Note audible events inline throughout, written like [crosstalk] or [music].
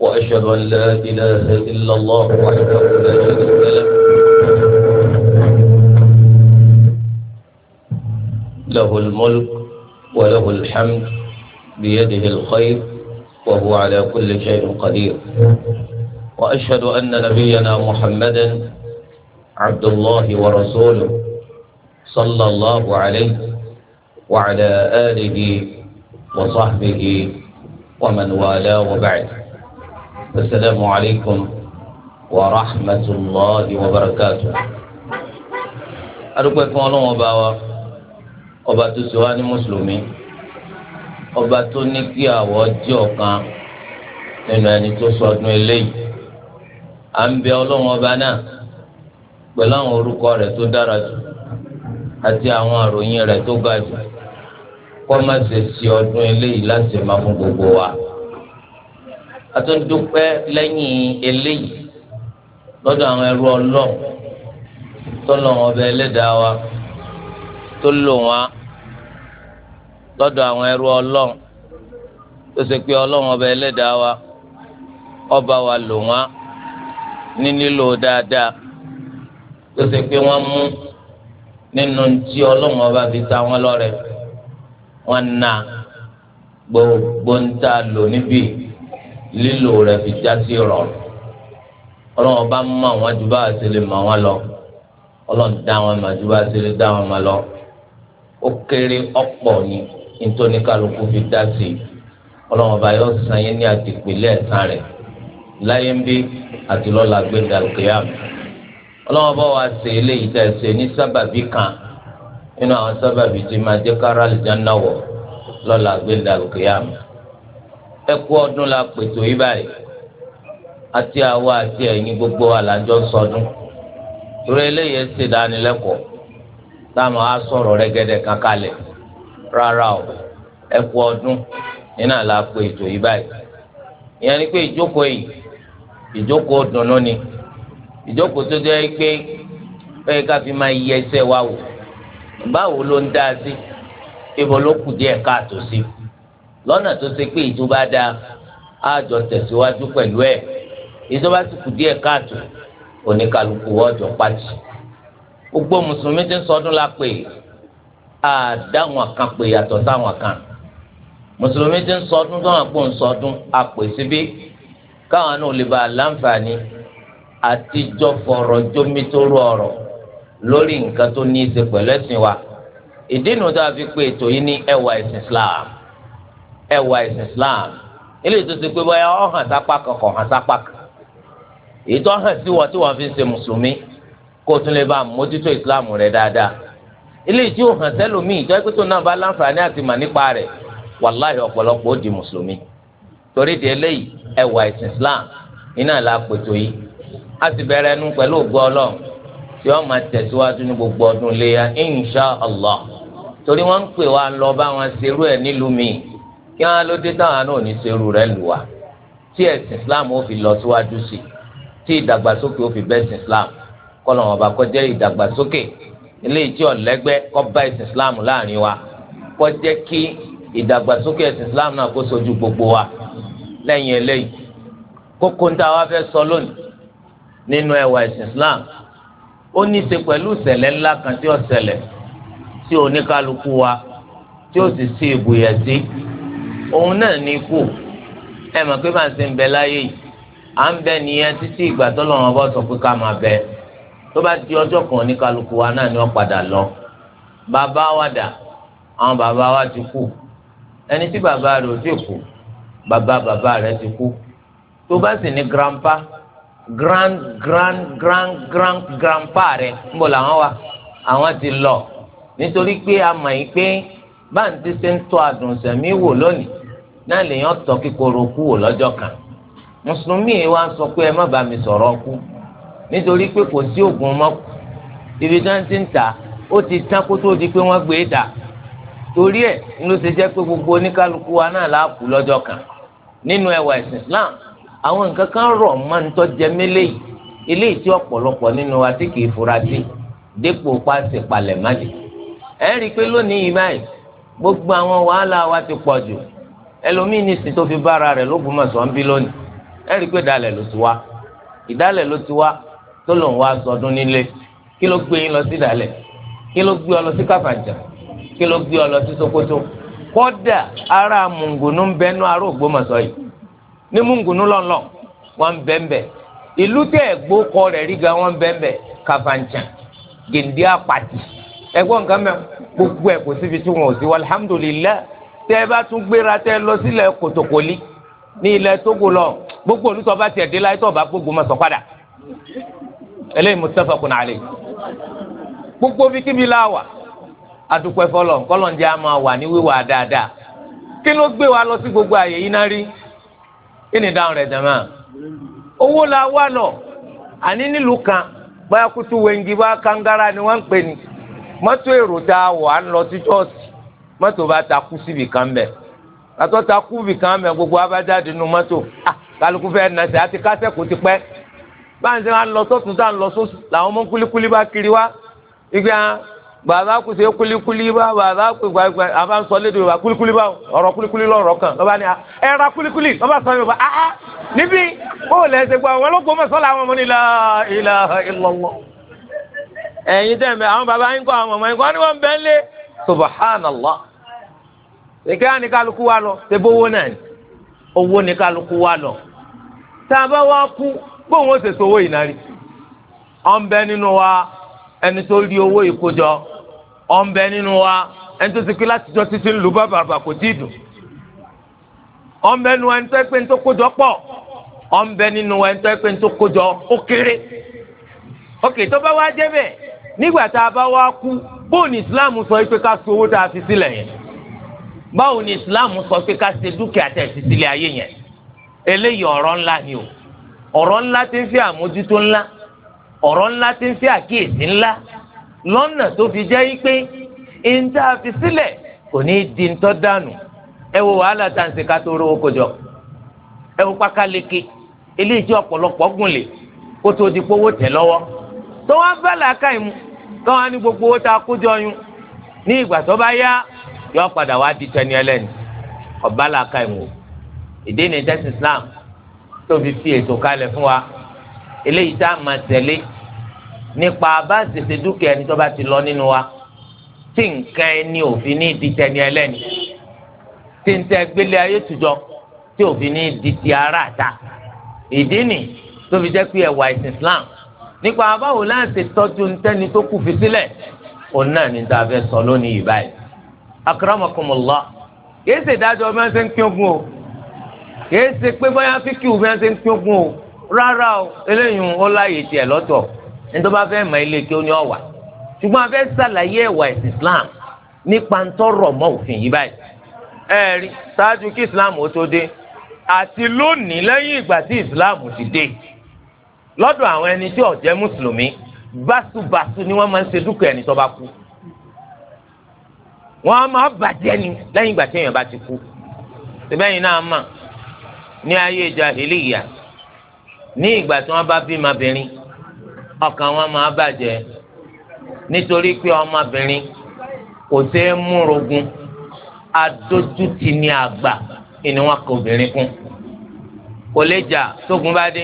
وأشهد أن لا إله إلا الله وحده لا شريك له له الملك وله الحمد بيده الخير وهو على كل شيء قدير وأشهد أن نبينا محمدا عبد الله ورسوله صلى الله عليه وعلى آله وصحبه ومن والاه وبعده السلام عليكم ورحمة الله وبركاته arúgbó fún ọlọ́wọ́n ọba wa ọba tó ṣe wá ọba tó ní kí àwọ̀ jẹ́ ọ̀kan nínú ẹni tó sọdún eléyìí à ń bẹ ọlọ́wọ́n ọba náà pẹ̀lú àwọn rẹ̀ tó dára jù àti àwọn atúndúpẹ́ lẹ́yìn eléyìí lọ́dọ̀ àwọn ẹrú ọlọ́ọ̀ tọ́lọ̀ wọn bẹ ẹlẹ́dàá wa tó lò wọn lọ́dọ̀ àwọn ẹrú ọlọ́ọ̀ tó ṣe pé ọlọ́wọ́n bẹ ẹlẹ́dàá wa ọba wa lò wọn ní lílo dáadáa tó ṣe pé wọ́n mú nínú tí ọlọ́wọ́n ọba fi ta wọn lọ́rẹ wọn nà gbogbo ń lò níbí lílò rẹ̀ fi já sí rọrùn ọlọ́run bá mọ àwọn ju bá a ṣe lè mọ wọn lọ ọlọ́run dá wọn mọ ju bá a ṣe lè dá wọn mọ lọ ó kéré ọ̀pọ̀ ni nítorí kálukú fi dá sí i ọlọ́run ọba yóò san yín ní àtìpínlẹ̀ ẹ̀sán rẹ̀ láyé ń bí àti lọ́la gbẹ̀dà kéyàm ọlọ́run ọba wa ṣe eléyìí tẹ̀ ṣe ní sábàbí kan nínú àwọn sábàbí tí máa jẹ́ kára àlùjáná wọ̀ ẹkú ọdún la pètò yí báyìí àti àwa àti ẹ̀yin gbogbo àlàjọ sọdún torí eléyìí ṣe dánilẹ́kọ̀ọ́ táwọn á sọ̀rọ̀ rẹ́gẹ́dẹ́ kankalẹ̀ rárá o ẹkú ọdún nínú àlà pètò yí báyìí ìyẹn ni pé ìjókòó yìí ìjókòó dùnú ni ìjókòó tó pé ká fi máa yẹ ẹsẹ̀ wò báwo ló ń dá sí lọ́nà tó ṣe pé ìtúbà dá a jọ tẹ̀síwájú pẹ̀lú ẹ̀ ìjọba ti kù díẹ̀ káàtó oníkàlùkù wọ́ọ̀jọ̀ pàtì gbogbo mùsùlùmí ti ń sọdún la pè àdáwọn kan pè yàtọ̀ sáwọn kan mùsùlùmí ti ń sọdún táwọn pò ń sọdún àpè síbí káwọn náà lè ba láǹfààní àtijọ́ fọ̀rọ̀ jómitóró ọ̀rọ̀ lórí nǹkan tó ní í ṣe pẹ̀lú ẹ̀sìn wa ìdí nu tá pé ètò yìí ní ẹwà ẹ̀sìn Islam ẹwà ẹ̀sìn Islam eléyìí tó ṣe pé bóyá ọ hàn sápá kan kọ̀ hàn sápá kan èyí tó hàn sí wọn tí wọ́n fi ń ṣe mùsùlùmí kó o tún lè bá mójútó Islam rẹ dáadáa eléyìí tí ó hàn sẹ́lòmíì tó ẹgbẹ́ tó náà bá láǹfààní àti mà nípa rẹ̀ wàláhì ọ̀pọ̀lọpọ̀ ó di mùsùlùmí torí di eléyìí ẹwà ẹ̀sìn Islam iná la pètò yìí a sì bẹ̀rẹ̀ ẹnu pẹ̀lú ògbó ọlọ́run tí wọ́n máa tẹ̀síwájú ní gbogbo ọdún léya insha Allah torí wọ́n ń pè wá lọ bá wọn ṣerú ẹ̀ nílùú míì kí wọn ló dé táwọn náà ní serú rẹ̀ lù tí ẹ̀sìn islam ó fi lọ síwájú sí i tí ìdàgbàsókè ó fi bẹ ẹ̀sìn islam kọlọ wọn bá kọjá ìdàgbàsókè eléyìí tí ọlẹgbẹ kọ bá ẹ̀sìn islam láàrin wa kọjá kí ìdàgbàsókè ẹ̀sìn islam náà kó sojú gbogbo wa lẹ́yìn eléyìí kókó ń tá a wá fẹ́ sọ lónìí nínú ẹwà ẹ̀sìn islam ó ní í ṣe pẹ̀lú ìṣẹ̀lẹ̀ ńlá kan tí ó ṣẹlẹ̀ tí oníkálukú wa tí ó sì sí ìbùyẹ̀ Si òun náà ní ikú ẹ mọ̀ pé bá ń ṣe ń bẹ láyé yìí à ń bẹ nìyẹn títí ìgbà tó lọ́wọ́ bá sọ pé ká máa bẹ tó bá di ọjọ́ kan ní kálukú wa náà ni wọ́n padà lọ bàbá wa dà àwọn bàbá wa ti kú ẹni tí bàbá rẹ̀ ò ti kú bàbá bàbá rẹ̀ ti kú tó bá sì ní grandpa grand grand grand grand grandpa rẹ̀ ń bọ̀ làwọn wa àwọn ti lọ nítorí pé a mọ̀ yín pé báńtí ṣe ń tọ́ àdùnsẹ̀mí wò lónìí náà lèèyàn tọ́ kíkorò kú wò lọ́jọ́ kan mùsùlùmí wa sọ pé ẹ má bàa mi sọ̀rọ̀ kú nítorí pé kò sí oògùn mọ́kù ibi tí wọ́n ti ń tà ó ti tán kó tó di pé wọ́n gbé e dà torí ẹ̀ ń ló ṣe jẹ́ pé gbogbo oníkálukú wa náà láàpù lọ́jọ́ kan nínú ẹwà ẹ̀sìn Islam àwọn nǹkan kan rọ̀ máa ń tọ́jẹ mélé yìí eléyìí tí ọ̀pọ̀lọpọ̀ nínú wa tí kìí fura sí dépò pàṣẹ palẹ̀ má dé ẹ̀ rí i pé lónìí yìí báyìí gbogbo àwọn wàhálà wa ti pọ̀ jù ẹlòmíín ní sìn tó fi bára rẹ̀ lóògùn mọ̀sán ń bí lónìí ẹ rí i pé ìdálẹ̀ ló ti wá ìdálẹ̀ ló ti wá tó lòun wá sọdún nílé kí ló gbé yín lọ sí ìdálẹ̀ kí ló gbé ọ lọ sí kàfàǹjà kí ló gbé ọ lọ sí Sokoto kódà ara mùngùnú ń bẹnu ará Ògbómọ̀ṣọ́ yìí ní mùngùnú lọ́nlọ́ wọn bẹ́ẹ̀nbẹ́ ìlú tẹ̀ gbó kọ rẹ̀ rí ga wọn bẹ́ẹ̀nbẹ́ kàfàǹjà gèdè àpàtì ẹ̀gbọ́n nǹkan mẹ́ gbogbo ẹ̀ kò síbi tí wọn ò sí wà alhamdulilayi tẹ́ ẹ bá tún gbéra tẹ́ ẹ lọ sílẹ̀ kòtòkòlì ní ilẹ̀ Tógò lọ gbogbo olùtọ́ bá tiẹ̀ dé láyé tó bá gbogbo ma sọ padà eléyìí muttafaqun alayhi gbogbo bí la wà adúpẹ́ fọlọ̀ kọ́lọ́njẹ́ a máa wà ní wíwà dáadáa kí ló gbé wa lọ sí gbogbo àyè yìí náà rí kí ni dáhùn rẹ̀ jẹ̀mọ́ owó la wà lọ àní nílùú kan báyà kútu wẹ̀ngì bá kangara ni wọ́n ń pè ní mọ́tò èrò tá a wà ń lọ sí jọ́ọ̀sì mọ́tò bá takú síbi kan bẹ̀ àtọ́ takú bì kan bẹ̀ gbogbo abájáde nu mọ́tò ah, kálukú fẹ́ nà sí àti kásẹ̀kù ti pẹ́ bá ń sẹ́ wá lọ sọ́tún tá à ń lọ sósù làwọn ọmọ kúlíkúlí bá kiri wá ìgbà bàbá kù sí kúlíkúlí bá bàbá kù gbàgbà àbá ń sọ lédè yorùbá kúlíkúlí bá ọ̀rọ̀ kúlíkúlí lọ́rọ̀ kan lọ́ba ni ah, ẹ ra lọ́ba sọ yorùbá ah, ah níbí ó lẹ́sẹ̀ gbọ́ àwọn ológun mọ̀ sọ́la àwọn ọmọ ní la ilaha illallah ẹ̀yin tẹ̀ mẹ́ àwọn bàbá yín kọ́ àwọn ọmọ yín kọ́ wọn ni wọ́n bẹ́ẹ̀ lé subhanallah èké wá ní kálukú wa lọ ṣe bówó náà ni owó ní kálukú wa lọ tá a bá wá kú bóun ó ṣe sọ owó yìí náà rí ọ̀nbẹ nínú wa ẹni tó rí owó yìí kó jọ ọ̀nbẹ nínú wa ẹni tó ti pín láti jọ títí ń lu bá bàbà kò tí ì dùn ọ̀nbẹ nínú wa ẹni tó pé ń tó kó jọ pọ̀ ọ̀nbẹ nínú wa ẹni tó pé ń tó kó jọ ó kéré òkè tó bá wá jẹ́ bẹ́ẹ̀ nígbà tá a kú bóun Islam sọ pé ká so owó tá a fi sílẹ̀ yẹn báwo ni islam sọ pé ká ṣe dúkìá tẹ̀ sí sílé ayé yẹn eléyìí ọ̀rọ̀ ńlá ni o ọ̀rọ̀ ńlá ti ń fi àmójútó ńlá ọ̀rọ̀ ńlá ti ń fi àkíyèsí ńlá lọ́nà tó fi jẹ́ pé ìńtà fi sílẹ̀ kò ní í di ńtọ́ dànù ẹ wo wàhálà tá à ń ṣe ká tó rówó kójọ ẹ wo pákáleke eléyìí tí ọ̀pọ̀lọpọ̀ gùn lè kó tó di pówó tẹ̀ lọ́wọ́ tó wá bá làákàyè káwọn á ní gbogbo owó tá a kójọ yún ní ìgbà tó bá yá yọ padà wá di tẹni ẹlẹ́ni ọba làákà ìwò èdè ní tẹsí Islam tó fi fi ètò kalẹ̀ fún wa eléyìí tá a máa tẹ̀lé nípa bá ṣèṣe dúkìá ẹni tó bá ti lọ nínú wa tí nǹkan ẹni òfin ní di tẹni ẹlẹ́ni tí ń tẹ gbélé ayé tùjọ tí òfin ní di ti ara ta ìdí nì tó fi pé ẹ̀wà ìsìn Islam nípa báwo láǹṣe tọ́jú ntẹ́ni tó kù fi sílẹ̀ òun náà ní tá a fẹ́ sọ lónìí báyìí akramakumullah kìí ṣe ìdájọ́ bí wọ́n ṣe ń pín ogun o kìí ṣe pé bóyá fíkìú bí wọ́n ṣe ń pín ogun o rárá o eléyìí ó láàyè tiẹ̀ lọ́tọ̀ nítorí bá fẹ́ mọ ilé kí ó ní ọ̀wà ṣùgbọ́n a fẹ́ ṣàlàyé ẹ̀wà ẹ̀sìn Islam nípa ń tọrọ mọ́ òfin yìí báyìí ẹ rí ṣáájú kí Islam ó tó dé àti lónìí lẹ́yìn ìgbà tí Islam ti dé lọ́dọ̀ àwọn ẹni tí ó jẹ́ mùsùlùmí báṣubàṣu ni wọ́n máa ń ṣe dúkìá ẹni tó bá kú wọn a máa bàjẹ́ ni lẹ́yìn ìgbà tí èèyàn bá ti kú síbẹ̀yìn náà mà ní ayé jahiliya ní ìgbà tí wọ́n bá bímọbìnrin ọkàn wọn máa bàjẹ́ nítorí pé ọmọbìnrin kò sí múrogun adójútì ní àgbà ni wọn kọ obìnrin kún kò lè jà tógun bá dé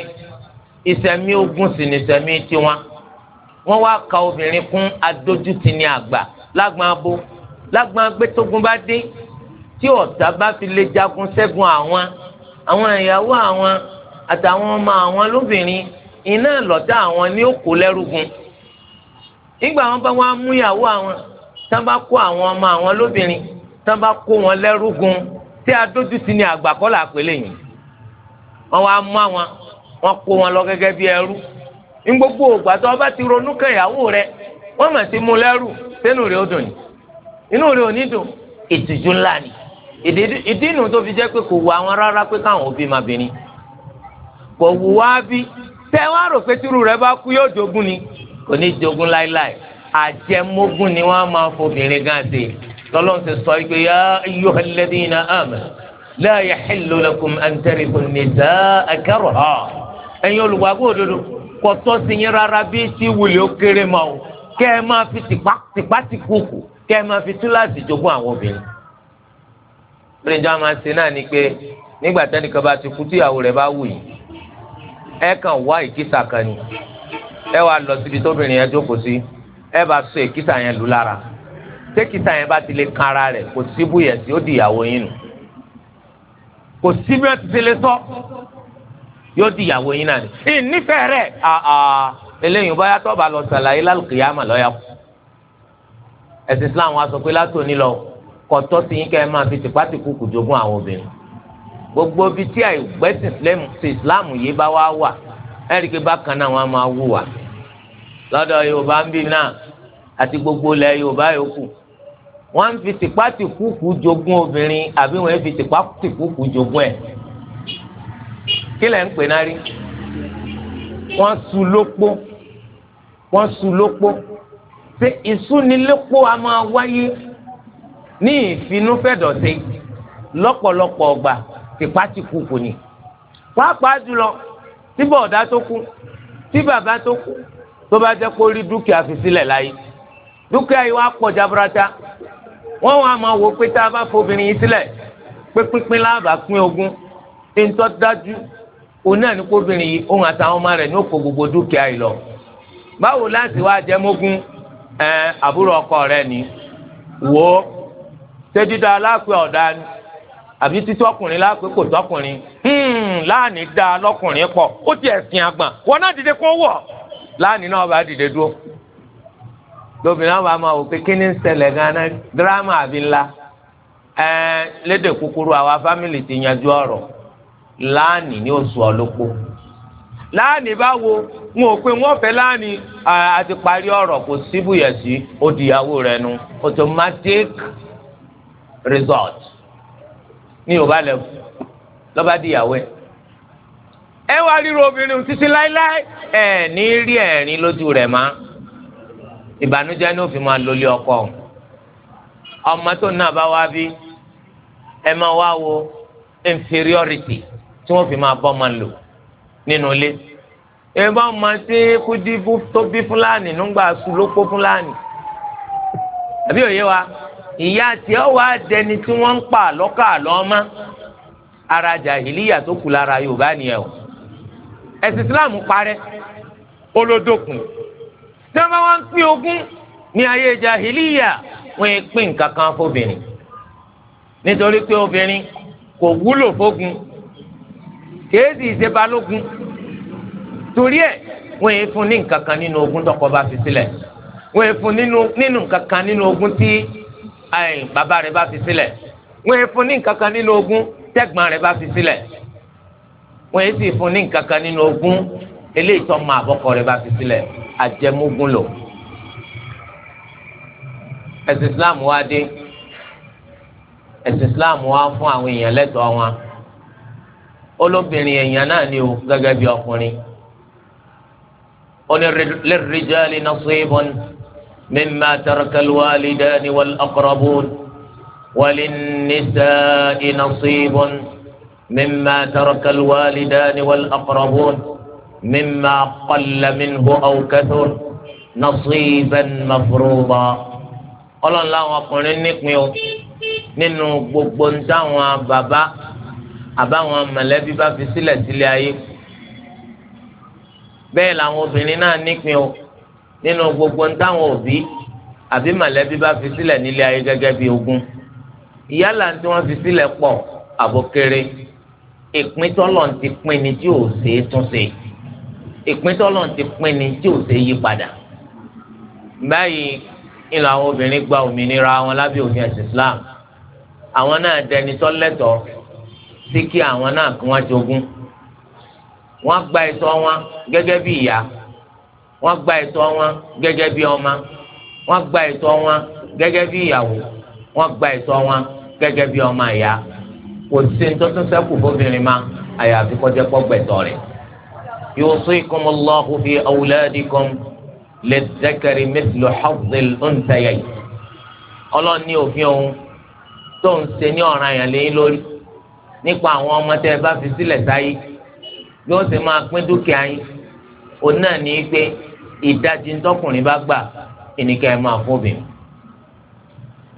ìṣẹ̀mí ogun sì ní ìṣẹ̀mí tiwọn wọ́n wá ka obìnrin kún adójútì ní àgbà lágbàá bó lágbọn agbẹ́tógun bá dé tí ọ̀tá bá fi lè jagun ṣẹ́gun àwọn àwọn ìyàwó àwọn àtàwọn ọmọ àwọn lóbìnrin iná lọ́tà àwọn ní òkú lẹ́rùgùn nígbà wọn bá wọn mú ìyàwó àwọn tán bá kó àwọn ọmọ àwọn lóbìnrin tán bá kó wọn lẹ́rùgùn tí adójútì ni àgbàkọ́là àpèlè yìí wọn wá mú àwọn wọn kó wọn lọ gẹ́gẹ́ bí ẹrú ní gbogbo ògbà tó ọba ti ronú kan ìyàwó rẹ wọn mà ti mú lẹ́rù sínú rẹ ó dùn yìí inú rẹ ò ní dùn ìtìjú ńlá ni ìdí inú tó fi jẹ́ pé kò wù àwọn rárá pé káwọn òbí máa bìnrin kò wù wá bí tẹ wá rò pé rẹ bá kú yóò jogún ni kò ní jogún láéláé àjẹmógún ni wọ́n máa fobìnrin gan ṣe lọ́lọ́run ti sọ pé yá ayyuhal ladhina amanu an tarithu an-nisaa karha ẹ̀yin olùgbàgbọ́ òdodo kò tọ́ sí yín rárá bí tí ó kéré kẹ́ ẹ máa fi kẹ́ ẹ máa fi túláàsì jogún àwọn obìnrin lórí ìjọba máa ṣe náà ni pé nígbà tẹ́nìkan bá ti kú tíyàwó rẹ̀ bá wù yìí ẹ kàn wá ìkísà kan ni ẹ wàá lọ síbi tóbìnrin yẹn jókòó sí ẹ bá so ìkísà yẹn lù lára tẹ́kísà yẹn bá ti lè kan ara rẹ̀ kò síbú yẹn tí ó di ìyàwó yín nù kò síbú yẹn ti ti lè sọ yóò di ìyàwó yín náà ni ìnífẹ̀ẹ́ rẹ̀ eléyìí báyà tó bá lọ sàlàyé lálùkìyàmà lọ́yà ẹ̀sìn islam wa sọ pé látòní lọ kọ̀tọ́ sí yín kẹ́ ẹ máa fi tìpátìkù kù jogún àwọn obìnrin gbogbo ibi tí àìgbẹ́sìn islam yìí bá wá wà ẹ̀rí pé bákan náà wọ́n máa wùwà lọ́dọ̀ yorùbá ń bì náà àti gbogbo ilẹ̀ yorùbá yòókù wọ́n ń fi tìpátìkùkù jogún obìnrin àbí wọ́n ń fi tìpátìkùkù jogún ẹ̀ kí lẹ̀ ń pè náà rí wọ́n su lópó wọ́n su lópó ṣe ìsúnilépò a máa wáyé ní ìfinúfẹ̀dọ̀tẹ́ lọ́pọ̀lọpọ̀ ọgbà tìpátìkù kò ní. pàápàá jùlọ tí bọ̀ọ̀dá tó kú tí bàbá tó kú tó bá jẹ́ kó rí dúkìá fi sílẹ̀ láyé dúkìá yìí wá pọ̀ jaburata wọ́n wá máa wò pé tá a bá fobìnrin yìí sílẹ̀ pé pínpín láàbà pín ogún tí ń tọ́ dájú òun náà ní kóbìnrin yìí òun àtàwọn ọmọ rẹ̀ ní òkò gbogbo dúkìá yìí lọ báwo láti wá jẹ mógún ẹ àbúrò ọkọ rẹ ni wo ṣé dídá aláàpẹ ọ̀dà ni àbí títí ọkùnrin láàpẹ kò tọkùnrin hmm, láàní dá lọkùnrin pọ̀ ó ti ẹ̀sìn àgbà wọn náà dìde kó wọ̀ láàní náà bá dìde dúró lóbìnrin náà bá máa wò pé kí ń àbí ńlá ẹ lédè ti yanjú láàní ni oṣù láàní báwo wọn ò pé wọn fẹ́ láàní àti parí ọ̀rọ̀ kò síbùyẹsì ó di ìyàwó rẹ nu automatic result ní yorùbá lẹ́wọ̀ lọ́ba di ìyàwó ẹ̀ ẹ wá ríro obìnrin títí láéláé ẹ ní rí ẹ̀rín lójú rẹ̀ má ìbànújẹ́ ní òfin máa lólé ọkọ ọmọ tó náà bá wá bí ẹ máa wá wo inferiority tí wọ́n fi máa bọ́ máa lò nínú ilé ẹ̀bá ọmọ tí kú dí tó bí fúlàní nígbà sùn ló kó fúlàní àbí òye wa ìyá tiẹ̀ wà dẹni tí wọ́n ń pa lọ́kà lọ́mọ́ ara jàhìlíyà tó kù lára yorùbá nìyẹn o ẹ̀sìn islam parẹ́ olódòkun tí wọ́n bá wá ń pín ogún ní ayé jàhìlíyà wọ́n ń pín nǹkan kan fóbìnrin nítorí pé obìnrin kò wúlò fógun kèésì ìṣe balógun torí ẹ̀ wọ́n yẹn fún ní nǹkan kan nínú ogún tọkọ bá fi sílẹ̀ wọ́n yẹn fún nínú nǹkan kan nínú ogún tí bàbá rẹ̀ bá fi sílẹ̀ wọ́n yẹn fún ní nǹkan kan nínú ogún tẹ̀gbọ́n rẹ̀ bá fi sílẹ̀ wọ́n yẹn sì fún ní nǹkan nínú ogún eléyìí tó máa bọ́kọ rẹ̀ bá fi sílẹ̀ àjẹmógún lò ẹ̀sìn Islam wá dé ẹ̀sìn Islam wá fún àwọn èèyàn lẹ́tọ̀ọ́ wọn olóbìnrin èèyàn náà ni o gẹ́gẹ́ bí ọkùnrin oni lirrijali nasibun mimma tarakal walidani wal aqrabun walinisai nasibun mimma tarakal walidani wal aqrabun mimma qalla minhu aw kathur nasiban mafruḍa ọlọ́run láwọn ọkùnrin nípìn o nínú gbogbo ń bàbá àbáwọn mọ̀lẹ́bí bá fi sílẹ̀ sílé ayé bẹ́ẹ̀ làwọn obìnrin náà nípìn o nínú gbogbo ń táwọn òbí àbí mọ̀lẹ́bí bá fi sílẹ̀ nílé ayé gẹ́gẹ́ bí ogún ìyálà tí wọ́n fi sílẹ̀ pọ̀ àbókèrè ìpín ti pín ni tí ò ṣe é tún ṣe ìpín ti pín ni tí ò ṣe é yí padà báyìí ìlànà obìnrin gba òmìnira wọn lábẹ́ òfin ẹ̀sìn Islam àwọn náà dẹni tọ́lẹ́tọ̀ọ́ sí kí àwọn náà kí wọ́n jogún wọ́n gba ẹ̀tọ́ wọn gẹ́gẹ́ bí ìyá wọ́n gba ẹ̀tọ́ wọn gẹ́gẹ́ bí ọmọ wọ́n gba ẹ̀tọ́ wọn gẹ́gẹ́ bí ìyàwó wọ́n gba ẹ̀tọ́ wọn gẹ́gẹ́ bí ọmọ ìyá kò sí nítorí sẹ́kù fóbìnrin ma àyàfi kọjá pọ́gbẹ̀tọ̀ rẹ̀ yusikumullahu fi awladikum lidzakari mithlu hazzil unthayayn ọlọ́ni òfin òun tó ń ṣe ní ọ̀ràn yẹn lé lórí. nípa àwọn ọmọ tẹ́ ẹ bá fi sílẹ̀ sáyé bí sì máa pín dúkìá yín òun náà ní í pé ìdajì ńtọ́kùnrin bá gbà ìníkà ẹ̀ máa fún obìnrin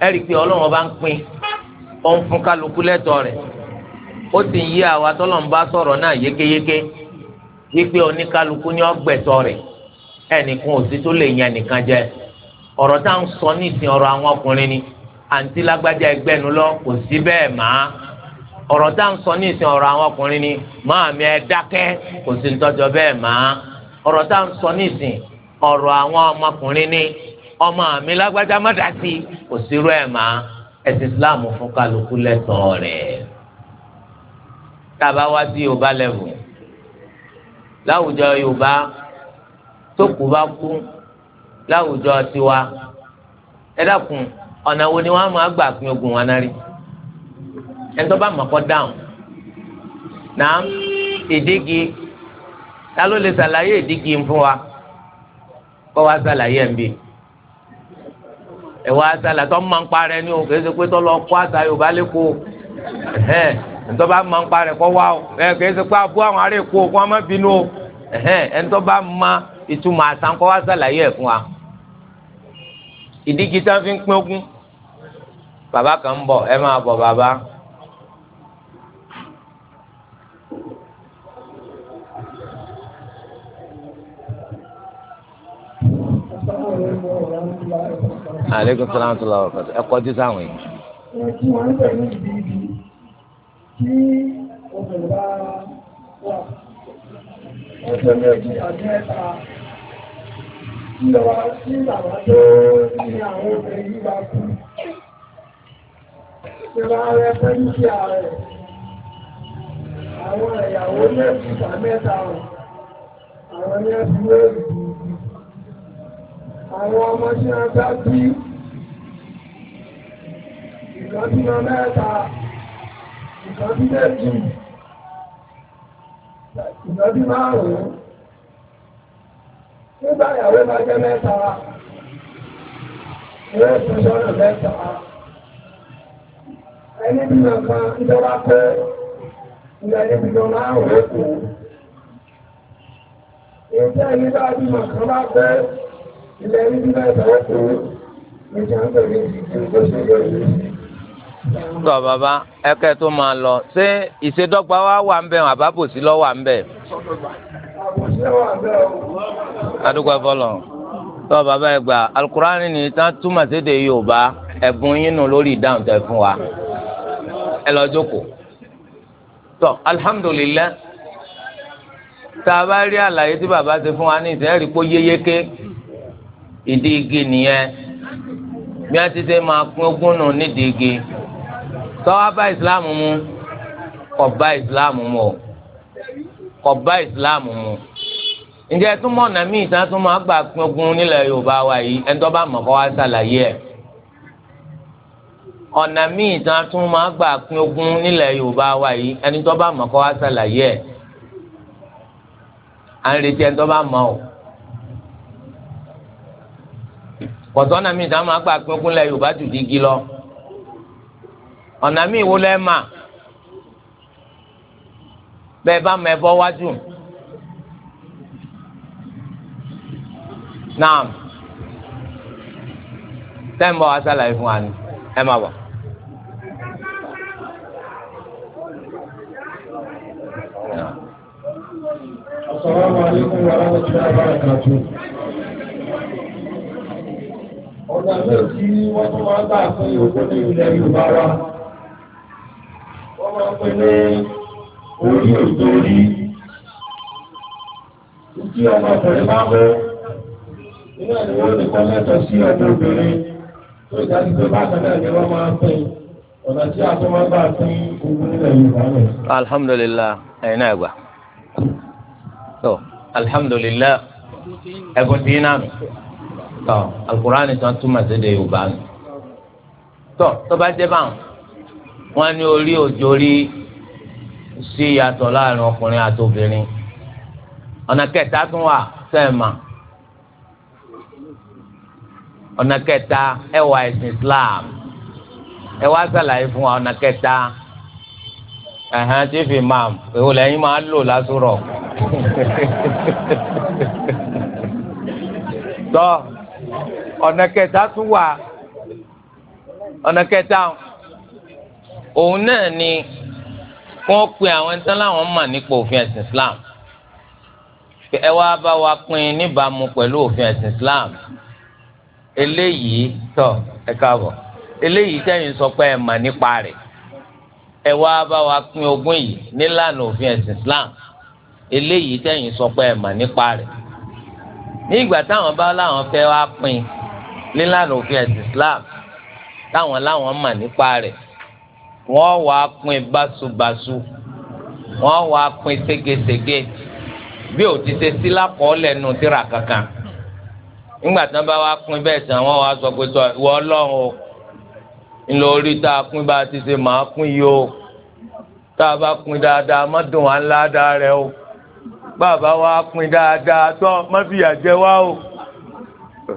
ẹ rí i pé ọlọ́run bá ń pín ó ń fún kálukú lẹ́tọ̀ọ́ rẹ̀ ó sì ń yí àwa tọ́lọ́run bá sọ̀rọ̀ náà yékéyéké wípé oníkálukú ní ọgbẹ̀tọ̀ rẹ̀ ni àǹtí lágbájá lọ kò sí bẹ́ẹ̀ máa. ọ̀rọ̀ tá à ń sọ ní ọ̀rọ̀ àwọn ọkùnrin ni mi ẹ dákẹ́ kò sí nítọ́jọ́ bẹ́ẹ̀ má ọ̀rọ̀ tá à ń sọ ní ọ̀rọ̀ àwọn ni ọmọ àmì lágbájá má dá sí kò sí irú ẹ̀ ẹ̀sìn Islam fún kálukú lẹ́tọ̀ọ́ rẹ̀ tábà wá sí Yorùbá lẹ́wù láwùjọ Yorùbá tó tiwa ẹ dákun wo ni wọ́n á máa gbà ẹni tó bá mọ̀ kọ́ dáhùn náà ìdígi ta ló lè ṣàlàyé ìdígi fún wa kọ́ wa ṣàlàyé ẹ̀ ń bì ẹ̀wọ̀ àṣàlà tó máa ń parẹ́ ní o kìí ṣe pé tó lọ kó àṣà Yorùbá lẹ́kọ̀ọ́ ẹ̀hẹ́n ẹ̀ńtọ́ bá máa ń parẹ́ kọ́ wá o ẹ̀ kìí ṣe pé abú àwọn ará èkó kó wọ́n má bínú o ẹ̀hẹ́n ẹ̀ńtọ́ bá máa ìtumọ̀ àṣà kọ́ wa ṣàlàyé ẹ̀ fún wa ìdígi tá a fi ń pín ogún bàbá kan ń bọ̀ ẹ máa bọ̀ bàbá aleykum salaam tó lọ ẹ kọjú sáwọn yìí. ẹ kí wọn ń bẹ ní ibi kí obìnrin bá wà ọjọ́ méjì àti ẹ̀ta ìjọba sí bàbá tó ní àwọn obìnrin yìí bá kú ìjọba rẹ fẹ́ ní ààrẹ àwọn ìyàwó mẹ́fì ìgbà mẹ́ta àwọn ẹ̀yà fi wéèrè àwọn ọmọ tí wọ́n bá bí ìkànbímọ mẹ́ta ìkànbímọ jù ìkànbí márùn-ún nígbà ìyàwó bá jẹ́ mẹ́ta ìwé ìfẹ́sọ́nà mẹ́ta ẹni bí wọn kan ìjọba pé ìgbà ẹni bí wọn márùn-ún kù èyí tẹ́ ẹni bá bí wọn kan bá pé ilẹ̀ ìgbà ìbáwọ́pọ̀ ìjà ń bẹ̀rẹ̀ ìgbà ìgbà tọ bàbá ẹkẹ tó máa lọ ṣé ìṣèdọ́gba wa wà ń bẹ àbábòsí lọ wà ń bẹ. adúgbò ẹfọlọ tọ bàbá ẹgbà alukurani ni tán túmọ̀ sédè yorùbá ẹ̀bùn yín lórí ìdáhùn tẹ fún wa ẹ lọ jókòó tọ alihamudulilayi tá a bá rí àlàyé tí bàbá ṣe fún wa ní ìsẹ́yẹ́rì pé yéyéké ìdí igi nìyẹn bí wọ́n ti ṣe máa pín ogún nù nídìí igi tọ́wọ́ bá islam mu kò bá islam mu o kò bá islam mu ǹjẹ́ túmọ̀ ọ̀nà míì tán tún máa gbà pín ogún nílẹ̀ yorùbá wa yìí ẹni tó bá mọ̀ kó wá ṣàlàyé ẹ̀ ọ̀nà míì tán tún máa gbà pín ogún nílẹ̀ yorùbá wa yìí ẹni tó bá mọ̀ kó wá ṣàlàyé ẹ̀ à ń retí ẹni tó bá mọ̀ o. kọ̀tọ́nà mi dáhùn àgbà pínkún lẹ yorùbá tù dígí lọ ọ̀nà mi ìwo lẹ mà bẹ́ẹ̀ bá mọ ẹbọ wájú naam tẹ́ǹbọ̀ wá sálàyé fún wa ni ẹ má bọ̀. Assalamu alaikum warahmatullahi wabarakatuh ọ̀nà náà tí wọ́n tún máa gbà pé òkú ní ilẹ̀ Yorùbá wa wọ́n máa pè ní orí òjò orí tí ọmọkùnrin máa mú nínú ẹni wọ́n ní kọ́ lẹ́tọ̀ sí ọmọ obìnrin tó ìdájú pé bákan náà ni wọ́n máa ń pè ọ̀nà tí a tún máa gbà pé òkú ní ilẹ̀ Yorùbá náà. alhamdulilayi ẹ̀yin náà gbà. alhamdulilayi ẹ̀gùn tí náà tọ alukurani tí wọn túmọ̀ sí de yorùbá nù tọ tọba jẹ báwọn wọn ní orí òjò rí sí yàtọ̀ láàrin ọkùnrin àti obìnrin ọ̀nà kẹta tún wà sẹ́ẹ̀mà ọ̀nà kẹta ẹwà ẹ̀sìn Islam ẹ wá sàlàyé fún wa ọ̀nà kẹta ẹ̀hán tí mam, máa èwo lẹ́yìn máa lò lásùrọ̀ [laughs] tọ́ ọ̀nà kẹta tún wà ọ̀nà kẹta òun náà ni wọ́n pe àwọn ẹni tán láwọn mà nípa òfin ẹ̀sìn Islam ẹ wá bá wa pín níbàámu pẹ̀lú òfin ẹ̀sìn Islam eléyìí tọ̀ ẹ káàbọ̀ eléyìí sẹ́yìn sọ pé ẹ mà nípa rẹ̀ ẹ wá bá wa pín ogún yìí nílànà òfin ẹ̀sìn Islam eléyìí sẹ́yìn sọ pé ẹ mà nípa rẹ̀ ní ìgbà táwọn bá láwọn fẹ́ wá pín nílànà òfin ẹ̀sìn Islam táwọn láwọn mà nípa rẹ̀ wọ́n wá pín báṣubàṣu wọ́n wá pín ségesège bí ò ti ṣe sí lákọọ́lẹ̀ nù tíra kankan nígbà tí wọ́n bá wá pín bẹ́ẹ̀ sàn wọ́n wá sọ pé sọ ìwọ ọlọ́run o ńlọ orí tá a pín bá a ti ṣe máa pín yìí o tá a bá pín dáadáa má dùn wá ńlá dáa rẹ o bàbá wa pín dáadáa tó má fìyà jẹ wá o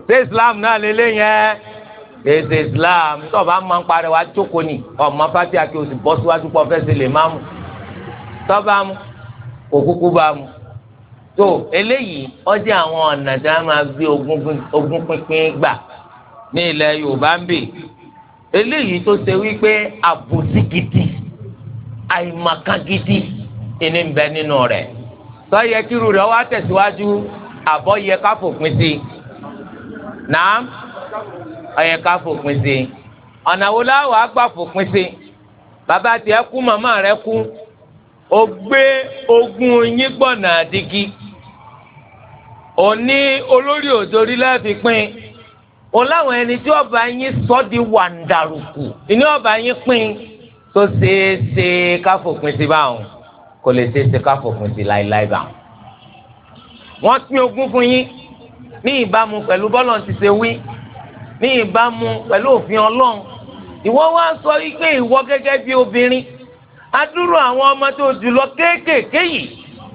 ṣé islam náà lélẹ̀ yẹn èsè islam tó o bá máa ń parẹ́ wá jókòó ni ọmọ fati àti oṣù bọ́ síwájú pọ̀ fẹ́ ṣe lè má mu tó bá mu kò kúkú bá mu tó eléyìí ọjọ́ àwọn ọ̀nà tí wọ́n máa gbé ogún pínpín gbà ní ilẹ̀ yorùbá ń bì eléyìí tó ṣe wípé àbòsí gidi àìmọ̀kan gidi ìní ń bẹ nínú rẹ̀ tó yẹ kírú rẹ̀ wá tẹ̀síwájú àbọ̀ yẹ ká fòpin sí i náà ọyẹ ká fòpin sí i ọ̀nà wo láwọ̀ á gbà fòpin sí i bàbá tiẹ̀ kú màmá rẹ̀ kú o gbé ogún yín gbọ̀nà àdìgí òní olórí òdorí láti pín òun láwọn ẹni tí ọba yín sọ di wàǹdàrùkù ìní ọba yín pín tó ṣeé ṣe ká fòpin sí báwọn kò lè ṣeé ṣe ká fòpin sí láéláé báwọn wọ́n pín ogún fún yín ní ìbámu pẹ̀lú bọ́lọ̀ ti ṣe wí ní ìbámu pẹ̀lú òfin ọlọ́run ìwọ wá sọ wípé ìwọ gẹ́gẹ́ bí obìnrin adúrò àwọn ọmọ tó jù lọ kéékèèké yìí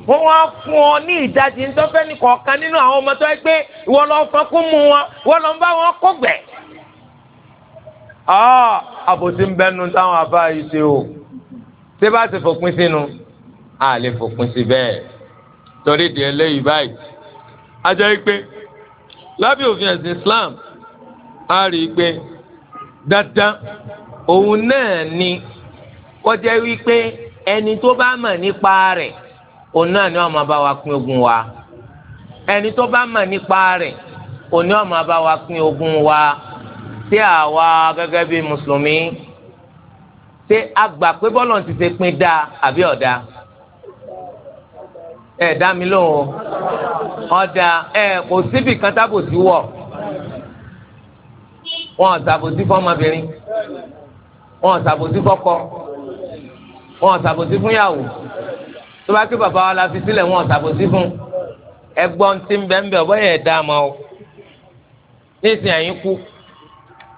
wọ́n wá fún ọ ní ìdajì ń tọ́fẹ́ nìkọ̀ọ̀kan nínú àwọn ọmọ tó ẹ gbé ìwọ lọ fọkún mu wọn ìwọ lọ ń bá wọn kó gbẹ̀. àbòsí ń bẹnu táwọn àbá yìí ṣe o ṣé bá ti fòpin sínú a lè fòpin sí bẹ́ẹ̀ torí di eléyìí báyìí a jẹ́ pé lábẹ́ òfin ẹ̀sìn Islam a rí i pé dandan òun náà ni wọ́n jẹ́ wípé ẹni tó bá mọ̀ nípa rẹ̀ òun náà ni wọ́n máa bá wa pín ogún wa ẹni tó bá mọ̀ nípa rẹ̀ òun ni wọ́n máa bá wa pín ogún wa ṣé àwa gẹ́gẹ́ bí mùsùlùmí ṣé a gbà pé bọ́lọ̀ ti ṣe pín dáa àbí ọ̀dà ẹ dá mi lóhùn ọ̀dà ẹ kò síbi kan tábòsí wọ̀ wọn ṣàbòsí fọmọbìnrin wọn ṣàbòsí fọ́kọ wọn ṣàbòsí fún yàwó tó bá kí bàbá wa la fi sílẹ̀ wọn ṣàbòsí fún ẹgbọ́n tí ń bẹ́ ń bẹ́ ọ̀bọ yẹn dá ma o nísìnyí ẹ̀yin kú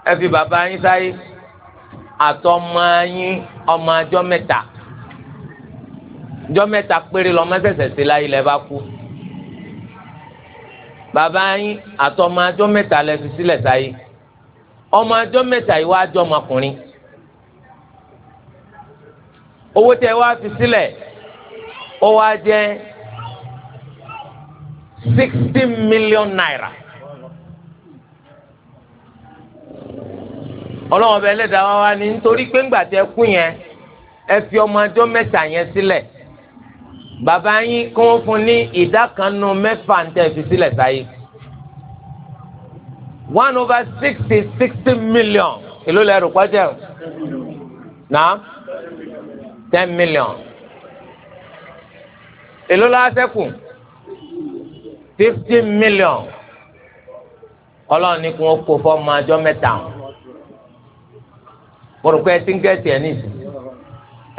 ẹ fi bàbá yín sáyé àtọmọ yín ọmọ ajọ́ mẹ́ta jọ mẹ́ta péré lọ́mọ ṣẹ̀ṣẹ̀ sí láyé lẹ́ bá kú bàbá yín àtọmọ ajọ́ mẹ́ta lẹ́ fi sílẹ̀ sáyé ọmọ ajọ́ mẹ́ta yìí wá ajọ́ ọmọkùnrin owó tẹ wá fi sílẹ̀ ó wá jẹ́ sixty million naira. ọlọ́wọ́n bẹ lẹ́dàá wá wá ní nítorí pé ńgbà tẹ kú yẹn ẹ fi ọmọ ajọ́ mẹ́ta yẹn sílẹ̀. Si bàbá yín kí wọ́n fún ní ìdá kan nínú mẹ́fà ń tẹ́ fi sílẹ̀ sáyé one over sixty sixty million èló lẹ́rù kọ́jẹ́ o náà ten million èló la ṣẹ́kù fifty million ọlọ́run ní kí wọ́n kó fọ́ọ̀mù àjọ mẹ́ta mo rò pé ẹ ń gẹ̀ẹ́sì ẹ̀ nìyí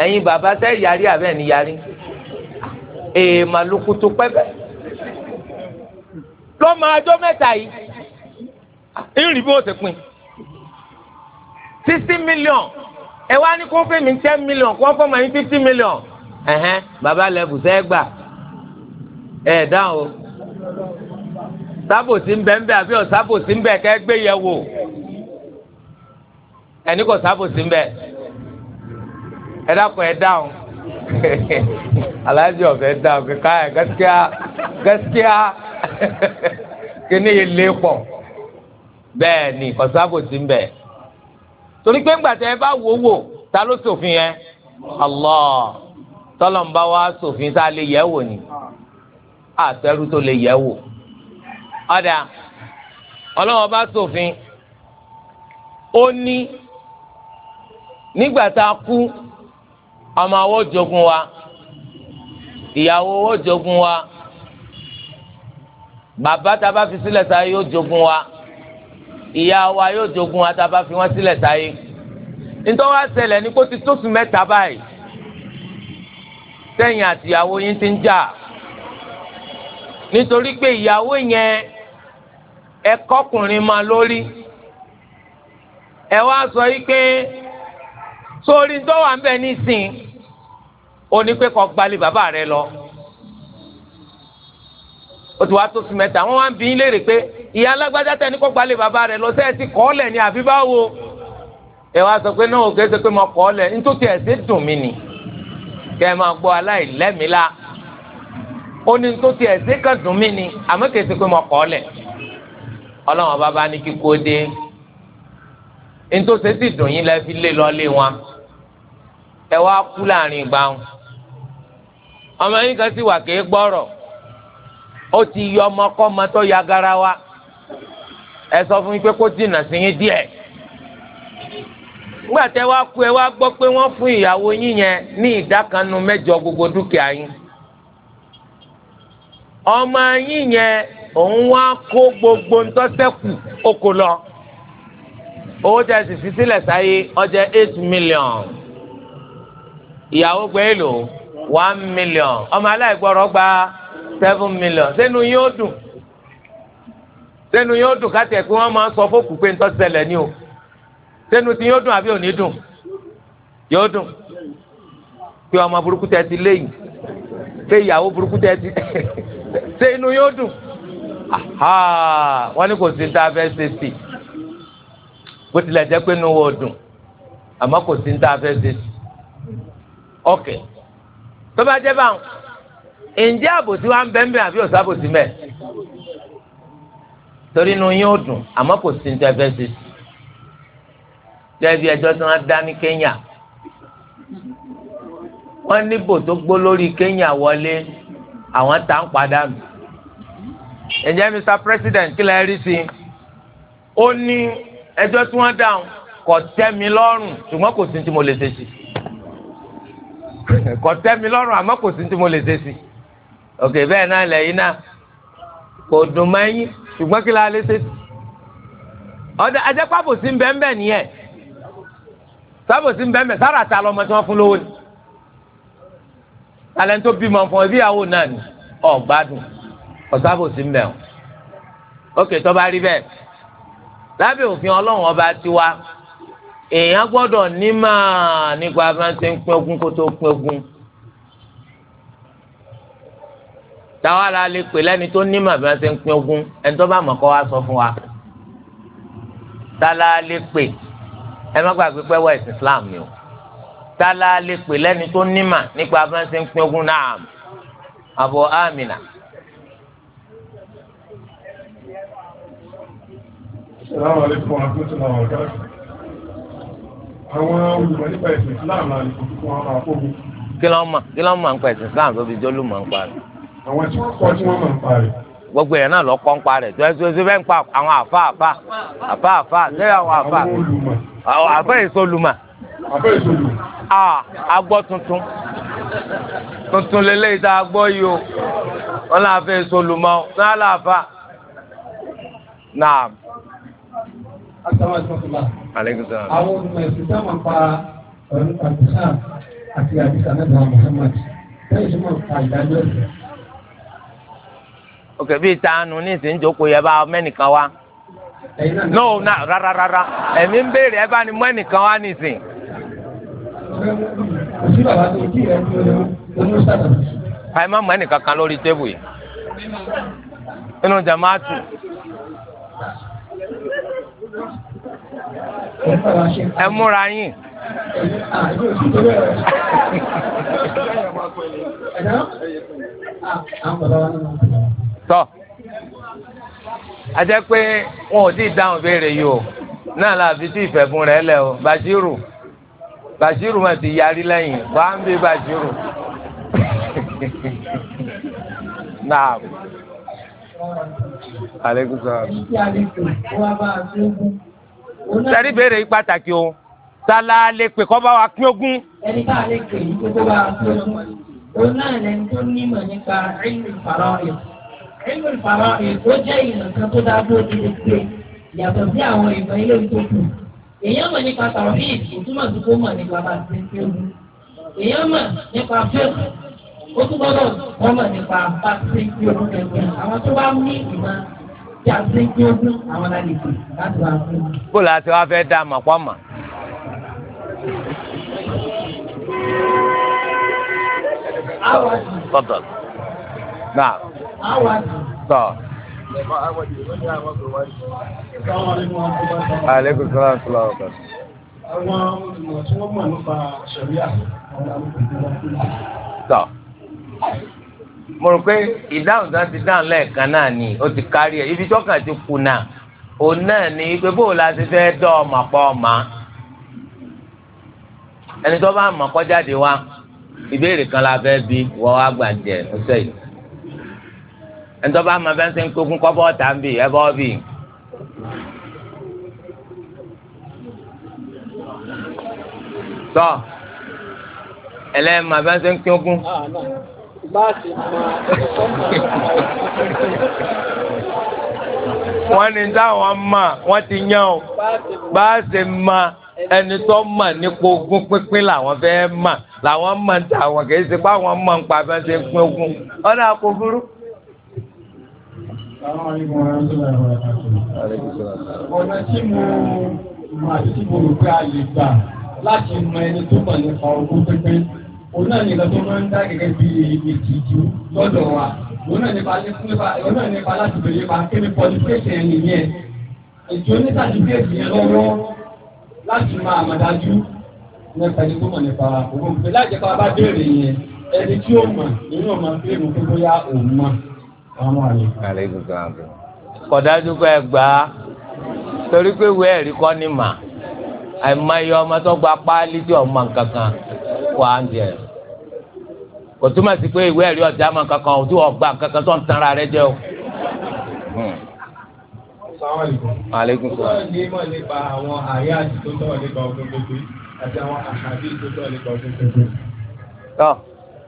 ẹ̀yin bàbá sẹ́ yarí àbẹ́ ẹ̀ yarí èèmà ló kutu pẹ́pẹ́ lọ́mọ ajọ́ mẹ́ta yìí ìrìn bí wọ́n ti pín sixty million ẹ wá ní kó fún mi ten million kó fún mi fifty million ẹ̀hẹ́n bàbá lẹ́bù sẹ́gbà ẹ̀ dáhùn o sábòsí ń bẹ ń bẹ àbí ọ̀sábòsí ń bẹ kẹ́ gbé yẹ̀ wò ẹni kò sábòsí ń bẹ ẹ dákun ẹ dáhùn alhaji ọ̀fẹ́ dá ọ̀kẹ́ káyà gaskiya gaskiya kíní yìí lé pọ̀ ni kọ̀sáàbò ti ń bẹ̀ torí pé ńgbà tẹ ẹ bá wò wò ta ló ṣòfin yẹn Allah tọ́lọ̀ ń bá wa ṣòfin tá a lè yẹ̀ wò ni àtẹrù tó lè yẹ̀ wò ọ̀dà ọlọ́wọ́ bá ṣòfin ó ní nígbà tá a kú ọmọ awọ jogun wa ìyàwó awọ jogun wa bàbá tá a bá fi sílẹ̀ sáyé yóò jogun wa ìyá wa yóò jogun wa tá a bá fi wọn sílẹ̀ sáyé nítorí wá ṣẹlẹ̀ ní kó ti tóṣù mẹ́ta báyìí sẹ́yìn àtìyàwó yín ti ń jà nítorí pé ìyàwó yẹn ẹ máa lórí ẹ wá sọ yìí pé sórí tó ń bẹ nísìn ó ní pé kó gbalẹ̀ bàbá rẹ lọ o ti wá tó sí mẹ́ta wọn wá ń bí yín léèrè pé ìyá alágbájá tẹ ní kó gbalẹ̀ bàbá rẹ lọ sẹ́yìn tí kọ́ lẹ̀ ní àbí báwo ẹ wá sọ pé náà ò kéésì pé mo kọ́ lẹ̀ nítorí ẹ̀sìn dùn mí ni kẹ́ ẹ máa gbọ́ aláìlẹ́mìíla ó ní nítorí ẹ̀sìn kan dùn mí ni àmọ́ kéésì pé mo kọ́ lẹ̀ ọlọ́run ọba bá ní kíkó dé nítorí ẹ̀sìn dùn yín lẹ́ fi lé lọ́lé wọn ẹ wá kú láàrin ìgbà ọmọ yín kan sì wà kéé gbọ́rọ̀ ó ti yọ ọmọ kọ́ ọmọ tó ya gara wa ẹ sọ fún yín pé kó dìnnà sí yín díẹ̀ nígbà tẹ wá kú ẹ wá gbọ́ pé wọ́n fún ìyàwó yín yẹn ní ìdákanu mẹ́jọ gbogbo dúkìá yín ọmọ yín yẹn òun wá kó gbogbo oko lọ owó tẹ sì fi sílẹ̀ sáyé eight million ìyàwó one million ọmọ aláìgbọràn gba seven million sẹ́nu yóò dùn sẹ́nu yóò dùn káti ẹ̀ pé wọ́n máa sọ fókù pé nítorí ṣẹlẹ̀ ni o sẹ́nu ti yóò dùn àbí òní dùn yóò dùn pé ọmọ burúkú tẹ ti léyìn pé ìyàwó burúkú tẹ ti sẹ́nu [laughs] yóò dùn wọ́n ní kò sí tá a fẹ́ ṣe sí bó tilẹ̀ jẹ́ pé inú wo dùn àmọ́ kò sí tá a fẹ́ ṣe sí ọ̀kẹ́. Okay tó bá jẹ́ báwọn ǹjẹ́ àbòsí wa ń bẹ ń bẹ àbí ọ̀sán àbòsí mẹ́ torí inú yín ó dùn àmọ́ kò sí ní tẹ́fẹ́ sí lẹ́bi ẹjọ́ tí wọ́n dá ní Kenya wọ́n níbò tó gbó lórí Kenya wọlé àwọn tá ń padànù ǹjẹ́ Mr President kí lẹ rí sí i ó ní ẹjọ́ tí wọ́n dáhùn kò tẹ́ mi lọ́rùn ṣùgbọ́n kò sí ní tí mo lè ṣe sí i. [laughs] kò tẹ́ mi lọ́rùn àmọ́ kò sí tí mo lè ṣe sí òkè bẹ́ẹ̀ náà lẹ́yìn náà kò dùn mọ́ ẹyin ṣùgbọ́n kí la lè ṣe sí ọdẹ ajẹ́pàbò sí bẹ́ẹ̀ nìyẹn sábò sí bẹ́ẹ̀ sára ta lọ́mọ tí wọ́n fún lówó ni alẹ́ tó bímọ fún ẹbí ìyàwó náà ni ọ̀ ọ̀sábò sí bẹ́ẹ̀ o òkè tó bá rí bẹ́ẹ̀ lábẹ́ òfin ọlọ́run ọba tiwa èèyàn gbọ́dọ̀ nímà nípa bí wọ́n ti ń pín ogún kó tó pín ogún táwa la lè pè lẹ́ni tó nímà bí wọ́n ti ń pín ogún ẹni tó bá mọ̀ kọ́ wa sọ fún wa tala lè pè ẹ má gbàgbé pé wọ́n ẹ̀sìn Islam ni o tala lè pè lẹ́ni tó nímà nípa bí ń pín ogún náà Abu Amina. Assalamu alaikum wa rahmatullahi wa barakatuh àwọn olùmọ̀ nípa ẹ̀sìn Islam náà ní kókó wọn máa kó mi. kí ló mọ̀ kí ló mọ̀ nípa ẹ̀sìn Islam tó fi jólù mọ̀ nípa rẹ̀. àwọn tí wọ́n kọ́ tí wọ́n mọ̀ nípa rẹ̀. gbogbo yẹn náà lọ kọ́ nípa rẹ̀ tó ẹsẹ̀ ẹsẹ̀ bẹ́ẹ̀ ń pa àwọn àfa àfa àfa àfa ṣé àwọn àfa àfa èso lùmọ̀. àfa èso lùmọ̀. agbọ́ tuntun tuntun lélẹ́yìí tá a yìí o wọn làá fẹ́ èso lùmọ̀ náà làá Àwọn olùmọ̀ ẹ̀sìn tí a pa ọ̀rọ̀ Pàtíṣà àti Àdìsá náà dáa Muhammad lẹ́yìn tí wọ́n pa ìdájọ́ ẹ̀sìn. Òkè bíi taanu ní ìsìn jókòó yẹ bá mẹ́nìkan wá. No na rárá rárá ẹ̀mí ń béèrè ẹ bá ní mọ́ wá ní ìsìn. mọ lórí tébù yìí. Inú ẹ múra yín. tọ́ a jẹ́ pé wọn ò tí ì dáhùn béèrè yìí o náà la fi tí ìfẹ̀fún rẹ̀ lẹ̀ o Bashiru Bashiru mà ti yarí lẹ́yìn wà á ń bí Bashiru. [laughs] Naam sẹ́rí béèrè yìí pàtàkì o tala lè pè kọ́ bá wa pín ogún. ẹni tá a lè pè yìí kó bá wa pín ogún òun náà lẹni tó nímọ̀ nípa ilmu faraid ilmu faraid ó jẹ́ ìlànà kan tó dá dúró ti lè pè yàtọ̀ sí àwọn ìmọ̀ ilé tó kù èèyàn mọ̀ nípa tawhid ìtumọ̀ tó kó mọ̀ nípa bá ti pín ogún èèyàn mọ̀ nípa fiqh ó tún gbọ́dọ̀ kọ́ mọ̀ nípa bá ti pín ogún kẹ̀kẹ́ tí a ti gbé ogún àwọn lálejò láti wá fún un. bó la ti wá fẹ́ dá àmọ̀ kọ́ àmọ̀. awadi. tọ́tọ̀ náà. tọ́. Aleykum salaam wa rahmatulah. Àwọn Tọ́ mo rò pé ìdáhùn tó ti dáhùn lẹ́ẹ̀kan náà ni ó ti kárí ẹ̀ ibi tọ́kàn ti kùnà òun náà ni pé bóò la ti fẹ́ dọ́ ọmọ pọ̀ ọmọ ẹni tó bá mọ̀ kọ́ jáde wá ìbéèrè kan la fẹ́ bi wọ́n wá gbàǹjẹ́ ọ̀sẹ̀ yìí ẹni tó bá mọ̀ fẹ́ ṣe ń kókun kọ́ bọ́ tà ń bì ẹ bọ́ bì. tọ́ ẹlẹ́mọ̀ fẹ́ ṣe ń kókun láti mọ wọ́n ní táwọn mọ̀ wọ́n ti yàn ọ́ bá a ṣe mọ̀ ẹni tó mọ̀ nípa ogún pínpín làwọn fẹ́ mọ̀ làwọn mọ̀ ń ta àwọn kì í ṣe pé àwọn mọ̀ ń pa bí wọ́n ṣe pín ogún ọ̀nà àkókòrò. ọ̀nà tí mo mọ̀ àti tí mo rò pé a lè gbà láti mọ ẹni tó mọ̀ nípa ogún pínpín òun náà nìkan tó máa ń dá gẹ́gẹ́ bí ìtìjú lọ́dọ̀ wa òun náà nípa láti bèrè nípa kí ni qualification ẹni yẹn ètò ní certificate yẹn lọ́wọ́ láti máa àmọ̀dájú nípa ẹni tó mọ̀ nípa owó pé láìjẹ́ pa bá béèrè yẹn ẹni tí ó mọ̀ nínú ọmọ fíìmù tó bóyá òun mọ̀ àwọn àlè. kọ̀dájú pé ẹ gbà á torí pé ìwé kọ́ ni mà àìmọye ọmọ tó gba páálí tí ọmọ kankan kó àǹdí ẹ̀ kò túmọ̀ sí pé ìwé ẹ̀rí ọ̀dà máa kankan ò tí wọ́n gbà kankan tó ń tanra rẹ jẹ́ o. Hmm. aleykum salaam. wọ́n ní mọ̀ nípa àwọn àyà tó tọ̀ nípa ọdún gbogbo àti àwọn àhàdí tó tọ̀ nípa ọdún gbogbo. tọ́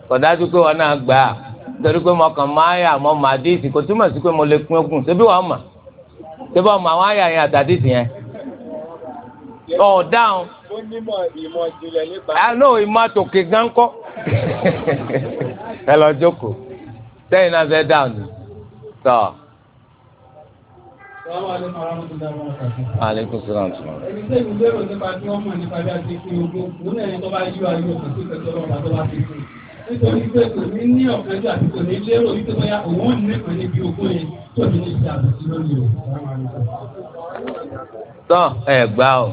kò dájú pé wọn náà gbà á torí pé mo kàn máa yà mọ́ màá díìsì kò túmọ̀ sí pé mo lè pín ogún ṣébí wàá mà ṣébí wàá mà àwọn àyà yẹn àtàdíìsì yẹn. ọ̀ dáhùn ó nímọ̀ ìmọ̀ ìjìnlẹ̀ nípa. àná ìmọ̀ àtòkè gan kọ́ ẹ lọ jókòó sẹ́yìn náà fẹ́ dáhùn ni tọ́. Aleykum salaam tí wọ́n a ti pín ogún, òun náà ẹni tó bá yí wa yóò kò sí ìfẹsọ̀ lọ́wọ́ tó bá ti pín. Nítorí pé kò ní ní ọ̀kẹ́jọ́ àti kò ní lérò wípé bóyá òun ò ní pẹ̀lú ibi ogún yẹn tó ní ní ìṣe àbùsí lónìí Tọ́ ẹ̀ gbá o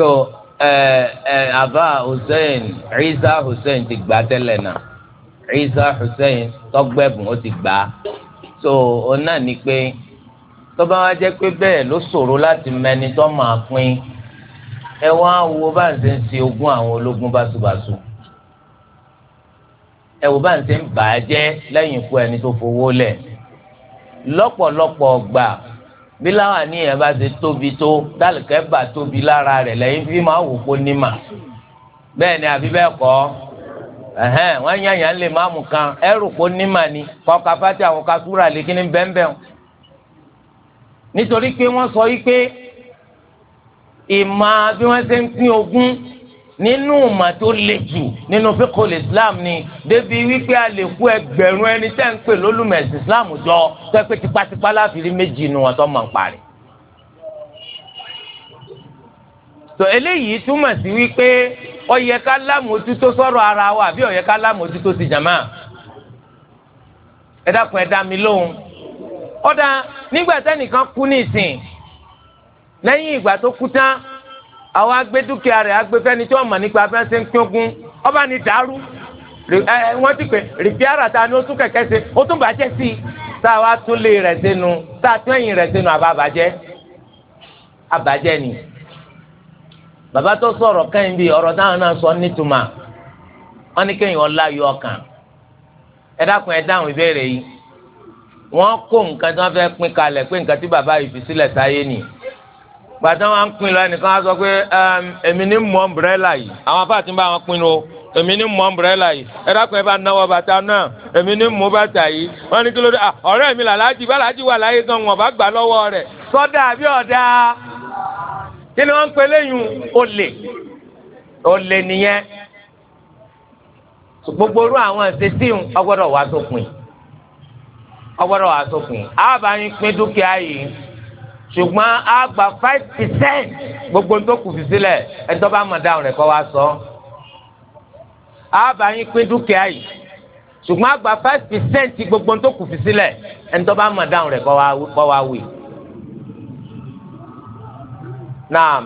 so ẹ ẹ aba hussein isa hussein ti gbà tẹ́lẹ̀ náà isa hussein tọgbẹbùn ó ti gbà so òun náà ni pé tó bá wá jẹ́ pé bẹ́ẹ̀ ló ṣòro láti mẹni tó máa pín ẹ wá wo bá ń ṣe ń ṣe ogún àwọn ológun báṣubàṣu ẹ wò bá ń ṣe ń bà jẹ́ lẹ́yìn ikú ẹni tó fowó lẹ̀ lọ́pọ̀lọpọ̀ ọgbà bí láwọn àníyàn bá ṣe tóbi tó dálùkẹ́ bà tóbi lára rẹ̀ lẹ́yìn fi máa wò kó ní mà bẹ́ẹ̀ ni àbí bẹ́ẹ̀ kọ́ ẹ̀hẹ́n wọ́n yàn yàn lè má mú kan ẹrù kó ní mà ni kọ́ka fati àwọn kasúra lè kí ni bẹ́ẹ̀nbẹ́ẹ̀ nítorí pé wọ́n sọ yí pé ìmọ̀ bí wọ́n ṣe ń pín ogún nínú ìmà tó le jù nínú fíkọ́lì islam ni débi wípé a lè kó ẹgbẹ̀rún ẹni tẹ́ ń pè lólùmẹ̀sì islam jọ tẹ́ pé tipátipá láfìrí méjì nu wọn tó mọ̀ ń parí. tó eléyìí túmọ̀ sí wípé ó yẹ ká lámòójútó sọ̀rọ̀ ara wa àbí ó yẹ ká lámòójútó sí jàmá ẹ dákun ẹ dá mi lóhùn ọ̀dà nígbà tẹ́nìkan kú ní ìsìn lẹ́yìn ìgbà tó kú tán àwọn agbé dúkìá rẹ̀ agbé fẹ́ni tí wọ́n mọ̀ nípa fẹ́ ń pínkún ọba ni dàrú wọ́n ti pè rìpíárà ta ni ó tún kẹ̀kẹ́ ṣe ó tún bàjẹ́ sí i tá a wá tún lé rẹ̀ sínú tá a tún ẹ̀yìn rẹ̀ sínú àbá bàjẹ́ àbàjẹ́ ni bàbá tó sọ̀rọ̀ kẹ́yìn bíi ọ̀rọ̀ táwọn náà sọ nítumọ̀ wọ́n ní kẹ́yìn ọlá yọ ọkàn ẹ dákun ẹ dáhùn ìbéèrè yìí wọ́n kó nǹkan tí wọ́n fẹ́ pín kalẹ̀ pé nǹkan tí bàbá yìí fi sílẹ̀ sáyé nìyí gbàtà wọn pin lọ ẹnìkan á sọ pé èmi ní mọ ọmbrẹ́là yìí àwọn afá àti bá wọn pin o èmi ní mọ ọmbrẹ́là yìí ẹ̀dàkùn ẹ̀ bá náwó bàtà náà èmi ní mọ bàtà yìí wọn ní kí ló dé ọ̀rẹ́ mi làlájì bá làlájì wà láyé gan wọn bá gbà lọ́wọ́ rẹ̀ sọ́dà àbí ọ̀dà kí ni wọ́n ń pe léyìn olè olè nìyẹn gbogbo orú àwọn ìṣesíhùn ọgbọ́dọ̀ wá sópin ọgbọ́dọ̀ wá sópin àbáyín pín dúkìá yìí ṣùgbọ́n a gba five percent gbogbo ń tó kù fi sílẹ̀ ẹni tó bá mọ̀ dáhùn rẹ̀ kọ́ wa sọ. a bá yín pín dúkìá yìí ṣùgbọ́n a gba five percent gbogbo ń tó kù fi sílẹ̀ ẹni tó bá mọ̀ dáhùn rẹ̀ kọ́ wa wì. naam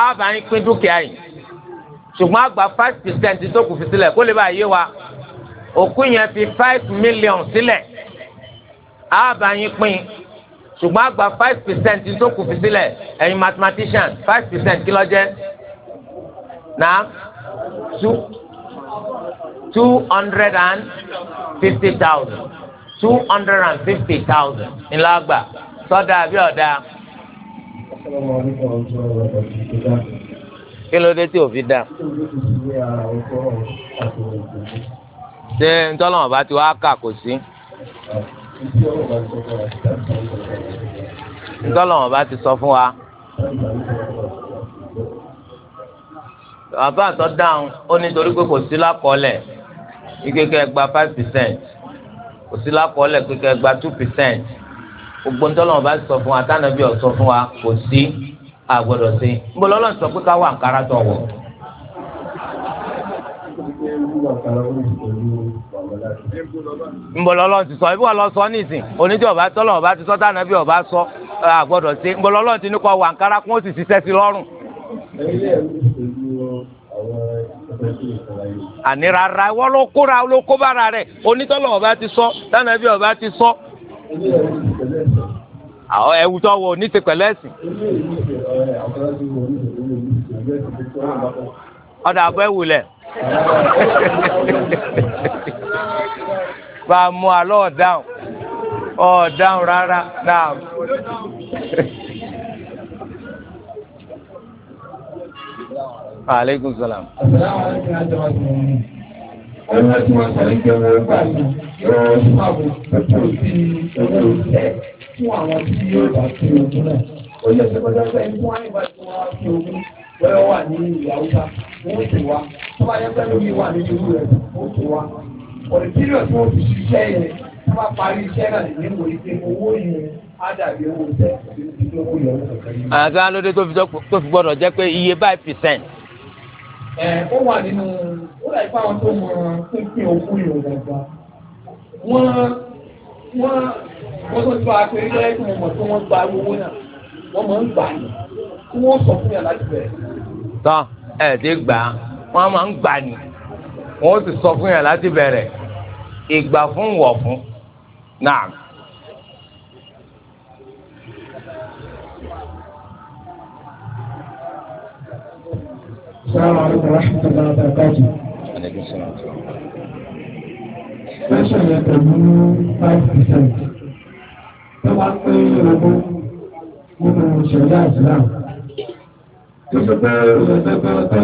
a bá yín pín dúkìá yìí ṣùgbọ́n a gba five percent tó kù fi sílẹ̀ kó lè bá yé wa òkú yẹn fi five million sílẹ̀ a bá yín pín ṣùgbọ́n àgbà five percent tó kù fi sílẹ̀ ẹ̀yin mathematician five percent kí ló na two two hundred and fifty thousand two hundred and fifty thousand ńlá àgbà sọ́dà àbí ọ̀dà. kí ló dé tí ò fi dá? ṣé ntọ́lọ́mọba ti wá kà kò sí? ntọ́lọ́wọ́n bá ti sọ fún wa bàbá àtọ́ dáhùn ó ní torí pé kò sí lákọọ́lẹ̀ kíkẹ́kẹ́ gba five percent kò sí lákọọ́lẹ̀ kíkẹ́ gba two percent gbogbo ntọ́lọ́wọ́n bá ti sọ fún wa tánàbí ọ̀ sọ fún wa kò sí àgbọ̀dọ̀ sí nbọ̀lọ́lọ́ sọ pé ká wà ń kára tọ̀ wọ̀. nbọlọlọ ti sọ ibi wà lọ sọ nísìn tọlọ ọba ti sọ bí ọba sọ nbọlọlọ ti kún ó sì ṣiṣẹ́ sí lọ́rùn. àní rárá ló kóra ló kó bára rẹ̀ ọba ti sọ bí ọba ti sọ. àwọn ẹwù tó wọ pẹ̀lú ẹ̀sìn ọ̀dà bá a mú alọ́ ọ̀dáhùn ọ̀dáhùn rárá náà. Aleykum salaam. Ọlọ́run tí wọ́n sọ ní pé wọ́n gbà ní yóò máa bọ̀ bá fi ogun náà. Ó yẹ kí bá tí bọ́yọ̀ wà ní wọ́n wá tó bá yẹ pé wà ní irú rẹ̀ wọ́n ti wá ọ̀rẹ́ pírọ̀ tí wọ́n ti ṣiṣẹ́ yẹn tó bá parí iṣẹ́ náà lè níwò yìí pé owó yẹn á owó tó fi gbọ́dọ̀ jẹ́ pé iye wọ́n wọ́n tó mọ̀ kí wọ́n sọ fún yàrá láti bẹ̀rẹ̀. tán ẹ ti gbà á wọn máa ń gbà ní wọn ó sì sọ fún yàrá láti bẹ̀rẹ̀ ìgbà fún wọ̀ fún náà. السلام عليكم ورحمة الله وبركاته. عليكم السلام ورحمة الله. Fẹ́ṣọ̀ yẹn pẹ̀lú five percent. Tó bá pé ogún nínú ìṣẹ̀lẹ̀ àìsíláàmù. Láti sọ́jọ́ bá lọ sí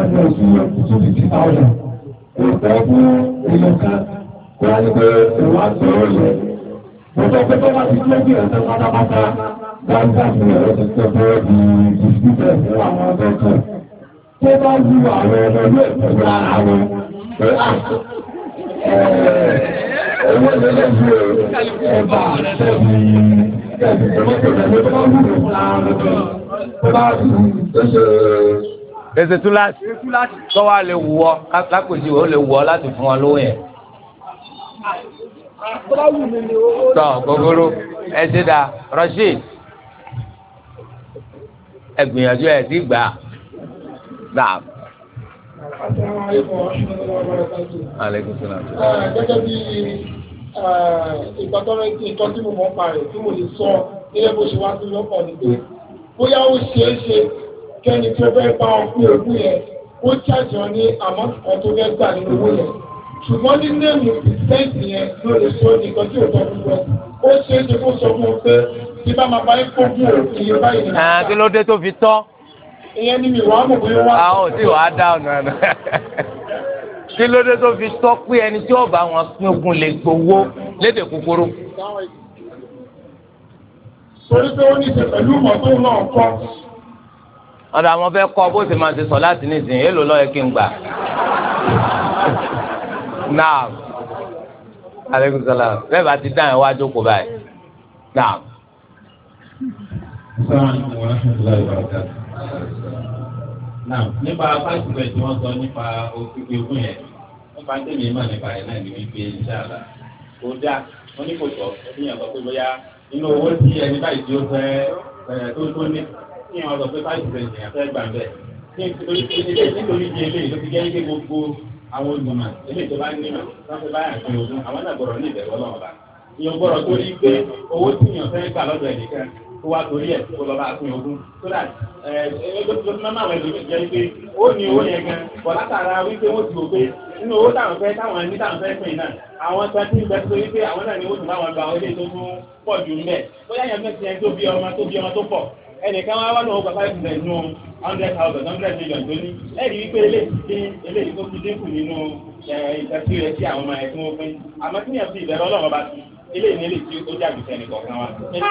ọkùnrin tó fi ti àwọn ọ̀pọ̀ fún èèyàn kan kó wá ní pé ìwà sọ̀rọ̀ yẹ. Ọjọ́ pé tó bá ti jẹ́ bí ẹ̀sẹ̀ pátápátá dáńdá fi ẹ̀rọ ti tẹ́ bọ́ di ìfúnpẹ̀ fún àwọn ọjọ́ kan. Tó bá wù àwọn ọmọ ilé ìtọ́jú ara wọn, pé à ẹ̀wọ́n lẹ́lẹ́gbẹ̀ẹ́ ẹ̀bà tẹ̀bí tẹ̀bí tẹ̀bí tẹ̀bí èsè túláàsì tọ́wọ́ lè wù ọ́ lápèjì ó lè wù ọ́ láti fún ọ lówó yẹn. tọ́ gbogbooro ẹ ṣe dáa Rasheed ẹ gbìyànjú ẹ sì gbà á. Aleykum salaam. Gẹ́gẹ́ bí ìgbà tọ́rọ ikú nǹkan tí mo mọ̀ pa rẹ̀ tí mo lè sọ nílẹ̀ bó ṣe wá sí lọ́kàn ni pé bóyá ó ṣeé ṣe kẹ́ni tó fẹ́ bá ọ pé ogún yẹn ó ṣàjọ ní àmọ́ kan tó fẹ́ gbà nínú owó yẹn ṣùgbọ́n ní nẹ́ẹ̀mù pìtẹ́ǹtì yẹn ló lè sọ nǹkan tí ò tọ́ fún wọn ó ṣeé ṣe kó sọ fún ọ pé tí bá máa bá kó fún òun iye báyìí. kí ló dé tó fi tọ́. ìyẹn ni mi wàá mọ̀ pé wá. àwọn ò tí wàá dá ọ̀nà [laughs] kí ló dé tó fi sọ pé ẹni tí ọba wọn pín ogun lè gbowó lédè kúkúrú. torí pé ó ní ṣe pẹ̀lú mọ́tò náà kọ́. ọ̀dà àwọn fẹ́ kọ́ bó ṣe máa ṣe sọ láti nísìnyí èèlò lọ́yẹ̀ kí n gbà. náà aleykum salaam bẹ́ẹ̀ bá ti dáhùn wájú kò báyìí. náà. nípa fásitì tí wọ́n sọ nípa òkúté yẹn pàǹtẹ́mì mọ̀ nípa ẹ̀ náà ní wípé ìṣàlà tó dá wọn ní kò tọ́ ẹ̀yìn ọ̀sọ̀ pé bóyá inú owó tí ẹni báyìí tí ó fẹ́ tó tó ní ní ọ̀sọ̀ pé five percent yẹn fẹ́ gbà bẹ́ẹ̀ nítorí di eléyìí ló fi jẹ́ gbogbo àwọn olùmọ̀ eléyìí tó bá ní mọ̀ láti báyà pé ogun àwọn náà gbọ́dọ̀ ní ìbẹ̀rù ọlọ́ọ̀ba ìyẹn gbọ́dọ̀ tó rí pé owó tí èèyàn fẹ́ gbà lọ́dọ̀ ẹ̀nìkan kó wá torí ẹ̀ kó lọ bá pín ogún tó dà ẹ ẹgbẹ́ tó máa wẹ̀ lórí jẹ́ pé ó ní owó yẹn gan bọ̀ látara wípé wọ́n ti wò pé nínú owó táwọn fẹ́ táwọn ní táwọn fẹ́ pè náà àwọn tó ti ń bẹ tó wípé àwọn náà ni ó tún báwọn gba àwọn ilé tó tún pọ̀ jù ń bẹ̀ bóyá yẹn fẹ́ tiẹ̀ tó bí ọmọ tó bí ọmọ tó pọ̀ ẹnìkan wá wà lọ́wọ́ gbàgbá ìgbà inú hundred thousand hundred million tó ní ẹ̀rí wípé ilé ti ilé tó ti dínkù nínú ìtẹ́sí rẹ̀ sí àwọn ọmọ ẹ̀ tó ń pín àmọ́ kí ni ẹ̀sìn ìbẹ̀rẹ̀ ọlọ́run bá ti ilé ìní lè tí ó jàgùsẹ̀ nìkọ̀ọ̀kan wa ẹni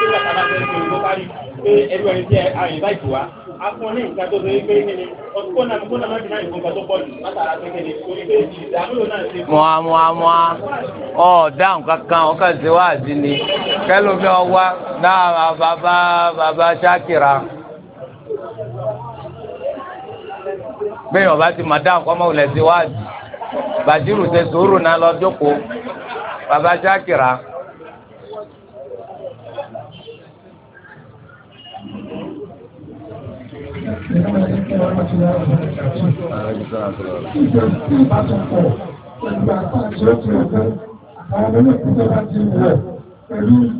tó lọ́ka akọ ní nǹkan tó lórí pé kí ni ọdún náà kó náà má dì náà nǹkan tó pọ̀ jù látara pé kí ni torí pé ìdámúlò náà ṣe. mọ́á mọ́á mọ́á ọ dáhùn kankan ọkàn ṣe wá àdí ni kẹlòmí ọwá náà bàbá bàbá ṣákìrà bẹ́ẹ̀ ọba ti máa dáhùn kọ́mọ́ òlẹ̀ ṣe wá àdí bàjírù ṣe sòrò náà lọ jókòó bàbá ṣákìrà. Pẹ̀lú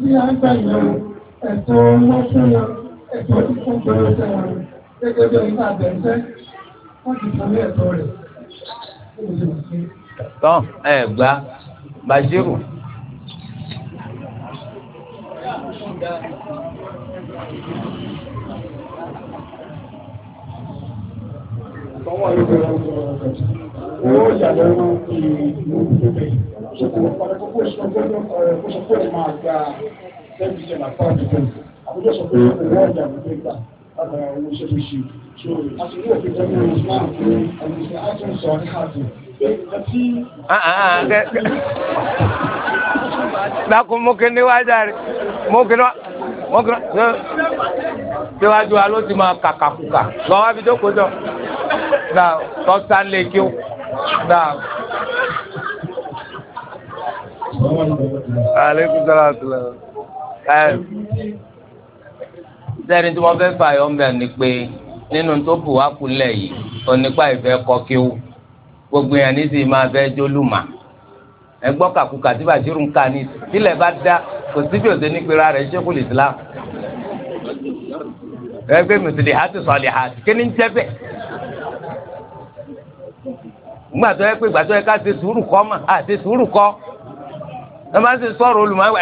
tí a ń gbà Thank you. Àwọn ìgbẹ̀rẹ̀ ó yàgbẹ̀ wọn kí ó tó bẹ̀. Ṣé kò pàdé kókó ìṣọ́gbọ́n ní ọ̀rẹ́ kó sọ pé ó máa gba 10% àpáàdì kan. Àbújọ́ sọ pé ó wọ́n jà ní pẹ́gbà látara owó ṣe [laughs] wọ́n kọ́ ṣé síwájú wa ló ti máa kàkàkùkà lọ́wọ́ wá fi jókòó jọ nà tọ́sán lè kí o nà. aleykum salaam tula ẹ sẹ́ni tí wọ́n fẹ́ fà yọ̀ mbẹ́ ni pé nínú tó bù wá kulẹ̀ yìí onípa ìfẹ́ kọ́ kí o gbogbo yẹn ní sì máa fẹ́ jólùmọ̀. ẹ gbọ́ kàkúkà tí ń ka ní ilẹ̀ bá dá kò síbi òde ní rẹ̀ ṣé kò lè sílá ẹ gbé mùsùlùmí àti lè àti kí ni ń jẹ́ bẹ́ẹ̀ gbàtọ́ yẹ pé gbàtọ́ yẹ ká ṣe sùúrù kọ́ mà á ṣe sùúrù kọ́ ẹ máa ń ṣe sọ̀rọ̀ olùmọ̀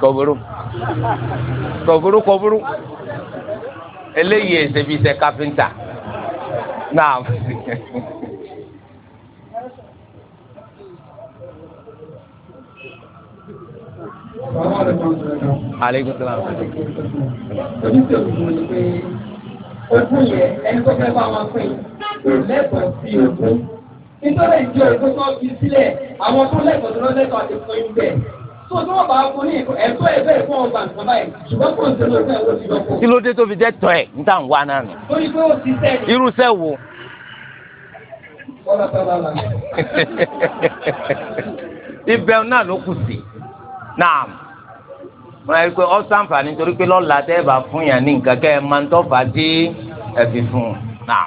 kọ̀bùrú kọ̀bùrú kọ̀bùrú eléyìí ẹsẹ̀ bíi sẹ káfíńtà náà. aleykum salaam. oníṣẹ́ òkú ẹni tó fẹ́ bá wọn pè lẹ́kọ̀ọ́ sí ogún nítorí ìjọ ìgbó tó fi sílẹ̀ àwọn tó lẹ́kọ̀ọ́ tó lọ́lẹ́kọ̀ọ́ àti fún ẹni bẹ́ẹ̀ tó tó bá fún ní ẹ̀tọ́ ẹ̀ bẹ́ẹ̀ fún ọgbà nǹkan báyìí ṣùgbọ́n kò ń ṣe lóṣù ẹ̀ wọ́n ti lọ fún. kí ló dé tó fi jẹ́ tọ́ ẹ̀ níta ń wá náà nù. torí pé ó ti sẹ́ ni. irúṣẹ́ wo. ibẹ̀ náà ló kù sí náà wọ́n yẹ pé ọ́ sàǹfààní torí pé lọ́la tẹ́ bá fún yàn ní nǹkan kẹ́ ẹ máa ń tọ́fà tí ẹ fi fún náà.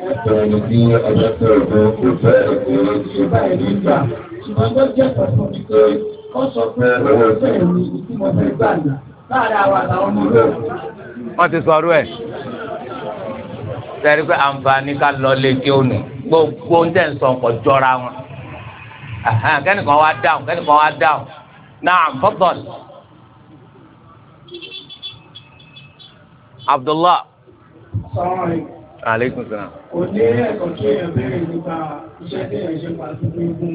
ẹni tí ọjọ́ tó ọdún kò fẹ́ ẹ̀kọ́ ṣe báyìí nígbà. ṣùgbọ́n tó jẹ́ pẹ̀lú mi pé ó sọ pé owó ìfẹ́ mi tí mo fẹ́ gbà ní láàárín àwọn àtàwọn ọmọ rẹ̀. wọ́n ti sọ ọdún ẹ̀ sẹ́rí pé àǹfààní ká lọ lé kí ó nù gbogbo oúnjẹ ń sọ ọkọ̀ jọra wọn. kẹ́nìkan wá dáhùn kẹ́nìkan wá dáhùn náà fọ́tọ̀l. Abdullah. Àlékún sọ́nà. Kò ní ẹ̀kọ́ tó yẹ bẹ́rẹ̀ nípa iṣẹ́ tí ẹ̀ ṣe pàtó ní ogún.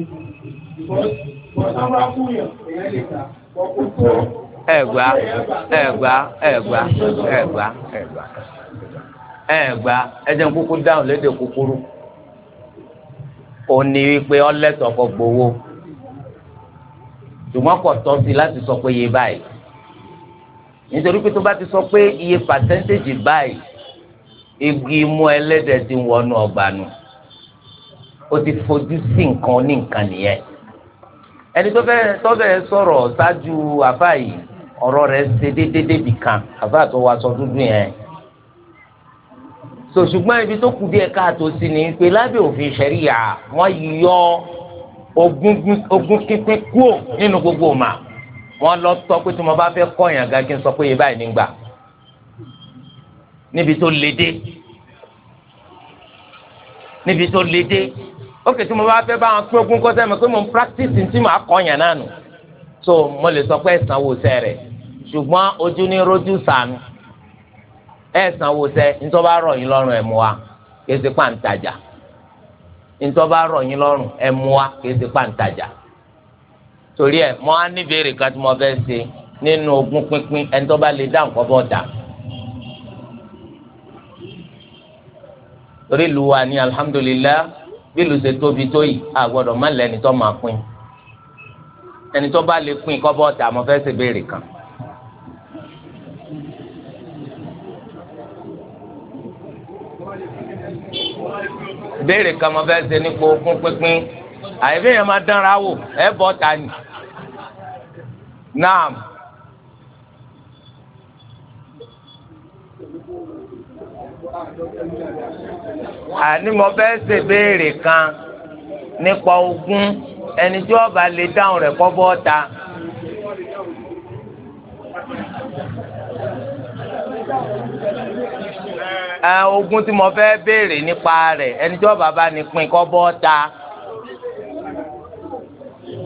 Bọ̀dá bá kúyàn, èèyàn lè ta, ọkọ̀ tó. Ẹ̀gbá, ẹ̀gbá, ẹ̀gbá, ẹ̀gbá, ẹ̀gbá. Ẹ̀gbá, ẹ jẹ́ kúkú dáhùn lédè kúkúrú. Ó ní wípé ọlẹ́tọ̀ kọ gbowó. Ṣùgbọ́n kò tọ́ sí láti sọ pé iye báyìí. Nítorí pé tó bá ti sọ pé iye pàṣẹ́ntéèjì báyìí igi imú ẹlẹ́dẹ̀ ti wọnú ọgbà nù o ti fojú sí nǹkan oníǹkan nìyẹn ẹni tó fẹ́ tó fẹ́ sọ̀rọ̀ ṣáájú àbá yìí ọ̀rọ̀ rẹ̀ ṣe déédéé bì kan àbá tó wá sọ dúdú yẹn so ṣùgbọ́n ibi tó kù díẹ̀ káàtó sí ni pé lábẹ́ òfin ṣẹ̀ríyà wọ́n yọ ogún pínpín kúò nínú gbogbo ọ̀ma wọ́n lọ sọ pé tí mo bá fẹ́ kọ́ yàn kí n sọ pé yẹ báyìí nígbà. níbi tó le dé níbi tó le dé ókè tí mo bá fẹ́ bá wọn pín ogún kọ́sẹ́ mi pé mo ń practice tí náà nù so mo lè sọ pé ẹ̀sán wò sẹ́ rẹ̀ ṣùgbọ́n ojú ní rojú sànù ẹ̀sán wò sẹ́ nítorí bá rọ̀ yín lọ́rùn ẹ̀ mo á ní ìbéèrè kan tí mo fẹ́ ṣe nínú ogún pínpín bá lè dá nǹkan torí lu wa ni alihamudulilayi bí lu ṣe tóbi tó yìí àgbọ́dọ̀ má lẹni tó máa pín ẹni tó bá lè pín kọ́ bọ́ ọ̀tà mo fẹ́ ṣe béèrè kan. béèrè kan mo fẹ́ ṣe nípa okun pínpín àyẹ̀fẹ́ yẹn máa dánra wò ẹ bọ́ ta ni. naam. Thank àní mo fẹ́ ṣe béèrè kan nípa ogún ẹni tí ọba lè dáhùn rẹ̀ kọ́ bọ́ ta. ogún tí mo fẹ́ béèrè nípa rẹ̀ ẹni tí ọba bá ní pín kọ́ bọ́ ta.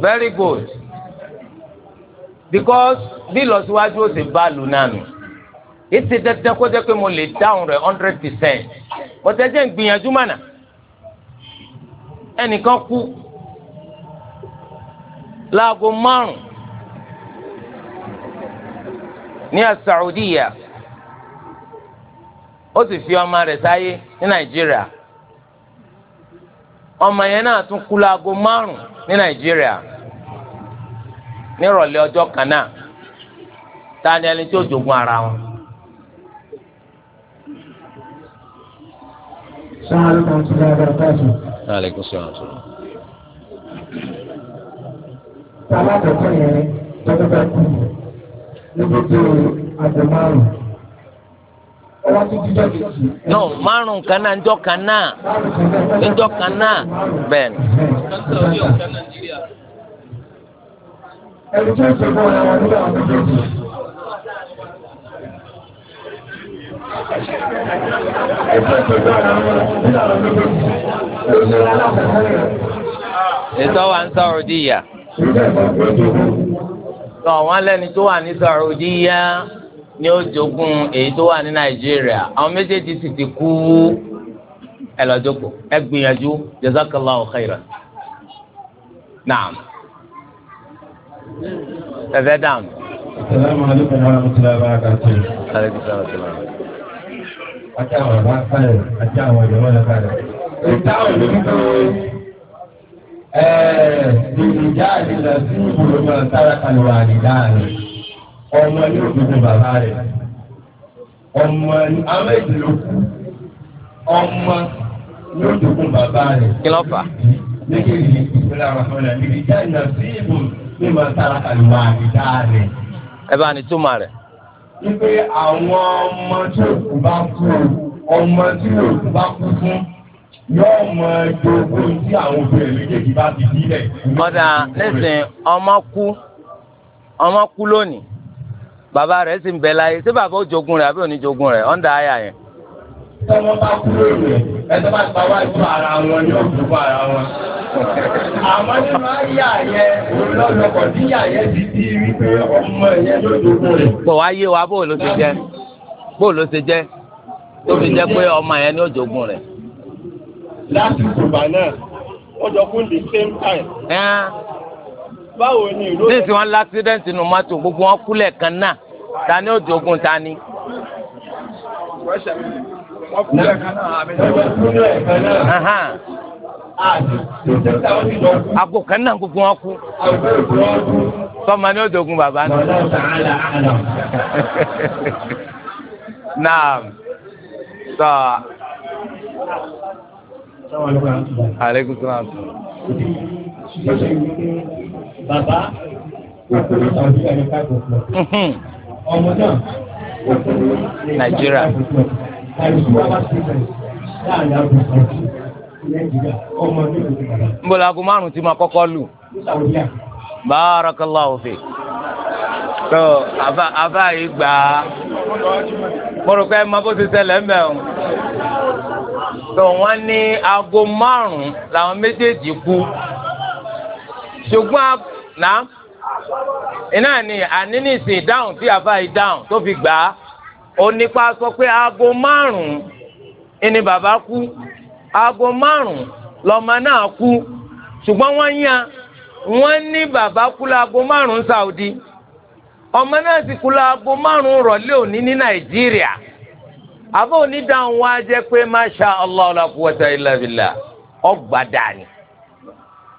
very good because bí ìlọsíwájú ó sì bá lù náà nù. yìí te dandan kó jẹ́ pé mo lè dáhùn rẹ̀ hundred percent bọ́tẹ́ jẹ́ ìgbìyànjú mọ̀nà ẹnìkan kú láago márùn ní Saudiya ó sì fi ọmọ rẹ̀ sáyé ní Nàìjíríà ọmọ yẹn náà tún kú láago márùn ní Nàìjíríà nírọ̀lẹ́ ọjọ́ kan náà ta ni ẹni tí ó ara wọn. السلام عليكم ورحمة الله وبركاته. وعليكم السلام ورحمة الله. Tàbá àtọ̀tọ̀ yẹn tọ́jú bá kú ní gbogbo àjọ márùn-ún. Ọwọ́ kan náà njọ́ kan náà njọ́ kan náà bẹ́ẹ̀ ni. Ẹ̀rù tó ń ṣe ọdún àwọn méjèèjì. ètò wa ń Saudiya tọ wọn lẹni tó wà ní Saudiya ni ó jogún èyí tó wà ní Nàìjíríà àwọn méjèèjì sì ti kú ẹ lọ jókòó ẹ gbìyànjú jazakallahu khairan naam ẹ fẹ dáhùn. Assalamu alaikum warahmatullahi wabarakatuh àti àwọn ọ̀gá kalẹ̀ àti àwọn ìjọba ọ̀gá kalẹ̀. ìtàwọn ìlú tó ìdìjà àdìlà sí ìbúrò náà tára kalẹ̀ wà àdìdá rẹ̀ ọmọ ní òkúta bàbá rẹ̀ ọmọ ní amẹ́jì ló kú ọmọ ní òkúta bàbá rẹ̀. kí ló fà á nígbèrè ìpínlẹ̀ àràfẹ́lẹ̀ ìdíjà ìnà sí ìbò mímọ tára àlùmọ̀ àdìdá rẹ̀. ẹ bá ní túmọ̀ rẹ̀ wípé àwọn ọmọ tí òkú bá kú ọmọ tí òkú bá kú fún yóò mọ dogun tí àwọn obìnrin méjèèjì bá ti sílẹ̀. ọ̀dà lẹ́sìn ọmọ kú ọmọ kú lónìí bàbá rẹ̀ sì ń bẹ láyé ṣé bàbá ó jogun rẹ̀ àbí òní jogun rẹ̀ ọ̀ǹda àyà yẹn tí wọ́n bá kúrò rẹ̀ ẹ̀tọ́ bá ti bá wá ìfún ara wọn ní òkú fún ara wọn. Àmọ́ nínú ayé àyẹ olólùkọ̀ tí àyẹ ti di wípé ọmọ ẹ̀yẹ ló dókun rẹ̀. Bọ̀ wá yé wa bóò ló ṣe jẹ́ bóò ló ṣe jẹ́ tó fi jẹ́ pé ọmọ yẹn ní òjògùn rẹ̀. Láti ìgbà náà, ó jọ fún the same time. Báwo ni ìlú. Ní ìsìn wọn lásídẹ̀ǹtì nù mọ́tò gbogbo wọn kúlẹ̀ kan náà ta ni òjògùn ta àpò kan náà gbogbo wọn kú sọma ni ó dogun bàbá náà naam sọ aleykum salaam. bàbá ọmọ náà nàìjíríà ń bọ̀ láago márùn-ún tí ma kọ́kọ́ lù barakallahu fi tó àbá àbá yìí gbà á kpọ̀rọ̀kọ́ ẹ̀ máa bó ti ṣẹlẹ̀ ń bẹ̀ o tó wọ́n ní aago márùn-ún làwọn méjèèjì kú ṣùgbọ́n náà iná ni ànínísìn ìdáhùn tí àbá yìí dáhùn tó fi gbà á. onípa sọ pé aago márùn-ún ẹni bàbá kú aago márùn-ún lọ́mọ náà kú ṣùgbọ́n wọn yan wọ́n ní bàbá kú láago márùn Saudi ọmọ náà sì kú láago márùn-ún rọ̀lẹ́ òní ní Nàìjíríà àbọ̀ onídàáhùn wa jẹ́ pé masha Allah la quwwata illa billah ọgbà dàní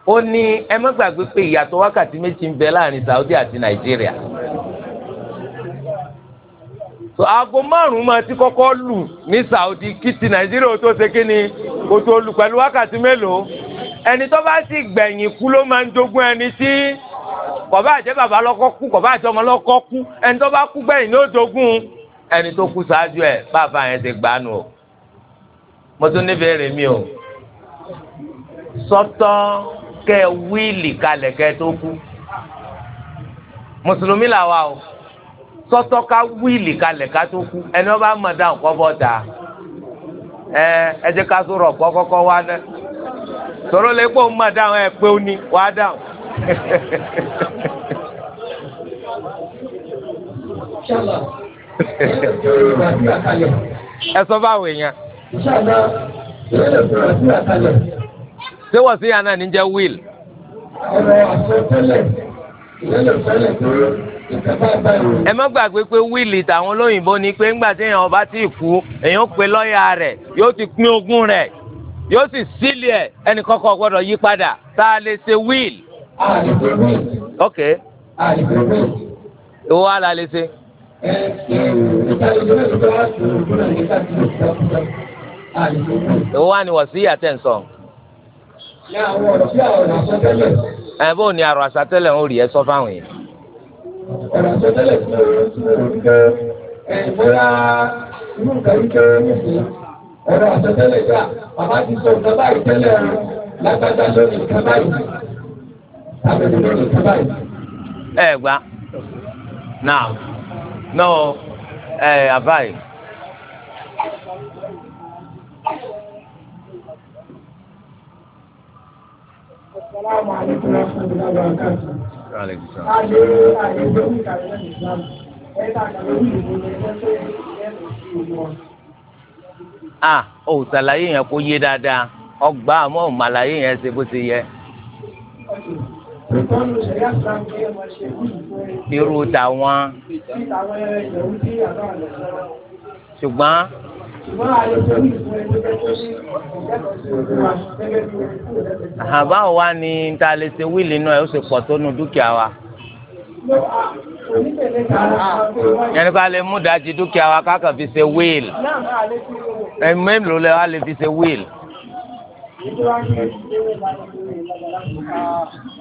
ó ní ẹ má gbàgbé pé ìyàtọ̀ wákàtí méjì ń bẹ láàrin Saudi àti Nàìjíríà. aago márùn-ún máa ti kọ́kọ́ lù ní Saudi kí Nàìjíríà ó tó ṣe kí ni kó tó lù pẹ̀lú wákàtí mélòó ẹni tó bá sì gbẹ̀yìn kú ló máa ń jogún ẹni tí kò bá jẹ́ bàbá lọ́kọ́ kú kò bá jẹ́ ọmọ lọ́kọ́ kú ẹni tó bá kú gbẹ̀yìn ní ó ẹni tó kú ṣáájú ẹ̀ bàbá yẹn ti gbà o mo tún ní bèèrè mi o sọ́tọ̀ kẹ́ wíìlì kalẹ̀ kẹ́ tó kú mùsùlùmí làwa o. sọ́tọ́ ká wíìlì kalẹ̀ ká tó kú ẹni wọ́n bá mọ̀ dáhùn kọ́ bọ́ ta ẹ ẹ jẹ́ ká sọ̀rọ̀ kọ́ kọ́kọ́ wá dẹ́ sọ̀rọ̀ lè pọ̀ mọ̀ ẹ pé ó ní wá ẹ sọ fáwọn èèyàn. ṣé wọ́n sí yàrá wíìlì. ọ̀rọ̀ tó ẹ má gbàgbé pé wíìlì tàwọn olóyìnbó ni pé ńgbà tí èèyàn ọba ti kú èèyàn pe lọ́ọ̀yà rẹ̀ yóò ti pín ogún rẹ̀ yóò sì sílì ẹ̀ ẹnì kọ́kọ́ gbọ́dọ̀ yí padà tá a lè ṣe wíìlì. ok ìwọ wa lè ṣe. ìwọ wa ni wọ́n sí ìyàtẹ̀ ń ẹ bó ni àrò àṣà tẹ́lẹ̀ ń rí ẹ sọ fáwọn yìí ọ̀nà tó tẹ́lẹ̀ tí ó yẹ sí òǹkà ẹ̀bọ́lá inú nǹkan wípé nísìn ẹ̀rọ àsọtẹ́lẹ̀ gbà bàbá ti sọ nǹkan báyìí tẹ́lẹ̀ lágbàdá lónìí nǹkan báyìí tábìlì lónìí nǹkan báyìí. ẹ gbà náà náà ẹ àbáyé. Assalamu alaikum warahmatullahi wabarakatuh a oh, ṣàlàyé yẹn kó yé dáadáa ọgbà àmọ́ màlàyé yẹn ṣe bó ṣe yẹ. irú tàwọn ṣùgbọ́n àbá wa ni ta lè ṣe wíìlì náà ó sì pọ̀ tó nu dúkìá wa yẹnni ká lè mú dájú dúkìá wa ká kàn fi ṣe wíìl mélòó lẹ wá lè fi ṣe wíìl.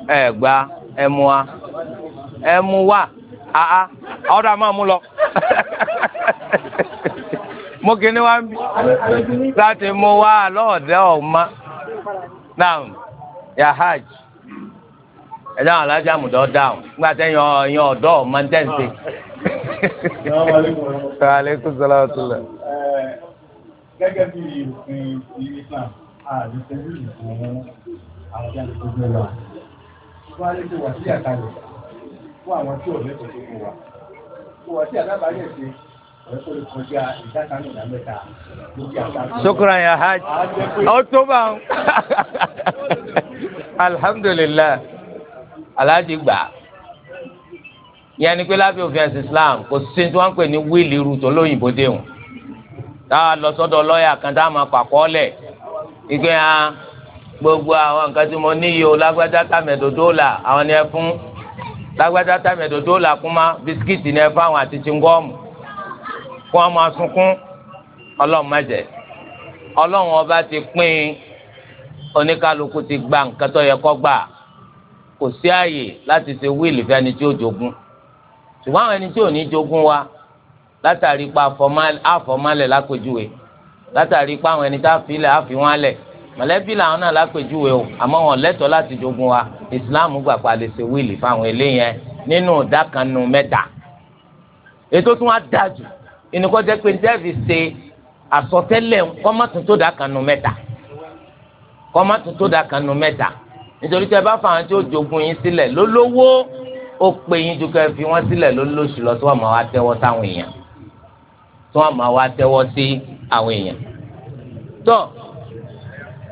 ẹ gba ẹ mú wa ẹ mú wa ọ̀dọ̀ àmọ́ mú lọ. [laughs] mo kíni wá bí láti mú wá lọ́ọ̀dẹ́ ọ̀ma naam ya hajj ẹ dáhùn alájà mùdọ́ dáhùn nígbà tẹ yan yan ọ̀dọ́ ọ̀ma ń tẹ̀sí. aleykum salaam wa rahmatulah. gẹ́gẹ́ bí òfin Islam àdìsẹ́ yìí fún àwọn jáde tó gbé wa wọ́n á lè ṣe wà sí àkàlẹ̀ fún àwọn tí ò lẹ́tọ̀ọ́ tó kó wa kó wà sí àdábàáyé ṣe shukran ya hajj ọtọba [laughs] alhamdulilayi alhaji gbà yẹn ni pé lábẹ́ òfin ẹ̀sìn islam kò sí tí wọ́n ń pè ní wíìlì rúùtù olóyìnbó déhùn tá a lọ sọ́dọ̀ lọ́ọ̀yà kan tá a máa pàkọ́ lẹ̀ ìgbẹ́ ha gbogbo àwọn nǹkan tí mo níyì o lágbájá tàmẹ̀dòdó là àwọn ni ẹ fún lágbájá tàmẹ̀dòdó là kúmá bisikíìtì ni ẹ fún àwọn àti chingọ́ọ̀mù kó wọn máa sunkún ọlọ́run má jẹ́ ọlọ́run ọba ti pín oníkálukú ti gba nǹkan tó yẹ kó gbà kò sí àyè láti ṣe wíìlì fẹ́ni tí ó jogún ṣùgbọ́n àwọn ẹni tí ò ní jogún wa látàrí pa àfọ̀málẹ̀ lápèjúwe látàrí pa àwọn ẹni tá a fi lẹ̀ àfi wọn lẹ̀ mọ̀lẹ́bí làwọn náà lápèjúwe o àmọ́ wọn lẹ́tọ̀ọ́ láti jogún wa ìsìláàmù gbà pa lè ṣe wíìlì fáwọn eléyẹn nínú ìdá kan nu mẹ́ta ètò tí wọ́n á dáa ìnìkọ́jẹ́ pé jẹ́ẹ̀fì ṣe àsọtẹ́lẹ̀ kọ́mọ́tún dà kanu mẹ́ta kọ́mọ́tún dà kanu mẹ́ta nítorí tẹ bá fàwọn tí ó jogun yín sílẹ̀ lólówó ó pè yín ju kẹ́ fi wọ́n sílẹ̀ lólóṣù lọ tí wọ́n máa wá tẹ́wọ́ sáwọn èèyàn tí wọ́n máa wá tẹ́wọ́ sí àwọn èèyàn tó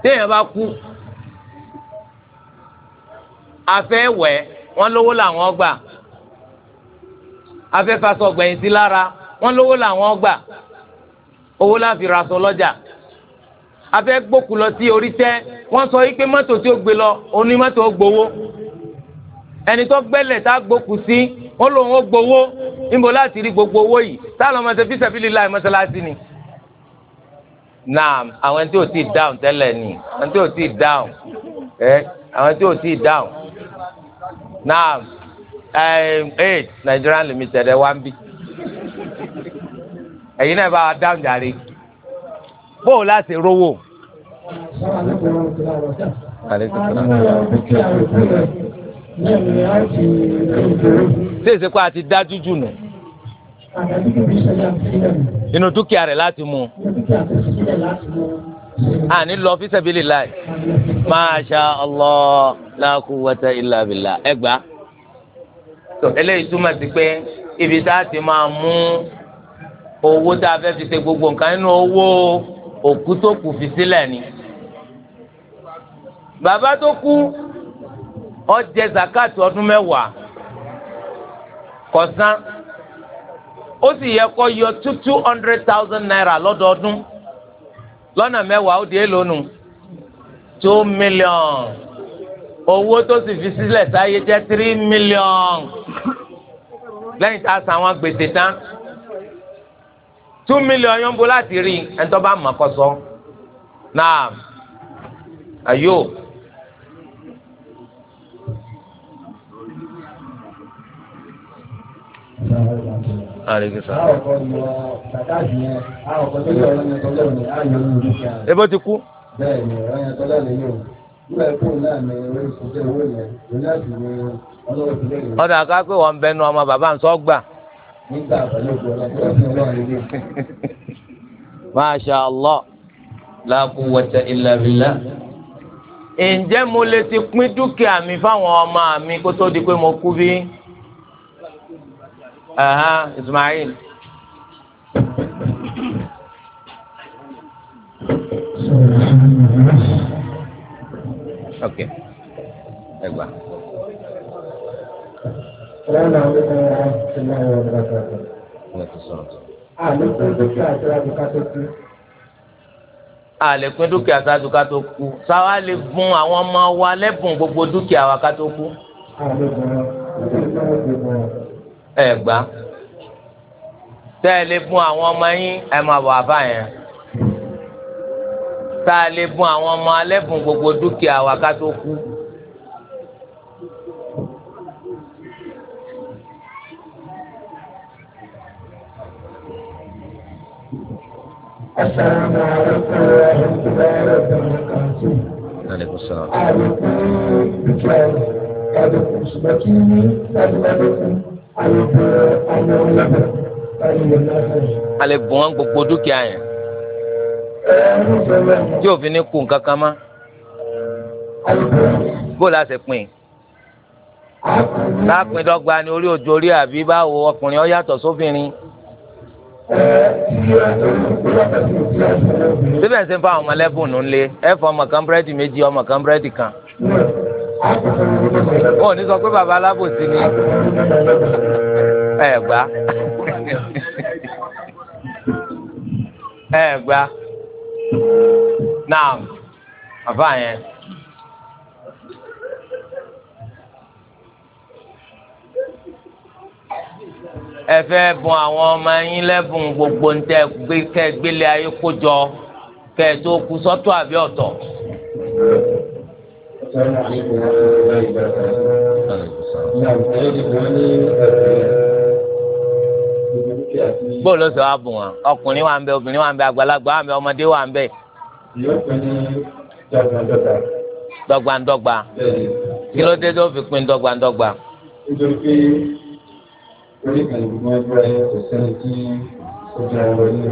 téèyàn bá kú afẹ́ wẹ̀ wọ́n lówó làwọn gbà afẹ́ fasọ̀gbẹ̀yìn sí lára wọ́n lówó làwọn gbà owó láfi ra aṣọ lọ́jà afẹ́ gbókù lọ sí orí tẹ́ wọ́n sọ yìí pé mọ́tò tí ó gbé lọ oní mọ́tò ó gbowó ẹni tó gbẹ́lẹ̀ tá a gbókù sí wọ́n lòun ó gbowó níbo láti rí gbogbo owó yìí táwọn ọmọ ṣẹfí ṣẹfí lílá ẹ̀ mọ́ṣáláṣí ni. naam àwọn tí ò tí ì dáhùn tẹ́lẹ̀ ni àwọn tí ò tí ì dáhùn ẹ àwọn tí ò tí dáhùn naam ẹ eh, eight Nigerian limited ẹ wá ń bí ẹ̀yin náà bá dáhùn jàre bóò láti rówó. ṣé ìsìnkú àti dájú jù nù inú dúkìá rẹ̀ láti mú àní lọ fi sẹ́bílì láì Masha Allah la quwwata illa billah ẹgbàá. eléyìí túmọ̀ sí pé ibi tá a ti máa mú owó tá a fẹ́ fi ṣe gbogbo nǹkan nínú owó òkú tó kù fi sílẹ̀ ni bàbá tó kú ó jẹ zakati ọdún mẹ́wàá kọ̀sán ó sì yẹ kó yọ two two hundred thousand naira lọ́dọọdún lọ́nà mẹ́wàá ó di èlò two million owó tó sì fi sílẹ̀ sáyé jẹ́ three million lẹ́yìn tá a san àwọn gbèsè tán two million yọ̀ǹbo láti rí ẹ̀ńtọ́ bá mọ̀ kọ́ sọ náà ayò. ebo ti kú. bẹ́ẹ̀ni ọ̀rọ̀ yẹn tọ́lá lè yọ nígbà tó náà ni orí ìṣiṣẹ́ owó ọ̀dà ká pé wọ́n bẹnu ọmọ bàbá ń sọ gbà nígbà pẹ̀lú ìgbọ̀nà tó ń lọ àlejò. Masha Allah, la quwwata illa billah. ǹjẹ́ mo lè ti pín dúkìá mi fáwọn ọmọ mi kó tó di pé mo kú bí? Ismail. Okay. Ẹ gbà. السلام عليكم ورحمة الله وبركاته. A lè pín dúkìá ṣáájú ká tó kú. Sáwa lè bùn àwọn ọmọ wa lẹ́bùn gbogbo dúkìá wa ká tó kú. Ẹ gbà. Tẹ́ ẹ lè bùn àwọn ọmọ yín ẹ máa wà bá yẹn. Tá a lè bùn àwọn ọmọ alẹ́bùn gbogbo dúkìá wa ká tó kú. السلام عليكم ورحمة الله وبركاته. gbogbo dúkìá yẹn. Tí òfin ní kù nǹkan kan Bó la ṣe pín? Láàpín dọ́gba ni orí òjò orí àbí báwo ọkùnrin ọ yàtọ̀ sóbìnrin. So síbẹ̀ ṣe ń fa àwọn ọmọlẹ́bùn nù lé ẹ fọ ọmọ kan búrẹ́dì méjì ọmọ kan búrẹ́dì kan wọn ò ní sọ pé baba alábòsí ni ẹ gbà ẹ gbà náà àbá yẹn. ẹ fẹ́ bùn àwọn ọmọ yín lẹ́bùn gbogbo ń tẹ́ kẹ́ gbélé ayé kó jọ kẹ́ ẹ tó kú sọ́tọ̀ àbí ọ̀tọ̀. bóòlù sọ wá bùn wọn ọkùnrin wà ń bẹ obìnrin wà ń bẹ àgbàlagbà wà ń bẹ ọmọdé wà ń bẹ. dọ́gbandọ́gba kí ló dé tó fi pín dọ́gbandọ́gba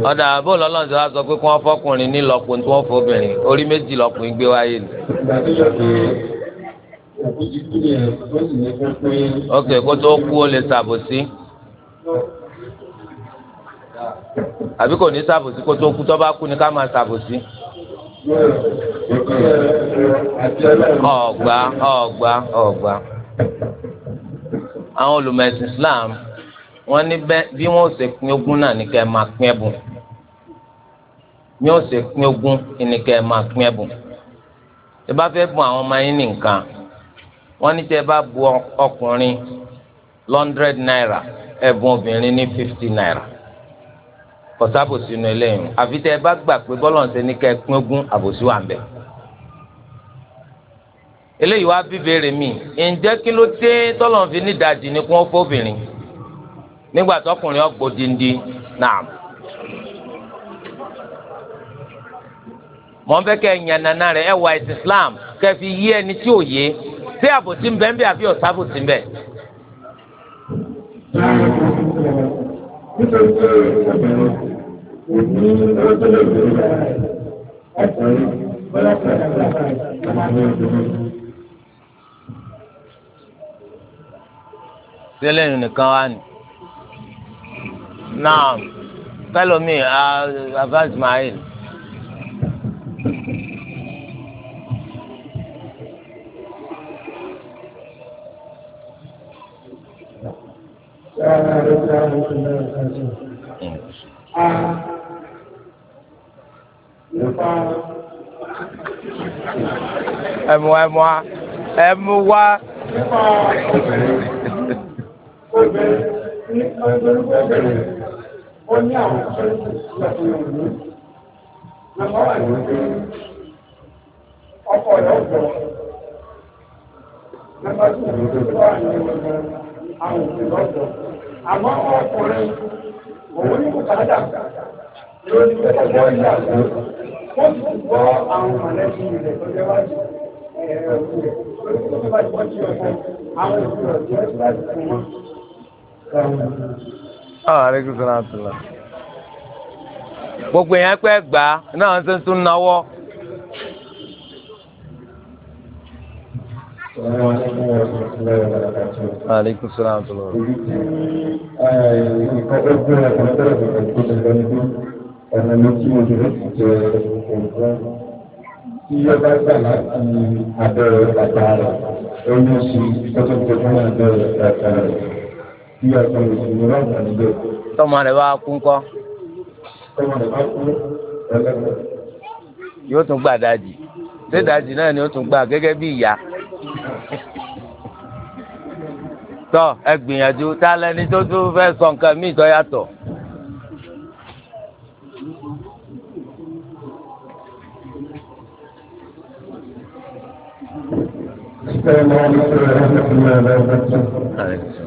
ọ̀dà bóòlù ọlọ́run ti wá sọ pé kí wọ́n fọkùnrin ní lọ́pọ̀ tí wọ́n fọbìnrin orí méjì lọ́kùnrin gbé wáyé ni. ok kó tó kú ó lè ṣàbòsí àbí kò ní ṣàbòsí kó tó kú tó bá kú ni ká máa ṣàbòsí. ọ̀gbà ọ̀gbà ọ̀gbà àwọn olùmọ̀ ẹ̀sìn Islam wọ́n ní bẹ́ẹ̀ bí wọ́n ṣe pín ogún náà ní kẹ́ ẹ máa pín ẹ̀bùn bí wọ́n ṣe pín ogún ní kẹ́ ẹ máa pín ẹ̀bùn tẹ́ bá fẹ́ bùn àwọn ọmọ yín ní nǹkan wọ́n ní tẹ́ bá bu ọkùnrin lọ́ndrẹ́d náírà ẹ̀bùn obìnrin ní fífítì náírà kọ̀sábòsí nu eléyìí àfi tẹ́ bá gbà pé bọ́lọ̀ ń ṣe ní kẹ́ ẹ pín àbòsí wà ń eléyìí wá bí mi ǹjẹ́ kí ló dé tọ́lọ̀ fi ní ìdajì ni kí wọ́n fóbìnrin nígbà tọkùnrin ọgbó dindin náà. mọ̀ n fẹ́ kẹ́ nana rẹ̀ ẹ̀ wà Islam kẹ́ fi yí ẹni tí ò yé sí àbòsí nbẹ́ nbẹ́ àbí ọ̀sá àbòsí nbẹ́. sílẹ̀ nìkan wá ní náà fẹlẹmi bàbá Ismail. ẹmu ẹmu ẹmu wa ní ẹgbẹ̀rún ẹgbẹ̀rún ó ní àwọn ìṣẹ́ ìṣẹ́kùnrin ìlú lọ́wọ́ àìwọ̀n pé ọkọ̀ ọ̀dọ́ ọ̀dọ́ nípa tí ó ń tó wà ní àwọn òṣèlú ọ̀dọ́ àmọ́ ọkùnrin òun ní bùkátà lórí ọjọ́ ìyàwó wọ́n ti gbọ́ àwọn mọ̀lẹ́bí Ah, aleykum salaam tula gbogbo yẹn pẹ́ gbà náà ń tuntun náwó. aleykum salaam tula. ọ̀nà bá gbà láti abẹ́rẹ́ bàbá rẹ̀ ó ní oṣù tó tó tó fún abẹ́rẹ́ bàbá rẹ̀ tọmọ rẹ bá kú ńkọ́ yóò tún gbà dájì ṣé dájì náà ni ó tún gbà gẹ́gẹ́ bí ìyá tọ ẹ gbìyànjú tá a lẹni tó tún fẹ́ sọ nǹkan míì tó yàtọ̀. Thank you.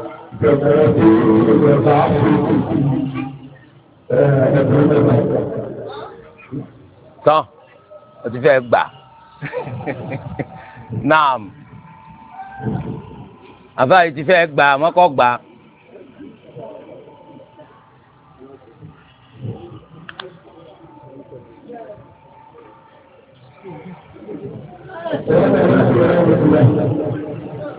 tán o ti fẹ́ gbà naam àfáàyè ti fẹ́ gbà mọ́kọ́ gbà. Thank you.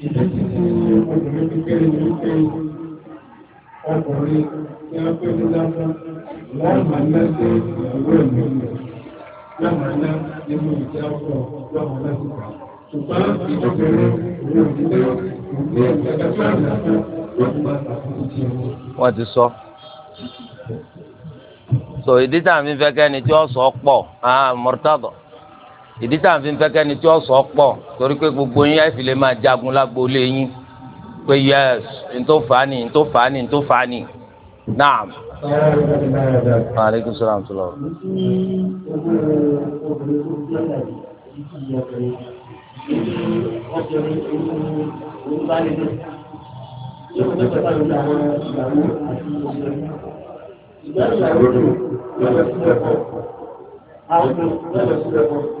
ìdíjì obìnrin ti kéré ní pé ọkùnrin tí wọ́n pé ní lásán wọ́n máa ná sí ìyàwó ẹ̀mí náà máa ná nínú ìjà ọkọ̀ lọ́wọ́ lásìkò ṣùgbọ́n ìjọbìnrin òun òdílé ní ẹ̀ka tó àmì lásán wọ́n ti máa ṣàkóso ti ẹ̀wọ̀n. wọ́n sọ so ìdí tàbí fẹ́ kẹ́ni tí ó sọ pọ̀ ah, mọ́tàdọ̀ ìdí tá à ń fi fẹ́ kẹ́ni tí ó sọ pọ̀ torí pé gbogbo yín ẹ̀ fi lè máa jagun lágboolé yín pé yẹs ntó fà ní ntó fà ní fà ní naam. aleykum tó lọ. Àwọn ọmọ ìgbàlódé ló ń bẹ̀rẹ̀ sí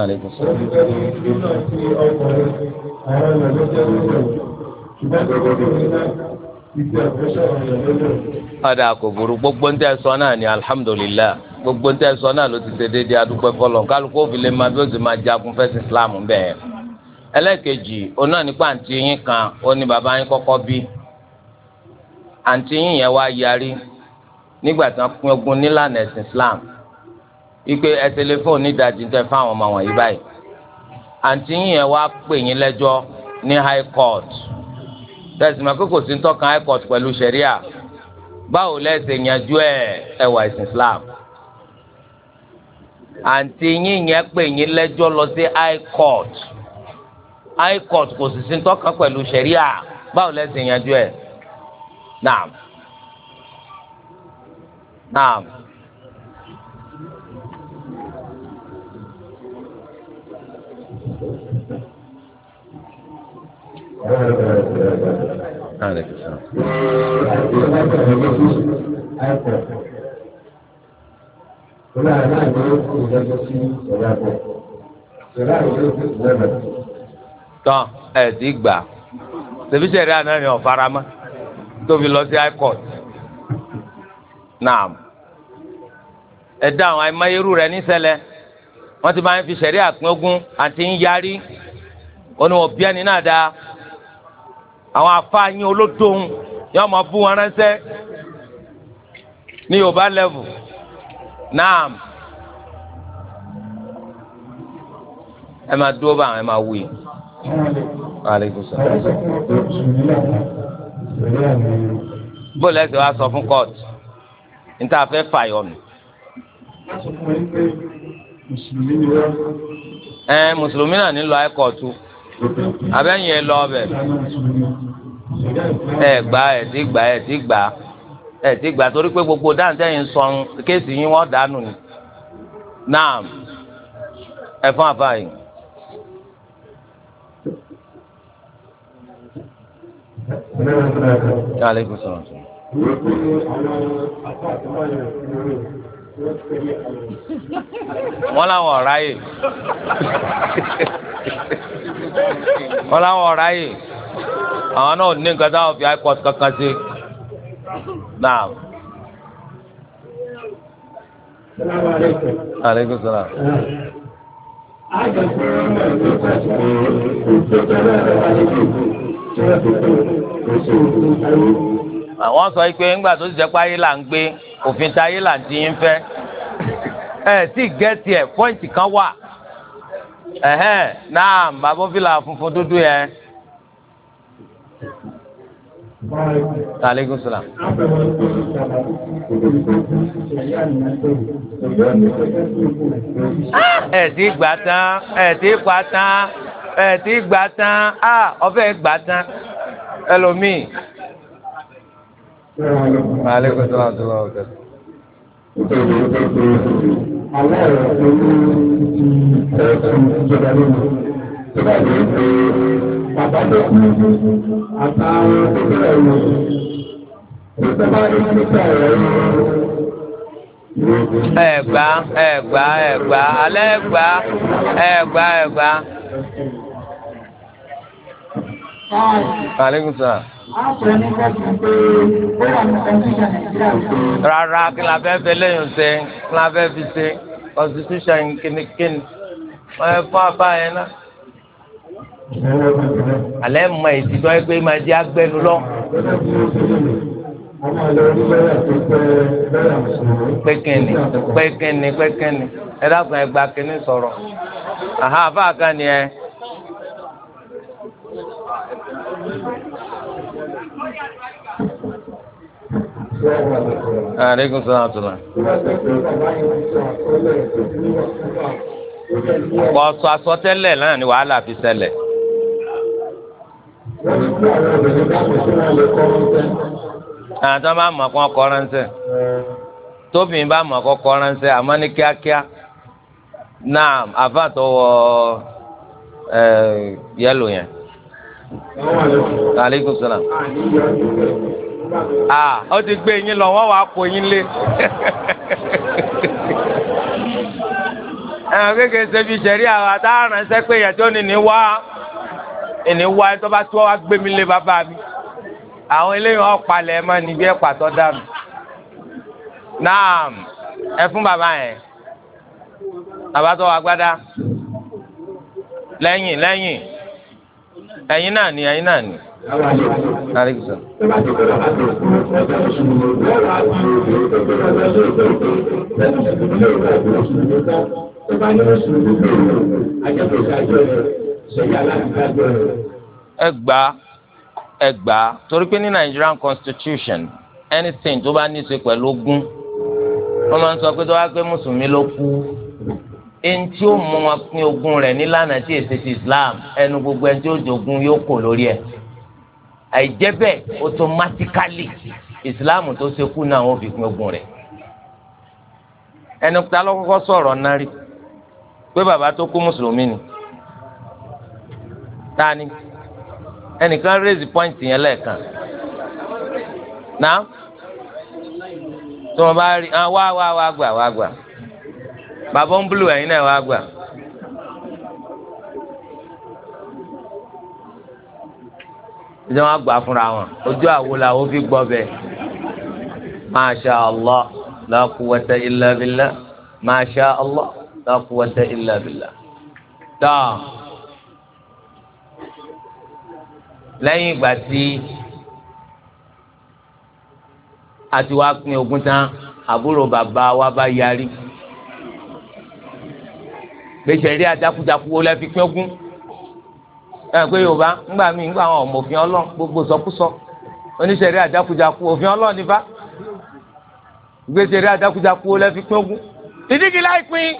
Àlékún sọ. Ọ̀dà kò burú gbogbo ń tẹ́ sọ náà ni alihamudulilayi gbogbo ń tẹ́ sọ náà ló ti ṣe déédéé adúpẹ́ fọlọ́ kálukú òfin lè máa bí ó sì máa jagun fẹ́sì Islam bẹ́ẹ̀. Ẹlẹ́ẹ̀kejì òun náà ní pàǹtí yín kan ó ní bàbá yín kọ́kọ́ bí. Àǹtí yín yẹn wá yarí nígbà tí wọ́n pín ogún nílànà ẹ̀sìn Islam. ipe ẹ tẹlifóònù nídàájí tẹ fáwọn ọmọ wọ̀nyí báyìí àǹtí wá pè yín ní high court tẹsán mẹ́kọ́ high court pẹ̀lú ṣẹ̀ríà báwo lẹ́sẹ̀ yanjú ẹ̀ ẹ̀wà ìsìn Islam àǹtí yìnyẹn pè yín lọ sí high court high court kò sì sí pẹ̀lú báwo lẹ́sẹ̀ yanjú ẹ̀ naam عليك السلام tán ẹ̀ẹ́dì gbà tẹ̀fíṣẹ̀ rẹ̀ àná ni ọ̀farama tóbi lọ sí high court naam ẹ̀dá àwọn àìmáyérú rẹ̀ níṣẹ̀lẹ̀ wọ́n ti máa ń fi ṣẹ̀rí àpín àti ń yarí ó ní wọ́n bí ẹni náà dáa. àwọn afáàyàn olódòun yóò máa bú wọn ránṣẹ́ ní yorùbá lẹ́vù naam ẹ máa dúró báwọn ẹ máa wí. aleykum salaam. bóòlù ẹsẹ̀ wa sọ fún kóòtù níta fẹ́ fàyọ̀ nù. ẹ mùsùlùmí náà nílò ẹ kóòtù abẹ́yìn ẹ lọ ọbẹ̀ ẹ gbà ẹ ti gbà ẹ ti gbà ẹ ti gbà torí pé gbogbo dáńtẹ́yìn sọrun kéèsì yín wọ́n dànù ni náà ẹ fún àfààyè. Aleykum salaam. wọ́n làwọn ọ̀rá yìí wọ́n làwọn ọ̀rá yìí àwọn náà ní nǹkan táwọn fi ipod kankan sí náà. aleykum salaam. àwọn sọ pé ńgbà tó ti jẹ́ pé ayé là ń gbé. òfin táyé là ń ti yín fẹ́ ẹ tí gẹ́tì ẹ̀ pọ́ìntì kan wà ẹ̀hẹ́n náà bàbá fìlà funfun dúdú yẹn. Aleykum salaam. Ẹ ti gbà tán, ẹ ti pa tán, ẹ ti gbà tán, ọ̀fẹ́ gbà tán, ẹlòmíì. Maaleykum salaam wa rahmatulah. Àwọn ọ̀rọ̀ tó ní ti rárá kí la fẹ́ fẹ́ lẹ́yìn ṣe kí la fẹ́ fi ṣe constitution kìnnìkìnnì wọ́n yẹ fún abá yẹn náà. alẹ́ mọ èsì tó yẹ pé máa di agbẹnu lọ. pékinni pékinni pékinni ẹ dákun ẹ gba kínní sọ̀rọ̀ àhàn àfáà kan ni ẹ. Àríkùn sọ àtùlà. Kọ̀ sọ àsọtẹ́lẹ̀ náà ni wàhálà fi ṣẹlẹ̀. Àwọn tó bá mọ̀ kọ́ ránṣẹ́. Tóbìnrin bá mọ̀ kọ́ ránṣẹ́ àmọ́ ní kíákíá. Náà àfàtọ̀ wọ yẹn. ó ti gbé yín lọ wọ́n wàá kó yín lé ẹ̀hàn kékeré ṣebí ṣẹ̀rí àwọn àtàràn sẹ́pẹ̀ yẹn tó ní ní wá ní wá tó bá tó wá gbé mi lé bàbá mi àwọn eléyìí wọn palẹ̀ mọ́ níbi ẹ̀pà tó dànù náà ẹ fún bàbá yẹn bàbá tó wà gbádá lẹ́yìn lẹ́yìn ẹ̀yin náà ni ẹ̀yin náà ni ẹ gbà ẹ gbà torí pé ní Nigerian constitution anything tó bá ní í ṣe pẹ̀lú ogún wọ́n máa ń sọ pé tó wá pé mùsùlùmí ló kú ẹni tí ó mú wọn pín ogún rẹ̀ nílànà tí èsì ti Islam ẹnu gbogbo ẹni tí ó jogún yóò kò lórí ẹ̀ àìjẹ́ bẹ́ẹ̀ automatically ìsìláàmù tó ṣekú náà wọ́n fi pín ogun rẹ̀ ẹni ta ló kọ́kọ́ sọ̀rọ̀ náà rí pé bàbá tó kú mùsùlùmí ni tani ẹnìkan raise point yẹn lẹ́ẹ̀kan náà tí wọ́n bá rí ah, wá wá wá gbà wá gbà bàbá ń blu ẹ̀yin náà wá gbà. ṣé wọ́n gbà fúnra wọn ojú àwo làwọn fi gbọ́ bẹ́ẹ̀ masha allah la quwwata illa billah masha allah la quwwata illa billah tọ́ lẹ́yìn ìgbà tí a ti wá pín ogún tán àbúrò bàbá wa bá yarí gbèsè rí ajakujaku wo pín ogún ẹ pé yorùbá ńgbà mí ńgbà àwọn ọmọ òfin ọlọ́run gbogbo sọkúsọ oníṣẹ̀rí àjákujáku òfin ọlọ́run nípa gbèsèrè àjákujáku ó lẹ́fi pín ogún títí kí láì pín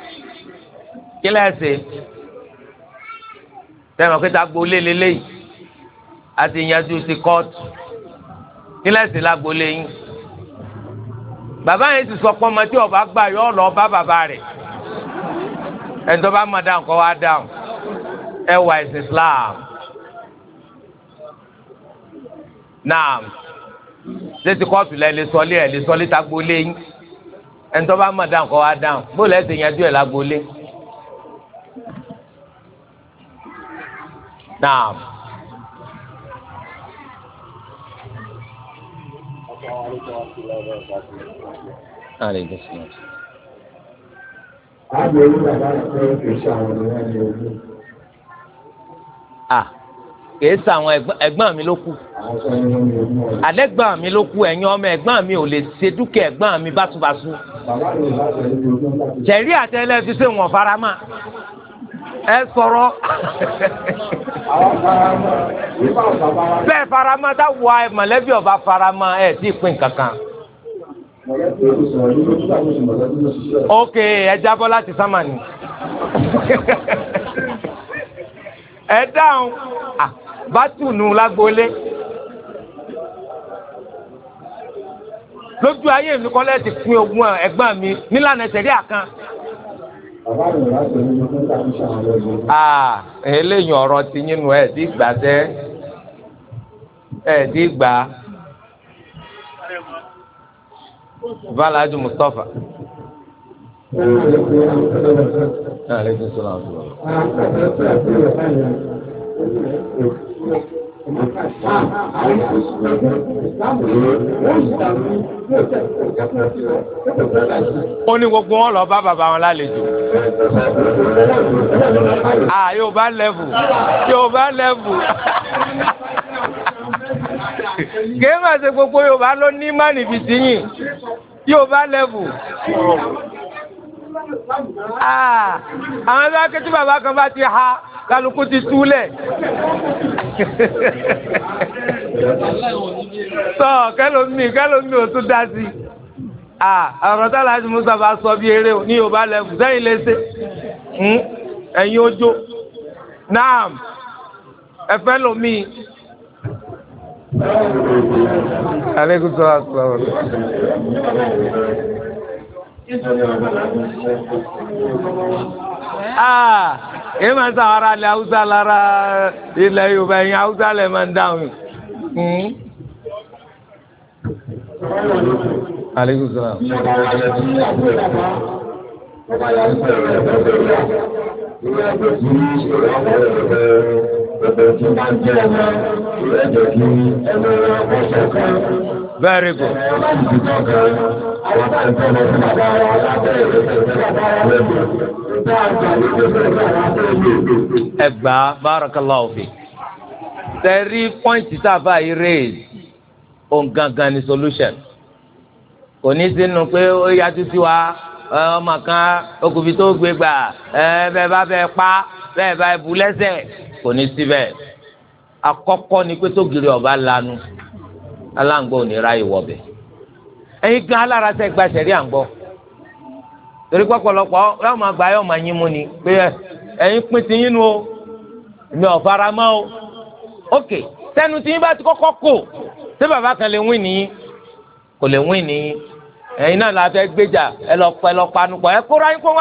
kí láì sè tẹ̀wọ̀n pé tagbo lélele yìí a ti yanjú ti kóòtù kí láì sè lágbo lẹ́yìn bàbá yẹn ti sọ pé ọmọ tí ọba gbà yọ ọ lọ bá bàbá rẹ̀ ẹ̀ńtọ́ bá mọ̀ dáhùn kọ́ wá dáhùn ẹwà ẹ̀sìn Islam náà létí kóòtù lẹ lè sọlé ẹ lè sọlé tagbolé yín ẹnitọ́ bá mọ̀ dáhùn kọ́ wá dáhùn bó lẹ́sẹ̀ yẹn dúró ẹ̀ lágbolé náà. Àlejò sí i. Àbẹ̀wò bàbá àti ọ̀rọ̀ kìí àwọn ọmọ wọn ní Ah, kìí sa àwọn ẹ̀gbọ́n mi ló kù àlẹ́gbọ́n mi ló kù ẹ̀yin ọmọ ẹ̀gbọ́n mi ò lè ṣe dúkìá ẹ̀gbọ́n mi báṣubàṣu jẹ̀rí àtẹ́lẹ́ fi ṣe wọ́n fara mọ́ ẹ sọ̀rọ̀ bẹ́ẹ̀ farama dáwọ́ ẹ mọ̀lẹ́bí ọba farama ẹ ti pín kankan. ok ẹ jábọ́ láti sámánì. [laughs] ẹ dáhùn bátùnù lágbolé lójú ayé mi kọ́ lẹ́ẹ̀tì pín ogún ẹ̀gbọ́n mi nílànà ìṣẹ̀rí àkàn. eléyìí ọ̀rọ̀ ti yínú ẹ̀ ti gbà sẹ́ ẹ̀ ti gbà. Balaadu Mustapha. Àlékún sọ́lá ọ̀tún. Ó ní gbogbo wọn lọ bá bàbá wọn lálejò. À yóò bá lẹ́bù. Yóò bá lẹ́bù. Kéé máa ṣe gbogbo Yorùbá ló ní mánìbìtì yìí. Yóò bá lẹ́bù. Ah, àwọn bá kẹ́tí bàbá kan bá ti ha kálukú ti túlẹ̀. sọ kẹlòmíì kẹlòmíì ò tún dá sí i ah, ọ̀rọ̀ tá láti musa bá sọ bí eré ní yorùbá lẹ́kùn sẹ́yìn lẹ́sẹ̀ hmm, ẹ̀yin ojo naam ẹ̀fẹ́ lomi. aleykum salaam wa rahmatulah. Ah, máa ń sàwárà lẹ haúsá lára ilẹ̀ yorùbá ẹ̀yin haúsá lẹ máa ń dáhùn. Hmm? aleykum Very good. Àwọn gbà ní ìrẹsẹ̀ Barakallahu fi. Tẹ̀rí pọ́ìntì tá a bá yìí raise ohun gangan ni solution. Kò ní sínú pé ó yájú sí wa ọmọ kan okùnfin tó gbé gbà ẹ bẹ́ẹ̀ bá bẹ́ẹ̀ pa bẹ́ẹ̀ bá bu lẹ́sẹ̀. kò ní síbẹ̀ akọkọ ni pé ọba lanu aláǹgbọ ò ní ra ìwọ bẹ̀ ẹyin gan alára sẹ gba à ń torí pọpọlọpọ yóò máa gba yóò máa yín mú ni pé ẹyin pín ti yín nu o èmi ò mọ́ o ok sẹ́nu tí yín kọ́kọ́ kò bàbá kan lè nìyí kò la fẹ́ gbéjà ẹ pọ̀ ẹ kóra yín kó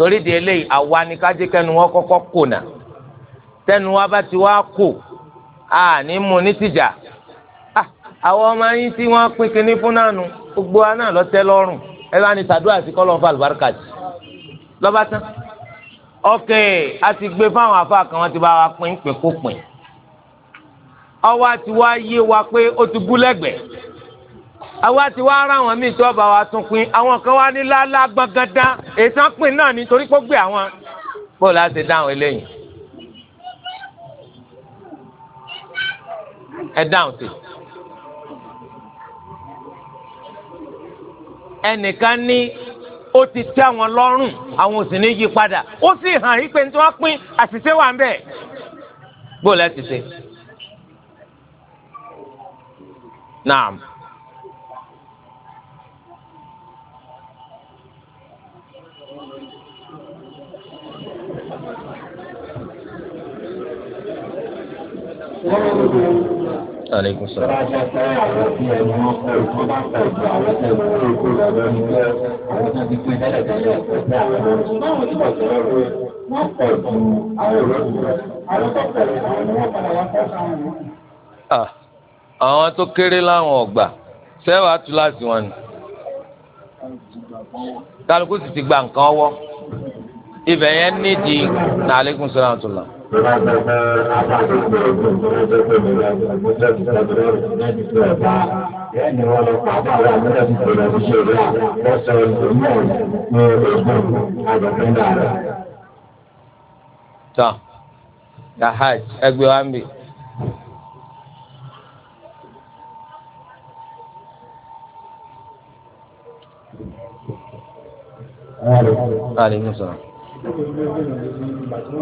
torí di eléyìí àwa ni kájí kẹnu wọn kọ́kọ́ kò nà tẹnu wa bá ti wá kò a ní mu ní tìjà ah, àwọn ọmọ yín tí wọn pín kínní fún náà gbogbo wa náà lọ tẹ́ lọ́rùn ẹ bá ní sàdúrà sí kọlọ fún àlùbáríkà jì lọba tán ok a ti gbé fáwọn afáà kan wọn ti bá wa pín pín kó pín ọwọ́ àti wá yé wa pé ó ti bú lẹ́gbẹ̀ẹ́. Awa ti wá ara àwọn míì tó ọba wa tún pin àwọn kan wá ní lálá gbọ̀ngàndá ètò pin náà nítorí pé ó gbé àwọn bóòlù àti dáhùn eléyìí ẹ dáhùn sí. ẹnìkan ní ó ti tẹ́ àwọn lọ́rùn àwọn ò sì ní yí padà ó sì hàn yí pé ní tí wọ́n pín àṣìṣe wà ń bẹ̀ bóòlù ẹ ti ṣe. Aleykum salaam. Wọ́n pọ̀ ju àwọn ìrọ̀lù rẹ̀, àwọn tó pẹ̀lú àwọn ni wọ́n padà wá fẹ́ sáwọn ìrọ̀lù. Àwọn tó kéré láwọn ọ̀gbà, sẹ́wàá tú láti wọn ni. Kálukú sì ti gba nǹkan ọwọ́. Ibẹ̀ yẹn nídìí. Aleykum salaam. Ìjọba gbogbo abájọpọ̀ ọdún ń jẹ́ pé mi lọ bá. Bẹ́ẹ̀ ni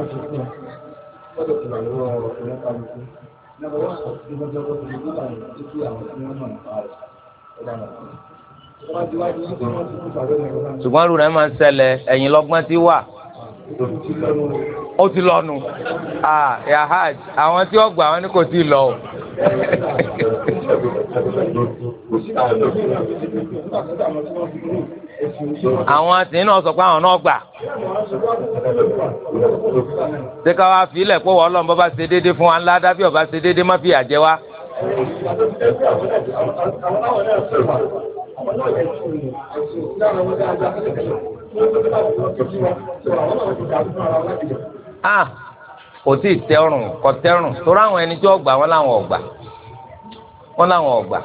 ní lẹ́bi lọ́dọ̀ tó wà lọ́wọ́ ọ̀rọ̀ kálukú nígbà wọn sọ fún ọjọ́ tó ti nígbà tó kí àwọn tí wọ́n mọ̀ nípa rẹ̀ ọ̀dà náà. ṣùgbọ́n àrùn rẹ̀ máa ń ṣẹlẹ̀ ẹ̀yìn lọ́gbọ́n ti wà ó ti lọ nù yahaj àwọn tí wọ́n gbà wọ́n ní kò tí ì lọ o. àwọn àtìní náà sọ pé àwọn náà gbà ṣé ká wá fi ilẹ̀ pé wọ́n lọ́n bọ́ bá ṣe déédéé fún wa ńlá dábìọ́ bá ṣe déédéé má fi àjẹ wa. a ah, kò tí ì tẹrùn kò tẹrùn torí àwọn ẹni tí gbà wọ́n làwọn ọgbà wọ́n làwọn ọgbà.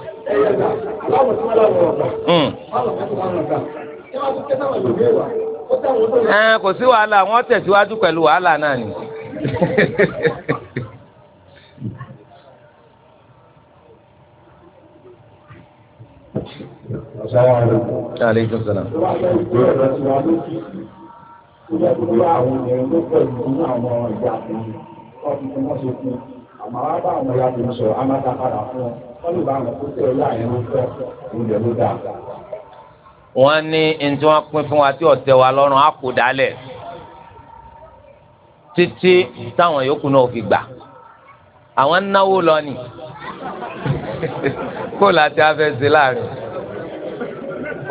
ẹ hmm. eh, kò sí wàhálà wọn tẹ̀síwájú pẹ̀lú wàhálà náà [laughs] Aleykum salaam. Àmọ́ àbá àwọn ọ̀la tó ń a máa ta padà fún ọ. Wọ́n lè bá àwọn kó tẹ̀ ọ́ láàyè ló ní ntí wọ́n pín fún wa tí ọtẹ wa lọ́rùn á kó dálẹ̀ títí táwọn yòókù náà fi gbà àwọn náwó lọ ni [laughs] kó láti afẹsẹ láàrin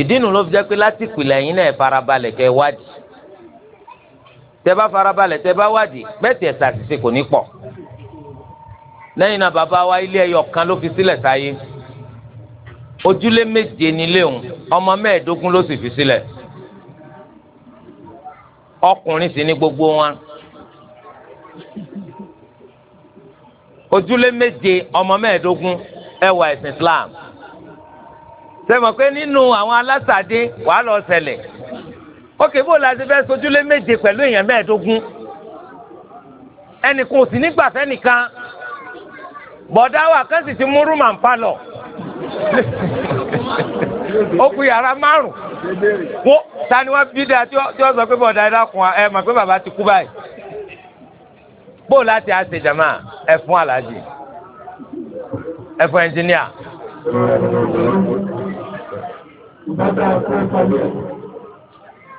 ìdínú ló fi jẹ́ pé láti ìpìlẹ̀ yín náà farabalẹ̀ kẹ́ wádìí tẹ́ bá farabalẹ̀ tẹ́ bá wádìí bẹ́ẹ̀ tẹ̀ ṣàṣìṣe kò ní pọ̀ lẹ́yìn náà bàbá wa ilé ẹyọ kan ló fi sílẹ̀ sáyé ojúlé méje nílé òun ọmọ mẹ́ẹ̀ẹ́dógún ló sì fi sílẹ̀ ọkùnrin sì ni gbogbo wọn ojúlé méje ọmọ mẹ́ẹ̀ẹ́dógún ẹwà ẹ̀sìn Islam sẹ́mọ̀ pé nínú àwọn alásàdé wàá lọ ṣẹlẹ̀ ókè bó la ti fẹ́ sojúlé méje pẹ̀lú èèyàn mẹ́ẹ̀ẹ́dógún ẹnìkan ò sì nígbà fẹ́nìkan bọ̀dá wa kan sì ti mú rúmà ń palọ̀ ó kù yàrá márùn wọ́n ta ni wọ́n bí dáa tí wọ́n sọ pé bọ̀dá ẹ dákun ẹ mọ̀ pé bàbá ti kú báyìí bó láti àṣejàmá ẹ fún aláàjì ẹ fún ẹnjìníà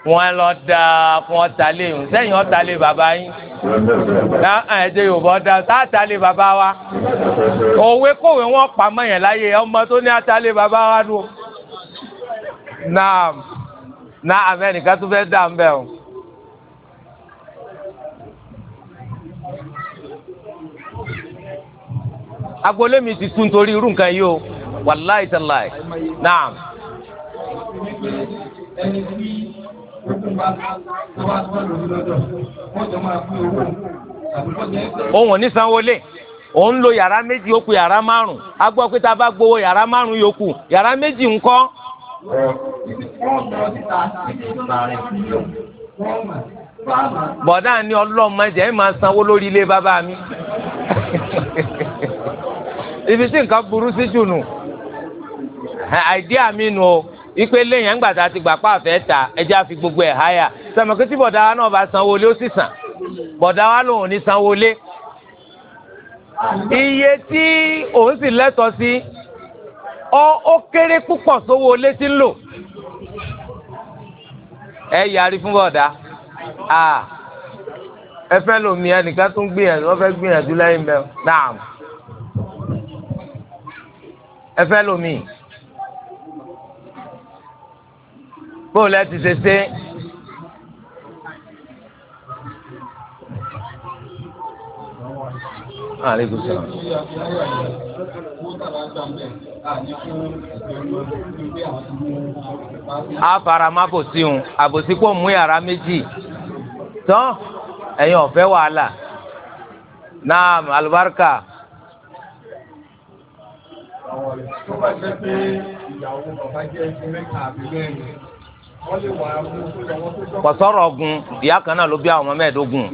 wọ́n lọ da fún ọ̀tálẹ̀ yìí sẹ́yìn ọ̀tálẹ̀ bàbá yín ẹ̀jẹ̀ yorùbá ọ̀dà tá àtàlẹ̀ bàbá wa òwe kòwé wọn pamọ́ yẹn láyé ọmọ tó ní àtàlẹ̀ bàbá wa dùn náà náà amẹ́nìkan tó fẹ́ dà ń bẹ̀ o. agboolé mi ti tún torí irú nǹkan yìí o. wàláì tàláì naam. òun ò ní òun lo yàrá méjì yàrá márùn a pé tá a bá gbowó yàrá márùn yòókù yàrá méjì bọ̀dá ni ọlọ́mọdé máa sanwó lórí ilé bàbá mi [laughs] ibi tí nǹkan burú sí jù àìdí àmínú o ipe lẹ́yìn àgbàtà ti gbà pa àfẹ́ ta ẹja fi gbogbo ẹ̀ háyà sọmọkí tí náà bá sanwó lé ó sì sàn bọ̀dá lòun ní sanwó iye tí òun sì lẹ́tọ̀ọ́ sí ó kéré púpọ̀ sówó lé tí ń lò ẹ yarí fún a ẹ fẹ́ lomi ẹnìkan tún gbìyànjú wọ́n fẹ gbìyànjú lẹ́yìn bẹ́ẹ̀ náà ẹ fẹ́ lomi. bóun lẹ ti ṣe ṣe. Aleykum salaam. a fara ma bò sí un àbòsí kò mú yàrá méjì tán ẹ̀yin ọ̀fẹ́ wàhálà náà alùbáríkà. tó bá jẹ́ pé ìyàwó bàbá jẹ́ ẹ̀sìn mẹ́ta àbí mẹ́rin. kọsọrọ gun ìyá kan náà ló bí àwọn mẹ́ẹ̀ẹ́dógún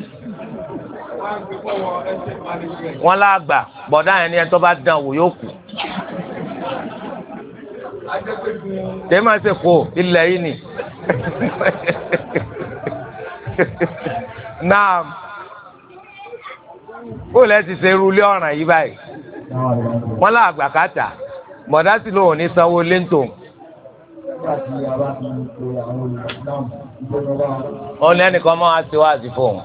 wọn láàgbà yẹn ni ẹ tó bá dán wò yóò kù tèmá ṣe kó ilẹ̀ yìí ni náà kó lẹ́ ti ṣe irú ọ̀ràn yìí báyìí wọn láàgbà òun ní ẹnìkan máa ṣe wáàzì fóun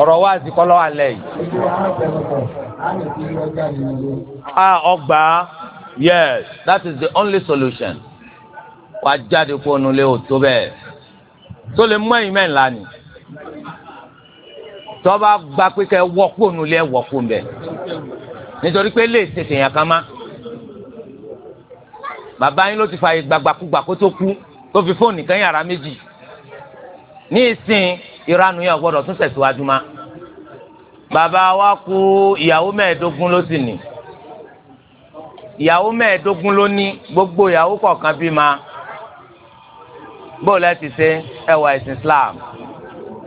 ọ̀rọ̀ wáàzì kọ́lọ́ wà lẹ́yìn. a ọgbà yes that is the only solution wàá jáde kó nu lé òtó bẹ́ẹ̀ tó lè mọ ìmẹ̀ ńlá ni tọ́ba gba pé kẹ́ wọ́pọ̀ nu lé wọ́pọ̀ bẹ́ẹ̀ nítorí pé lè ṣètìyàn kan máa bàbá yín ló ti fààyè gbàgbàkúgbà kó tó kú tó fi fóònù kan yàrá méjì ní ìsìn ìranu yẹn gbọ́dọ̀ tún tẹ̀síwájú ma bàbá wa kú ìyàwó mẹ́ẹ̀ẹ́dógún ló sì ní ìyàwó mẹ́ẹ̀ẹ́dógún ló ní gbogbo ìyàwó kọ̀ọ̀kan bí ma bó lẹ́ ti ṣe ẹwà ẹ̀sìn Islam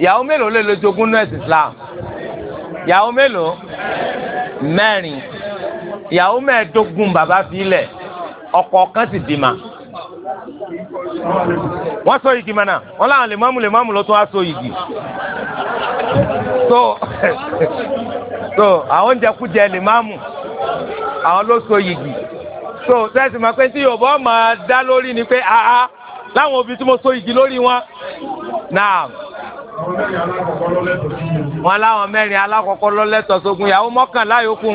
ìyàwó mélòó lè lo jogún ní ẹ̀sìn Islam ìyàwó mélòó mẹ́rin ìyàwó mẹ́ẹ̀ẹ́dógún bàbá fi lẹ̀. kan sì dì mà wọ́n sọ igi mọ́nà wọ́n láwọn lè mọ́mù lè mọ́mù ló tún wá sọ igi so [laughs] so àwọn oúnjẹ kújẹ lè àwọn ló sọ igi so sẹ́sì máa pé tí yorùbá máa dá lórí ni pé àá láwọn òbí tí mo sọ igi lórí wọn náà wọn láwọn sógun yòókù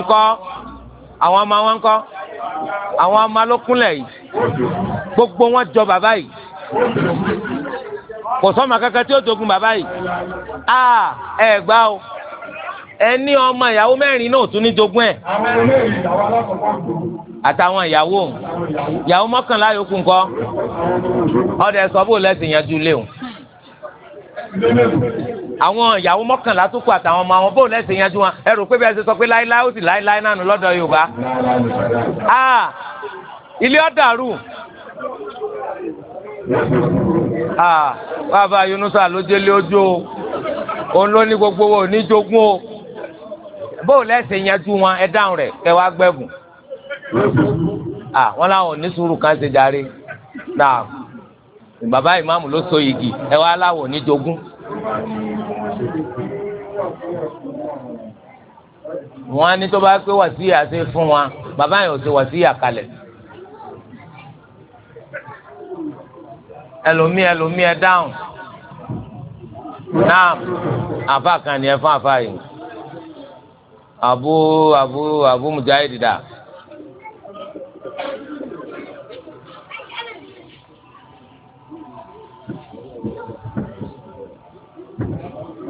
àwọn ọmọ wọn kọ́ àwọn ọmọ ló kúnlẹ̀ yìí gbogbo wọn jọ bàbá yìí kò sọ́mọ kankan tí ó dogun bàbá yìí a ẹ gbá o ẹ ní ọmọ ìyàwó mẹ́rin náà tún ní dogun ẹ̀ àtàwọn ìyàwó ìyàwó mọ́kànlá yòókù ńkọ́ ọ̀dẹ̀ sọ́bù lẹ́sìn yẹn dúlé o àwọn ìyàwó mọ́kànlá tó kù àtàwọn ọmọ àwọn bóun lẹ́sìn yanjú wọn ẹ rò pé bí ẹ ṣe sọ pé láéláé ó sì láéláé náà nù lọ́dọ̀ yorùbá. ilé ọ̀dàrú bàbá yunusa ló délé ojú o òun ló ní gbogbo o ní jogún o bóun lẹ́sìn yanjú wọn ẹ dáhùn rẹ̀ kẹ wá gbẹ́bùn. wọn láwọn ò ní sùúrù kan ṣe jàre bàbá ìmáàmù ló so igi ẹ wá láwọn ò ní wọ́n á ní tó bá pé wàsíyà ṣe fún wa bàbá yẹn ò ṣe wàsíyà kalẹ̀ ẹlòmíì ẹlòmíì ẹ dáhùn náà àfa kan ni ẹ fún àfa yìí abu abu abu mujahid da.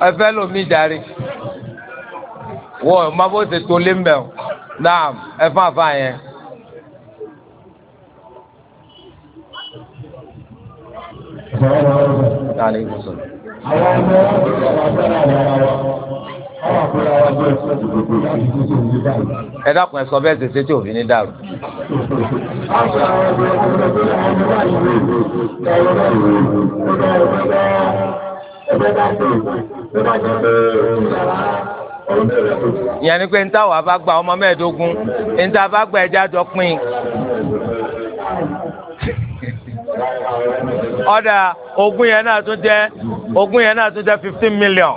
ẹfẹ lomi dari wọ ma bó ṣe tó lé mbẹ o naam ẹfọn àfọn yẹn. àwọn ọmọ ọmọ ọmọ ọmọ ọmọ ẹ dákun ẹ sọ bẹ́ẹ̀ ṣe ṣe tí òfin ní dàrú. ìyẹn ni pé ń táwa bá ọmọ mẹ́ẹ̀ẹ́dógún ń tá a bá gba ẹja jọ pín ọ̀dà ogún yẹn náà tún jẹ́ ogún yẹn náà tún jẹ́ fifteen million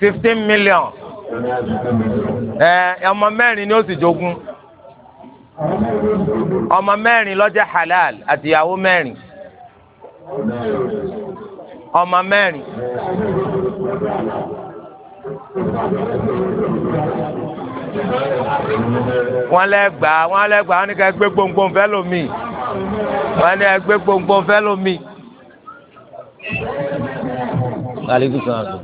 fifteen million ẹ ọmọ mẹ́rin ni ó sì jogún ọmọ mẹ́rin ló jẹ́ halal àtìyàwó mẹ́rin. ọmọ mẹ́rin. wọ́n lẹ́gbàá wọ́n lẹ́gbàá wọ́n ní ká gbé gbòǹgbòǹ fẹ́ lómi wọ́n ní ká gbé gbòǹgbòǹ fẹ́ lómi. aleykum salaam.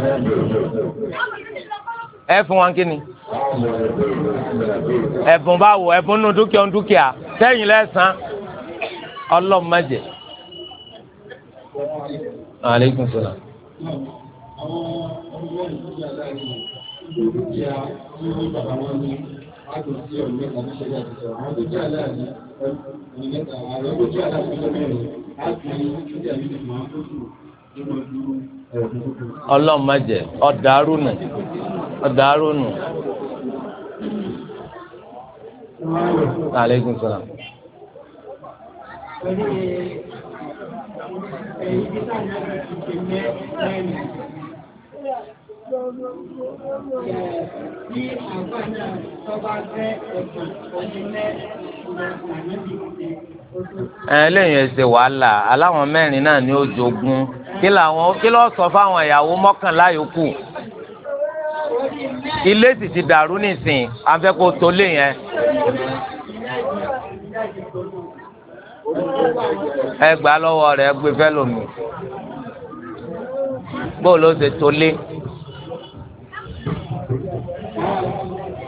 Thank you ẹ fún wọn kí ni ẹ̀bùn báwo ẹ̀bùn nù dúkìá dúkìá sẹ́yìn lẹ́sàn ọlọ́mọdé. aleykum salaam. Thank you. ọlọ́mọdé ọ̀dàrúnù ọ̀dàrúnù. Aleykum salaam. Bí àgbà náà wàhálà aláwọn mẹ́rin náà ni ó jogún. kí làwọn kí lọ́ọ́ sọ fáwọn ìyàwó mọ́kànlá yòókù ilé sì ti dàrú nísìnyí afẹ́ kó tó lé yẹn ẹ gbà lọ́wọ́ rẹ̀ gbé fẹ́ lómi bó ló ṣe tó lé.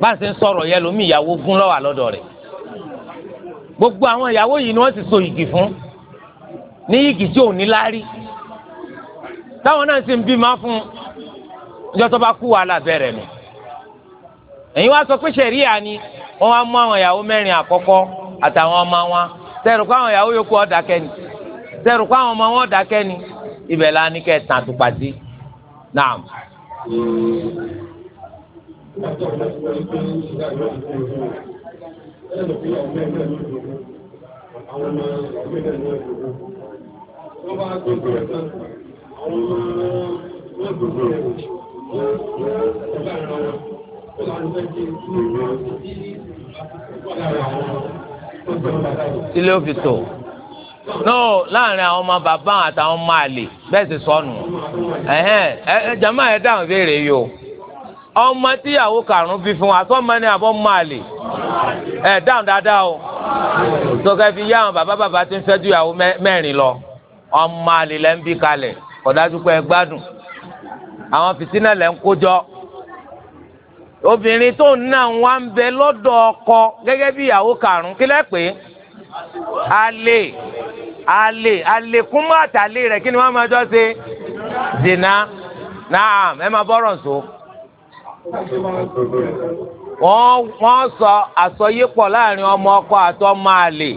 bá a ṣe ń sọ̀rọ̀ yẹn lómi ìyàwó gún lọ́wọ́ àlọ́dọ̀ rẹ̀ gbogbo àwọn ìyàwó yìí ni wọ́n ti so yìgì fún ní yìgì tí ò ní láárí táwọn náà sì ń bímọ fún ìjọ tó bá kú wàhálà bẹ̀rẹ̀ nù èyí wá sọ pé ṣẹ̀ríà ni wọ́n wá mú àwọn ìyàwó mẹ́rin àkọ́kọ́ àtàwọn ọmọ wọn tẹ̀rù kó àwọn ìyàwó yòókù ọ̀dà kẹ́ni tẹ̀rù kó àwọn ọmọ wọn ọ̀dà kẹ́ni ibẹ̀ la ní kẹ́ tàn àtùpàdé náà. Wọ́n bá gbogbo ẹ̀ta, àwọn ọmọ wọn gbogbo ẹ̀ wọ́n bá ara wọn, ó bá ń fẹ́ kí ní wọ́n sí lára àwọn tó jẹ́ pàtàkì. Ilé No, láàrin àwọn ọmọ bàbá àtàwọn ọmọ àlè bẹ́ẹ̀ sì sọnù. Jàmáà ẹ̀ dáhùn ìbéèrè yìí o ọmọ tíyàwó karùn-ún bí fún wa sọ́mọ ni àbọ̀ máa lè ẹ̀ dáhùn dáadáa o sọ́kẹ́ fi yá àwọn bàbá bàbá tí ń fẹ́ ju ìyàwó mẹ́rin lọ ọmọ àlè lẹ́ ń bí kalẹ̀ kọ̀dájú pé ẹ gbádùn àwọn fìtínà lẹ́ ń kójọ obìnrin tó ń náà wá ń bẹ lọ́dọ̀ ọkọ gẹ́gẹ́ bí ìyàwó karùn-ún kílẹ̀ pé àlè àlè àlè àtàlè rẹ̀ kí ni wọ́n máa jọ ṣe dènà náà ẹ máa bọ́rọ̀ nsọ wọ́n wọ́n sọ àsọyípọ̀ láàrin ọmọ ọkọ àti ọmọ àlè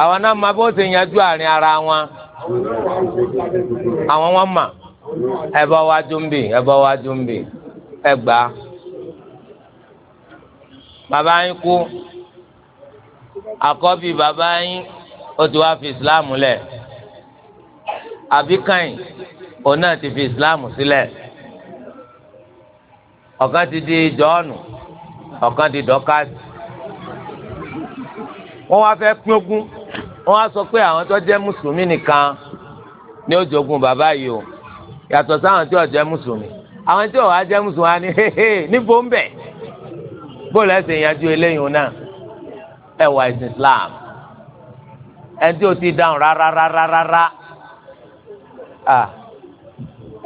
àwọn náà máa bó ti yanjú àárín ara wọn àwọn wọn mà ẹ bá wá dúnbì ẹ bá wá dúnbì ẹ gbà á bàbá yín kú àkọ́bí bàbá yín ó ti wá fi islam lẹ̀ àbíkàn òun náà ti fi islam sílẹ̀. Si ọ̀kan ti di jọ́ọ̀nù ọ̀kan ti dọ́kásì wọ́n wá fẹ́ pín ogún wọ́n wá sọ pé àwọn tó jẹ́ mùsùlùmí nìkan ni ó jogún bàbá yìí o yàtọ̀ sáwọn tí ò jẹ́ mùsùlùmí àwọn tí ò wá jẹ́ mùsùlùmí wa ni hehe níbo ń bẹ̀ bóòlù ẹsẹ̀ ìyanjú eléyìí náà ẹwà ìsìn Islam ẹni tí ó ti dáhùn rárá rárá rárá. Ah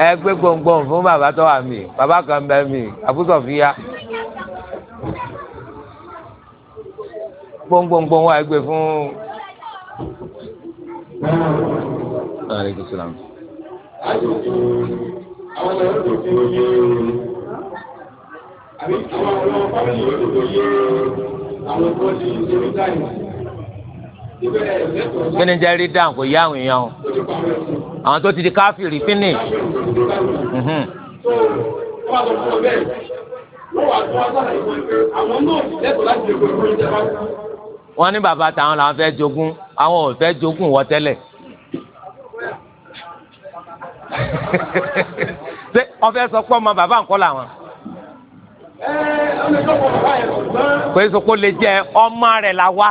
ẹ gbé gbòǹgbòǹ fún bàbá tó wà mí bàbá kan bẹ mí àbúsọ̀ fi ya gbòǹgbòǹgbòǹ wà gbé fún. Àwọn ọmọ ọlọ́pàá yóò dòdò yé àwọn tó ti ṣe ní táyì kí ni jẹ́ rí dáhùn kò yá àwọn èèyàn o àwọn tó ti di káfíìrì fínì. Mhm. wọ́n ní bàbá táwọn làwọn fẹ́ jogún àwọn ò fẹ́ jogún wọ tẹ́lẹ̀. [laughs] ṣé ọfẹ sọ pé ọmọ bàbá nǹkan làwọn. pé sọ pé ó lè jẹ ọmọ rẹ̀ la wá.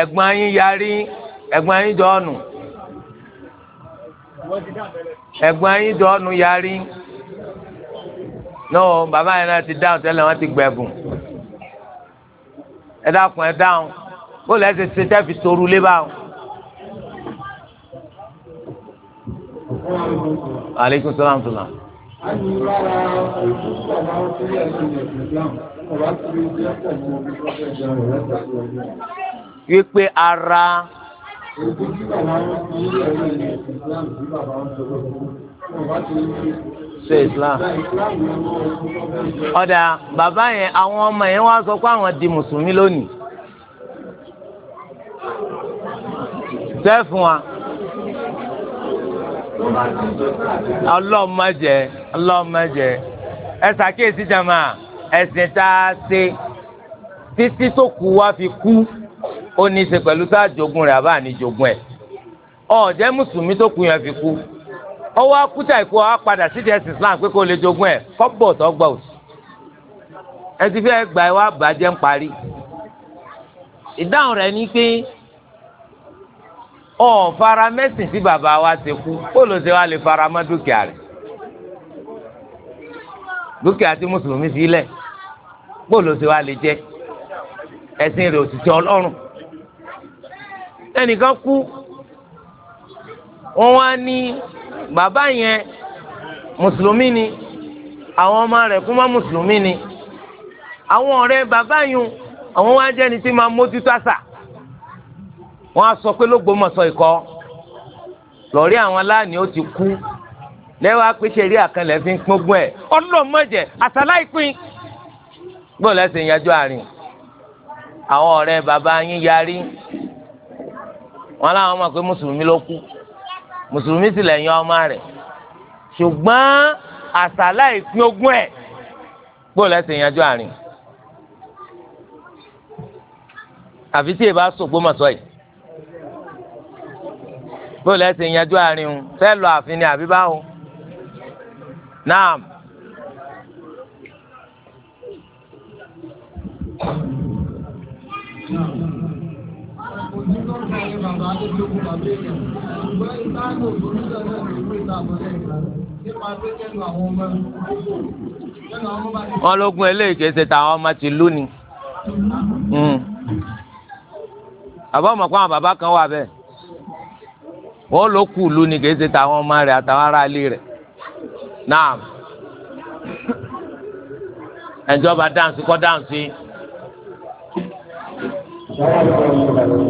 ẹ̀gbọ́n yín yarí ẹ̀gbọ́n yín jọ́ọ̀nù ẹ̀gbọ́n yín jọ́ọ̀nù yarí náà bàbá yẹn náà ti dáhùn tẹ́lẹ̀ wọ́n ti gbẹ̀bùn ẹ dákun ẹ dáhùn bóòlù ẹ ti ṣe tẹ́fì sóru lébà o. aleykum salaam tula. Thank you wípé ara ṣe islam ọ̀dà bàbá yẹn àwọn ọmọ yẹn wá sọ pé àwọn di mùsùlùmí lónìí sẹ́fún wa ọlọ́mọdé ọlọ́mọdé ẹ ṣàkíyèsí jama ẹ̀sìn tá a ṣe títí tó kù wá fi kú ó ní í ṣe pẹ̀lú sáà jogún rẹ̀ àbá ní jogún ẹ̀ ọ̀jẹ́ mùsùlùmí tó kú yẹn fi kú ọwọ́ akúta ìkú ọ padà sí dẹ́sí Islam pé kó lè jogún ẹ̀ kọ́bọ̀ tó òsì ẹ ti fẹ́ gba ìwà bàjẹ́ ń parí ìdáhùn rẹ̀ ni pé ọ fara mẹ́sìn tí bàbá wa ṣe kú kó ló ṣe wá lè fara mọ́ dúkìá rẹ̀ dúkìá tí mùsùlùmí sílẹ̀ kó ló ṣe wá lè jẹ́ ẹ̀sìn rẹ̀ òṣìṣẹ́ ọlọ́run ẹnìkan kú wọn wá ní bàbá yẹn mùsùlùmí ni àwọn ọmọ rẹ̀ kú mọ́ mùsùlùmí ni àwọn ọ̀rẹ́ bàbá yẹn àwọn wá jẹ́ni tí máa mójútó àṣà wọ́n á sọ pé lógbómọ̀ṣọ́ ikọ́ lọ́rí àwọn aláàní ó ti kú lẹ́wọ́ apèsè rí àkànlẹ̀ fi ń gbógun ẹ̀ ọlọ́mọdé àtàláìpín gbọ́dọ̀ lẹ́sìn ìyájọ́ àárín àwọn ọ̀rẹ́ bàbá yín yarí wọn làwọn mọ̀ pé mùsùlùmí ló kú mùsùlùmí sì lẹ́yìn ọmọ rẹ̀ ṣùgbọ́n àṣàlà ìpín ogún ẹ̀ gbọ́ lẹ́sìn yanjú àárín àfi tí èèbá sògbó mọ̀sọ́ yìí gbọ́ lẹ́sìn yanjú àárín o lọ àfin ni àbí báwo náà. lókun tàbí èèyàn ṣùgbọ́n ìtàgò ìgbòmíjà náà ló gbé ìtàgò lẹ́yìn nípa pé kẹ́nu àwọn ọmọ gbogbo àwọn ọmọ bá ti. wọn lógun eléyìí kìí ṣe tàwọn ọmọ ti lú ni. Hmm. àbọ̀ mọ̀ pé àwọn bàbá kan wà bẹ́ẹ̀ wọ́n ló kù lú ni kìí ṣe tàwọn ọmọ rẹ̀ àtàwọn ará ilé rẹ̀ náà ẹ̀jọba dáǹsì kọ́ dáǹsì.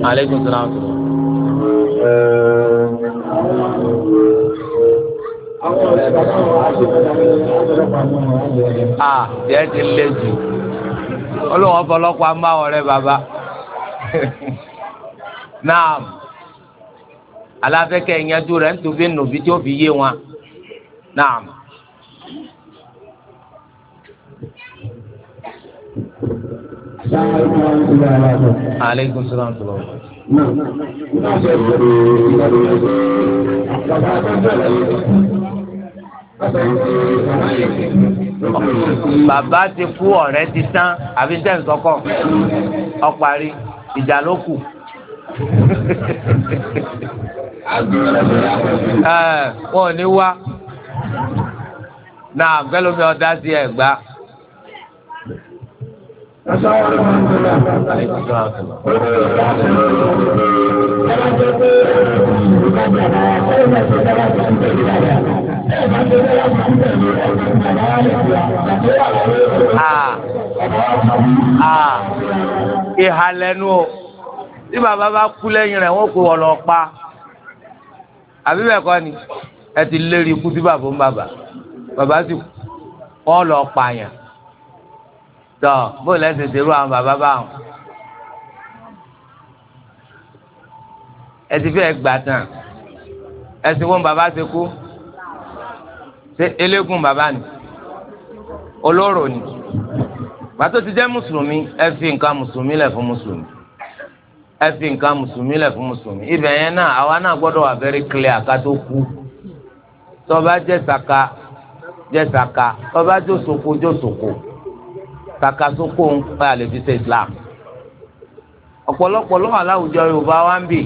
Aleykum salaam. a tiẹ̀ ti lé jù olùwọ́ fọlọ́pàá ń bàbá [laughs] náà aláfẹ́kẹ́ rẹ̀ nùbí tí ó fi yé wọn náà. salaam wa rahmatulah. Bàbá ti kú ọ̀rẹ́ ti tán àbí tẹ̀ ń sọkọ̀ ọ̀parí ìjà ló kù. Wọ́n ò ní wá. Náà bẹ́ẹ̀ ló fi ọ̀dá sí ẹ̀ gbá. Ah, ah, ìhalẹ́nu o tí bàbá bá kú lẹ́yìn rẹ̀ wọ́n kó wọ́n pa àbí bẹ́ẹ̀ kọ́ ni ẹ ti lérí ikú sí bàbá ń bàbá bàbá sì kọ́ lọ pààyàn. tọ bó lẹsẹ ṣe rú àwọn bàbá báwọn ẹ ti fẹ́ gbà tán ẹ sì wọ́n bàbá ṣe kú ṣe eléégún bàbá ni olóró ni pàtó ti jẹ́ mùsùlùmí ẹ fi nǹkan mùsùlùmí lẹ̀ fún mùsùlùmí ẹ fi nǹkan mùsùlùmí lẹ̀ fún mùsùlùmí ibẹ̀ yẹn náà àwa náà gbọ́dọ̀ wà very clear ká tó kú tọ́ba jẹ́ saka jẹ́ saka tọ́ba jó soko jó soko kàkà sóko ń pa àlè fi ṣe islam ọ̀pọ̀lọpọ̀ lọ́wọ́ aláwùjọ yorùbá wa ń bì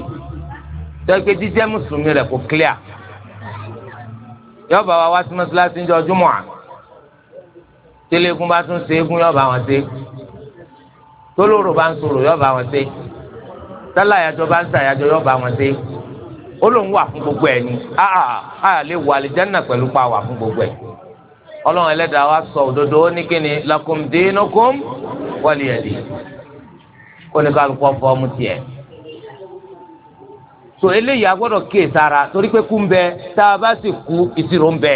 tẹ́gbẹ́ jíjẹ́ mùsùlùmí rẹ̀ kò clear yọba wa wá sí mọ́sálásí ní ọjọ́ mọ́à tẹ́lẹ̀kùn bá tún ṣe é gún yọba wọn ṣe tólóró bá ń sọ̀rọ̀ yọba wọn ṣe tálà àyájọ bá ń ṣàyájọ yọba wọn ṣe ó lóun wà fún gbogbo ẹ̀ ni a lè wà àlìjánà pẹ̀lú pa wà fún gbogbo ẹ̀ ọlọ́run ẹlẹ́dàá wa sọ òdodo ó ní kíni lakum dinukum waliyadi kó ní kálukú ọ̀fọ̀ ọmú tiẹ̀ so eléyìí agbọ́dọ̀ kíyè sára torí pé kú ń bẹ tá a bá sì kú ìṣirò ń bẹ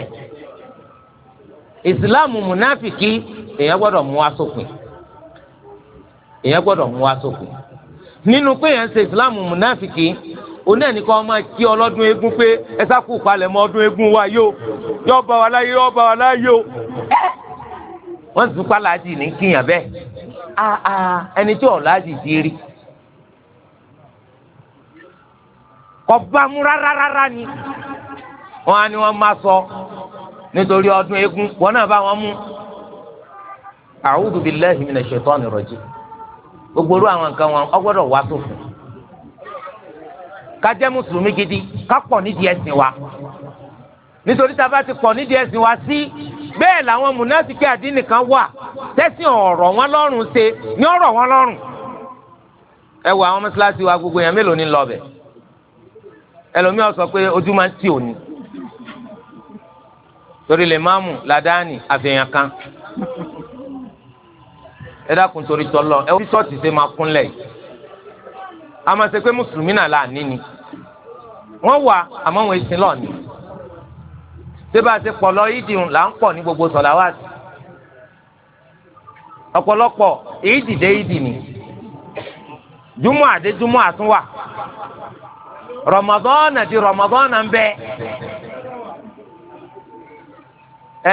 ìsìláàmù múnáfìkì èèyàn gbọ́dọ̀ mú wa sópin èèyàn gbọ́dọ̀ mú wa sópin nínú pé èèyàn ṣe ìsìláàmù múnáfìkì òun náà nìkan máa kí ọlọ́dún eégún pé ẹ sákò palẹ̀ mọ́ ọdún eégún wa yóò yóò bá wa láyé yóò bá wa láyé o wọ́n sì pa láàjì ní kíyàn bẹ́ẹ̀ ẹni tí ọ̀la jì ti rí kò bá ni wọ́n á ní wọ́n máa sọ nítorí ọdún eégún wọn náà bá wọn mú a'udhu billahi minash shaitani rajim gbogbo orú àwọn nǹkan wọn ọgbọ́dọ̀ wá sófin ká jẹ́ mùsùlùmí gidi ká pọ̀ nídìí ẹ̀sìn wa nítorí tá a bá ti pọ̀ nídìí ẹ̀sìn wa sí bẹ́ẹ̀ làwọn mùnásìkí àdínì kan wà tẹ́sí ọ̀rọ̀ wọn lọ́rùn ṣe ní ọ̀rọ̀ wọn lọ́rùn. ẹ wo àwọn mọ́ṣáláṣí wa gbogbo èèyàn mélòó ní lọ́bẹ̀ ẹlòmíì sọ pé ojú máa ń tì òní torí lè máàmù làdáàní àfihàn kan ẹ dákun torí tọ́lọ ẹ wọ́n fi ṣọ́ọ̀tì ṣe máa kúnlẹ̀ yìí a máa ṣe pé mùsùlùmí náà là ni. wọ́n wà àmọ́ wọn èsì lọ́ọ̀ni ti pọ̀ lọ yídì là ń pọ̀ ní gbogbo ọpọlọpọ ọ̀pọ̀lọpọ̀ yídì dé ni júmọ̀ àdé júmọ̀ àtúnwà rọmọdọ́nà di rọmọdọ́nà ń bẹ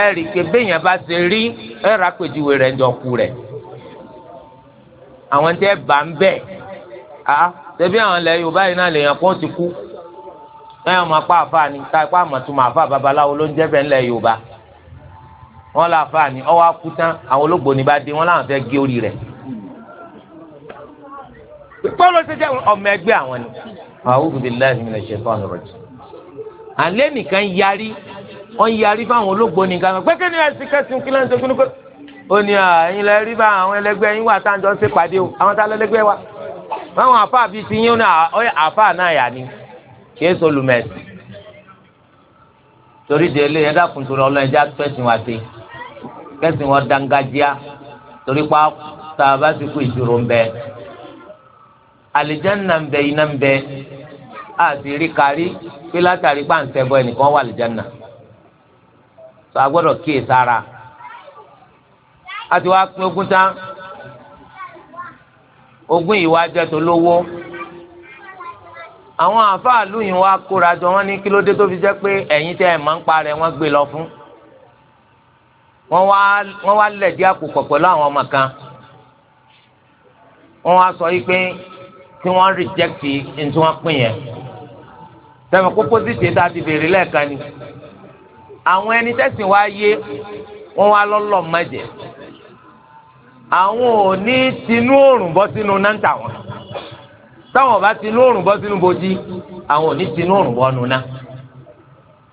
ẹ rí i pé béèyàn bá ṣe rí ẹ rà pèjúwe rẹ̀ ń ku rẹ̀ àwọn bá ń ti kú. náà máa pa àfa ni ká ipá àmọ̀túnmọ̀ àfa babaláwo ló ń jẹ́ bẹ́ẹ̀ ńlẹ̀ yorùbá wọn là àfa ni ọwọ́ akú tán àwọn olóògbò ní bá dé wọn làwọn fẹ́ gé orí rẹ̀ pọ́lọ́ ṣe jẹ́ ọmọ ẹgbẹ́ àwọn ni. a'udhu billahi minash shaitani rajim. àlẹ́ nìkan yarí wọ́n yarí fáwọn olóògbò nìkan lọ pẹ́kẹ́ ní ẹ̀sìn kẹsìn kí lóun ṣe kúnú pé ó ní ẹ̀yin lẹ bá àwọn ẹlẹgbẹ́ kìí solùmẹ̀sì torí de ilé ẹ̀dá kun torí ọlọ́run ẹja tẹ̀sìn wa ti kẹ̀sìn wọn dangadia torí pa tá a bá ti kú ìṣòro ń bẹ àlìjáná ń bẹ iná ń bẹ àti rí kárí pé látàrí pàǹtẹ bọ ẹnìkan wà àlìjáná sọ agbọ́dọ̀ kíyè sára a ti wá pín ogún tán ogún yìí wá tó lówó àwọn àfáàlú yìí wá kóra jọ wọn ní kí ló dé tó fi jẹ́ pé ẹ̀yin tẹ́ ẹ̀ máa ń parẹ́ wọ́n gbé lọ fún wọ́n wá wọ́n wá lẹ̀dí àkùkọ̀ pẹ̀lú àwọn ọmọ kan wọ́n wá sọ yìí pé tí wọ́n rìjẹ́kìtì ní tí pín yẹn tẹ̀wọ̀n kókó sì ṣe tá a ti béèrè lẹ́ẹ̀kan ni àwọn ẹni tẹ̀sìn wá yé wọ́n wá lọ́lọ́ mọ́jẹ̀ àwọn ò ní tinú òrùn bọ́ sínú náà ń táwọn ọba ti lóòrùn bọ́ sínú bojì àwọn ò ní ti lóòrùn bọ́ nuna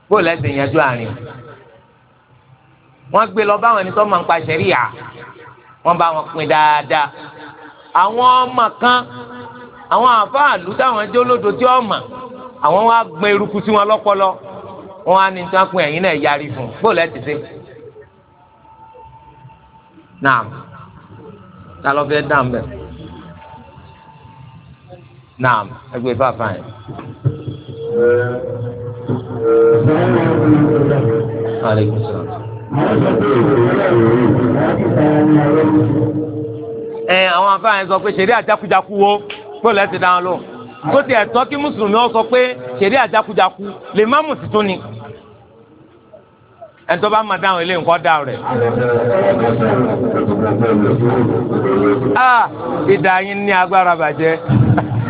bó lẹ́sẹ̀ yanjú àárín wọ́n gbé lọ báwọn ẹni tó máa ń pa ṣẹ̀ríyà wọ́n bá wọn pín dáadáa àwọn ọmọ kan àwọn àfáàlú táwọn ẹjọ́ olódo tí wọ́n mọ̀ àwọn wá gbẹ eruku sí wọn lọ́pọlọ wọ́n á ní tí wọ́n pín ẹ̀yìn náà yarí fún bó lẹ́sẹ̀ ṣe. naam ta ló fẹ́ dáhùn bẹ́ẹ̀ naam ẹgbẹ́ fàáfàá yẹn. aleykum salaam. ẹ àwọn afáà yẹn sọ pé ṣeré àjákujáku wo bóòlù ẹ ti dáhùn lóhùn tó ti ẹ̀tọ́ kí mùsùlùmí ọ sọ pé ṣeré àjákujáku lè má mùsùlùmí tó ni ẹnitọ́ bá máa dáhùn ilé nǹkan dáhùn rẹ̀. a ah, ìdá yín ní agbára bàjẹ́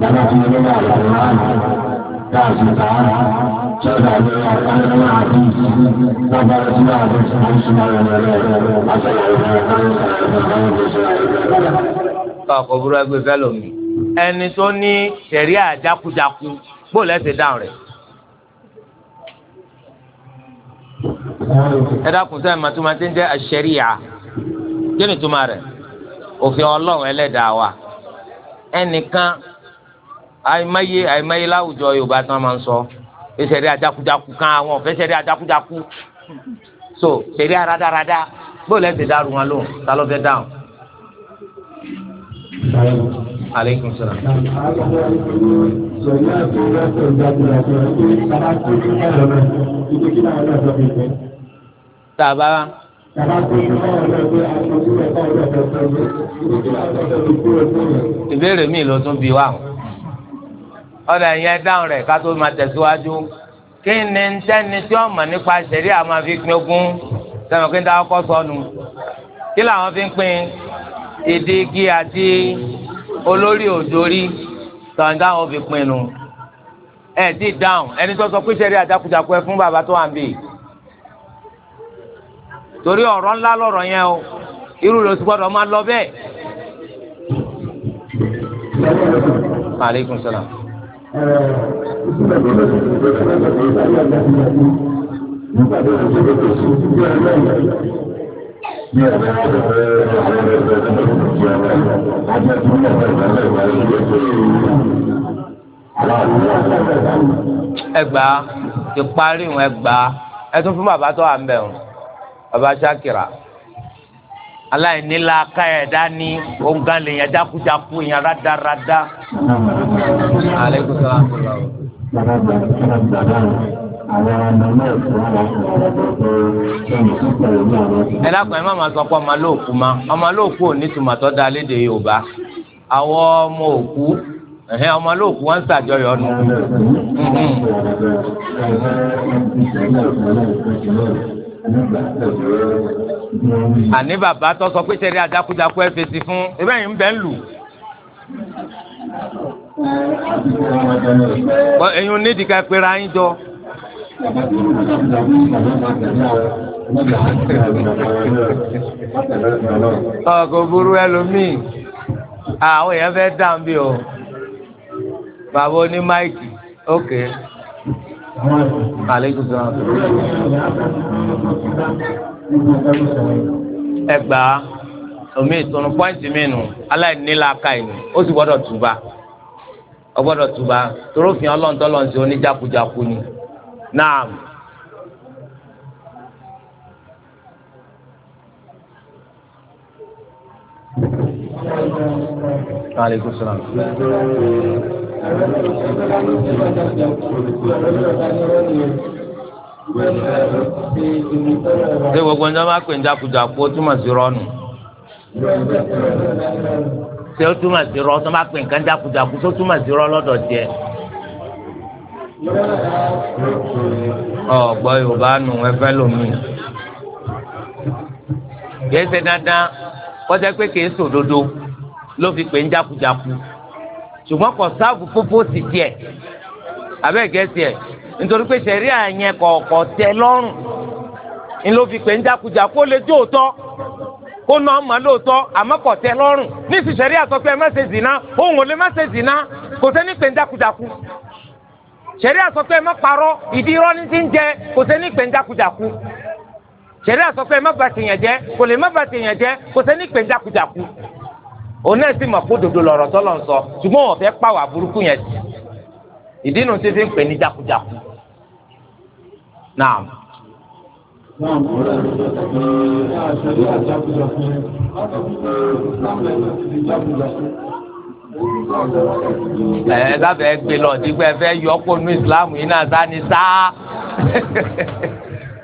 dáná tí ó lọ́wọ́ da àmì dáàbò tàá sọ́dà lọ́wọ́ àtàwọn àti bàbá tí wọ́n àti ìṣòro súnmọ́ ẹ̀rọ ẹ̀rọ àtàwọn ẹ̀rọ ọkọ̀ burú ẹgbẹ́ fẹ́ lómi ẹni tó ní sẹ̀rí àjákujáku bóòlù ẹ̀sẹ̀ dáhùn rẹ̀. ẹ dákun sẹ́yìn máa tún máa ti ń jẹ́ àṣẹríyà kí ni túmọ̀ rẹ̀ òfin ọlọ́run ẹlẹ́dàá wa ẹnìkan àìmọye àìmọye láwùjọ yorùbá tí wọn máa ń sọ ìṣẹ̀rí ajakujaku kan àwọn ọ̀fẹ́ ṣẹ̀rí ajakujaku so ṣẹ̀rí aradarada bó lẹ́sẹ̀ dàrú wọn lóhùn ta ló fẹ́ dáhùn. aleykum salaam. tàbá ìbéèrè mi ló tún bí wa ọ̀dà yẹn dáhùn rẹ̀ ká tó máa tẹ̀síwájú kí ni tẹ́ni tí wọ́n mọ̀ nípa ṣẹ̀rí àwọn fi pín ogún sẹ́wọ̀n kí n dáwọ́ kọ́ sọnù kí làwọn fi ń pín ìdí igi àti olórí òdòrí tọ̀hún dáhùn fi pín nu ẹ̀ dì dáhùn ẹni tó sọ pé ṣẹ̀rí àjàkújàkú ẹ fún bàbá tó wà ń bì torí ọ̀rọ̀ ńlá lọ̀rọ̀ yẹn o irú rẹ̀ oṣù gbọ́dọ̀ máa lọ bẹ́ẹ̀. maaleykum salaam ìsúná tó lọ sí ìgbẹ́ tó lọ sí ìgbà yà láti yà tó lọ sí ìgbẹ́ tó sí aláìníla ká ẹ̀dá ní òǹkà lè yẹn jákujáku yẹn rádaràdá. ẹ dákun ẹ má máa sọ pé ọmọ lóòkú ma ọmọ lóòkú ò ní tòmátọ́ da léde Yorùbá àwọn ọmọ òkú ẹhẹ ọmọ olóòkú wọn ń ṣàjọyọ̀ nù àní bàbá tó sọ pé sẹ́rí adákúdákú ẹ fèsì fún ibẹ̀ yìí ń bẹ́ ń lù. ẹ̀yin onídìí ká pera yín jọ. ọkọ̀ burú ẹlòmíì àwọn èèyàn fẹ́ dàn bí o bàbá oní máìkì ókè. Okay. Aleykum salaam. Ẹgbà omi ìtọ́nu pọ́ìntì mi nù aláìníláka ìnù ó sì gbọ́dọ̀ túba ó gbọ́dọ̀ túba torófin ọlọ́ntọ́lọ́nsẹ̀ oníjàkújàkú ni. Naam. Aleykum salaam ṣé gbogbo ǹjọ́ máa pè ń jákujàku ó túmọ̀ sí rọ́ọ̀nù ṣé ó túmọ̀ sí rọ́ọ̀ tó máa pè nǹkan jákujàku tó túmọ̀ sí rọ́ọ̀ lọ́dọ̀ tiẹ̀. ọ̀gbọ́ yorùbá nù ẹ fẹ́ lómi kìí ṣe dandan kọjá pé kìí sòdodo ló fi pè ń jákujàku. ṣùgbọ́n kò sáàbù pópó sì tiẹ̀ abẹ́ẹ̀gẹ́ tiẹ̀ nítorí pé sẹ̀rí àyẹn kọ̀ọ̀kọ̀ tẹ lọ́rùn ń ló fi pè ń jákujà kó lè jó òótọ́ kó nà ọmọ lóòótọ́ àmọ́ kò tẹ lọ́rùn ní sẹ̀rí àtọ́ ẹ má ṣe zìnà òun ò lè má ṣe zìnà kò sẹ́ni pè ń jákujà kú sẹ̀rí àtọ́ ẹ má parọ́ ìdí òun náà sì mọ̀ kó dodo lọ̀rọ̀ tọ́lọ̀ ń sọ ṣùgbọ́n wọ́n fẹ́ pàwọ́ àbúrúkú yẹn sí ìdí nu ti fi ń pè ní jákujáku náà. ẹ dábẹ́ gbé lọ sí ẹ fẹ́ yọ ọ́ pọ̀ nù ìsìlámù yìí náà sáni sáá. [laughs]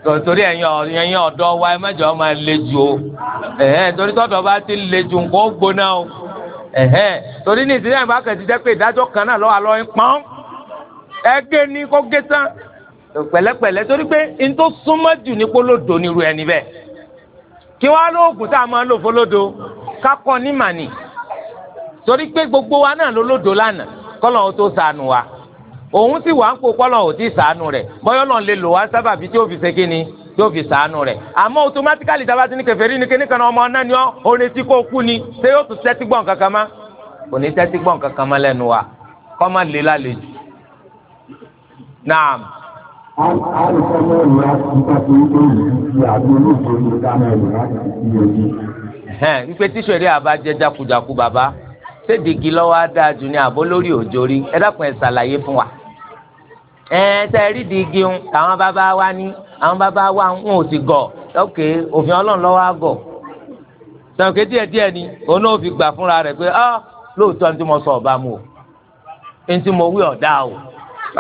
torí ẹ̀yìn ọ̀dọ́ wa ẹ mẹ́jọ máa le jù o torí tọ́dọ̀ ti le ju nǹkan ó gbóná o torí ní ìdílé kẹ̀ ti jẹ́ pé ìdájọ́ kan náà lọ́wọ́ àlọ́ ìpọ́n ẹ gé ní kó gé tán pẹ̀lẹ́pẹ̀lẹ́ torí pé n tó jù ní nírú ẹni bẹ́ẹ̀ kí wọ́n á tá a máa lò kákọ́ ní màní torí pé gbogbo wa náà lánàá òun sì wà ń kó kọ́lọ̀ ò tí ì sàánú rẹ̀ bọ́yọ̀ náà lè lò wá sábà bíi tí ó fi ṣe kí ni tí ó fi sàánú rẹ̀ àmọ́ automatically tá a bá ti ní kèfèrí ni kíní kan ọmọ náà ni ọ́ onetí kó kú ni ṣé yóò tún tẹ́tí gbọ̀n kankan má kò ní tẹ́tí gbọ̀n kankan má lẹ́nu wa kọ́ má lè lálejò. naam. àìsàn náà ni a jákujàku bàbá ṣé dìgì lọ́wọ́ á dáa jù ní àbó lórí òjòrí ẹ dákun ẹ̀ ṣàlàyé fún wa ẹ tẹ rí di igi ń àwọn bàbá wa ní àwọn bàbá wa ń ò sì gọ ókè òfin ọlọ́run lọ́wọ́ àgọ̀ sọ̀kè díẹ̀ díẹ̀ ni òun náà fi gbà fúnra rẹ̀ pé ah lóòótọ́ ní tí mo sọ ọ̀bá mu o ní tí mo wí ọ̀dá o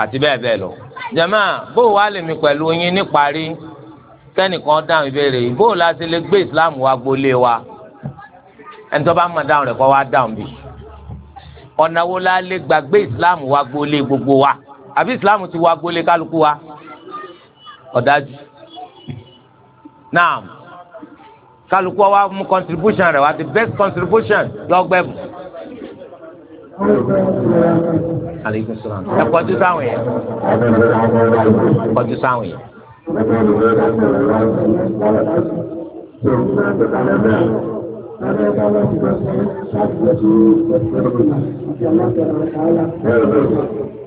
àti bẹ́ẹ̀ bẹ́ẹ̀ lọ. jẹ̀mọ́ bó wàá lè mi pẹ̀lú yín níparí kẹ́nìkan dáhùn ìbéèrè yìí bó la ṣe lè gbé islam wa gbolé wa ẹni tó bá mọ̀ dáhùn rẹ̀ kọ́ wa dáhùn bì ọ̀nà wo la lè gbà gbé islam wa gbolé gbogbo wa àbí islam ti wá gbolé kálukú wa ọ̀dájú naam kálukú wa mú contribution rẹ̀ wá the best contribution lọ́gbẹ́bù ẹ kọjú sáwọn yẹn kọjú sáwọn yẹn. Thank you.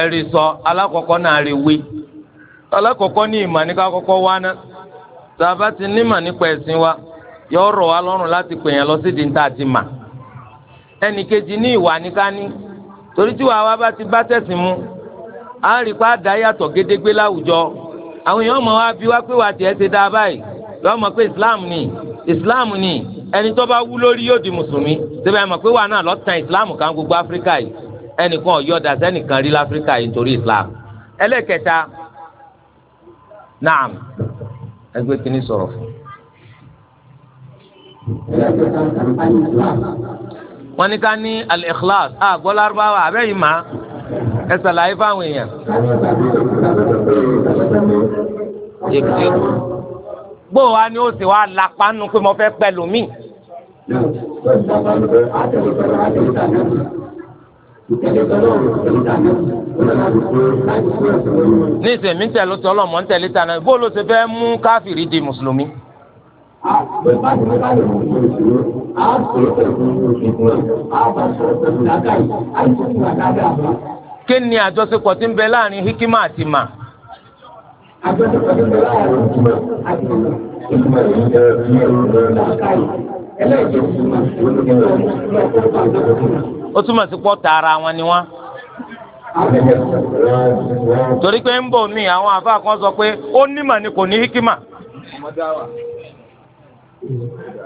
ẹ̀rí sọ alákọ̀ọ́kọ́ náà rí wí alákọ̀ọ́kọ́ ní ìmọ̀ ní ká kọ́kọ́ wá ná tàbá ti nímọ̀ nípa ẹ̀sìn wa yọ rọ̀ wá lọ́rùn láti pè yẹn lọ sídìí níta ti mà ẹnì kejì ní ìwà ní ká ní torí tí wàá wá bá ti bá tẹ̀sìn mu á rí pa yàtọ̀ gédégbé láwùjọ àwọn èèyàn bí wá pé wà tiẹ̀ dá báyìí lọ́mọ pé Islam ni islam ni ẹni tó bá wú lórí yóò di mùsùlùmí síbẹ̀ ẹ mọ̀ pé wà náà lọ́tàn islam kan gbogbo áfíríkà yìí ẹnìkan ọ̀yọ́dà sẹ́nìkan rí láfíríkà yìí nítorí islam ẹlẹ́kẹta naam ẹgbẹ́ kìíní sọ̀rọ̀ fún wọ́n ní ká ní al-ikhlas a gbọ́ lárúbáwá abẹ́yìí máa ẹ ṣàlàyé fáwọn èèyàn bó wa ni ó sì wá lapa nu pé mo fẹ́ pẹ̀lú mi. ní ìsèmí tẹ̀lé tọ́lọ̀ mọ́ ń tẹ̀lé tànà bó ló ṣe fẹ́ mú káfíìrì di mùsùlùmí. kí ni àjọṣepọ̀ tí ń bẹ láàrin hikima àti mà. agbẹ́sọ̀kọ́dún lọ láàrin ìtumọ̀ àti ìmọ̀. Ìtumọ̀ ó ni wọ́n. ni kò ní hikima.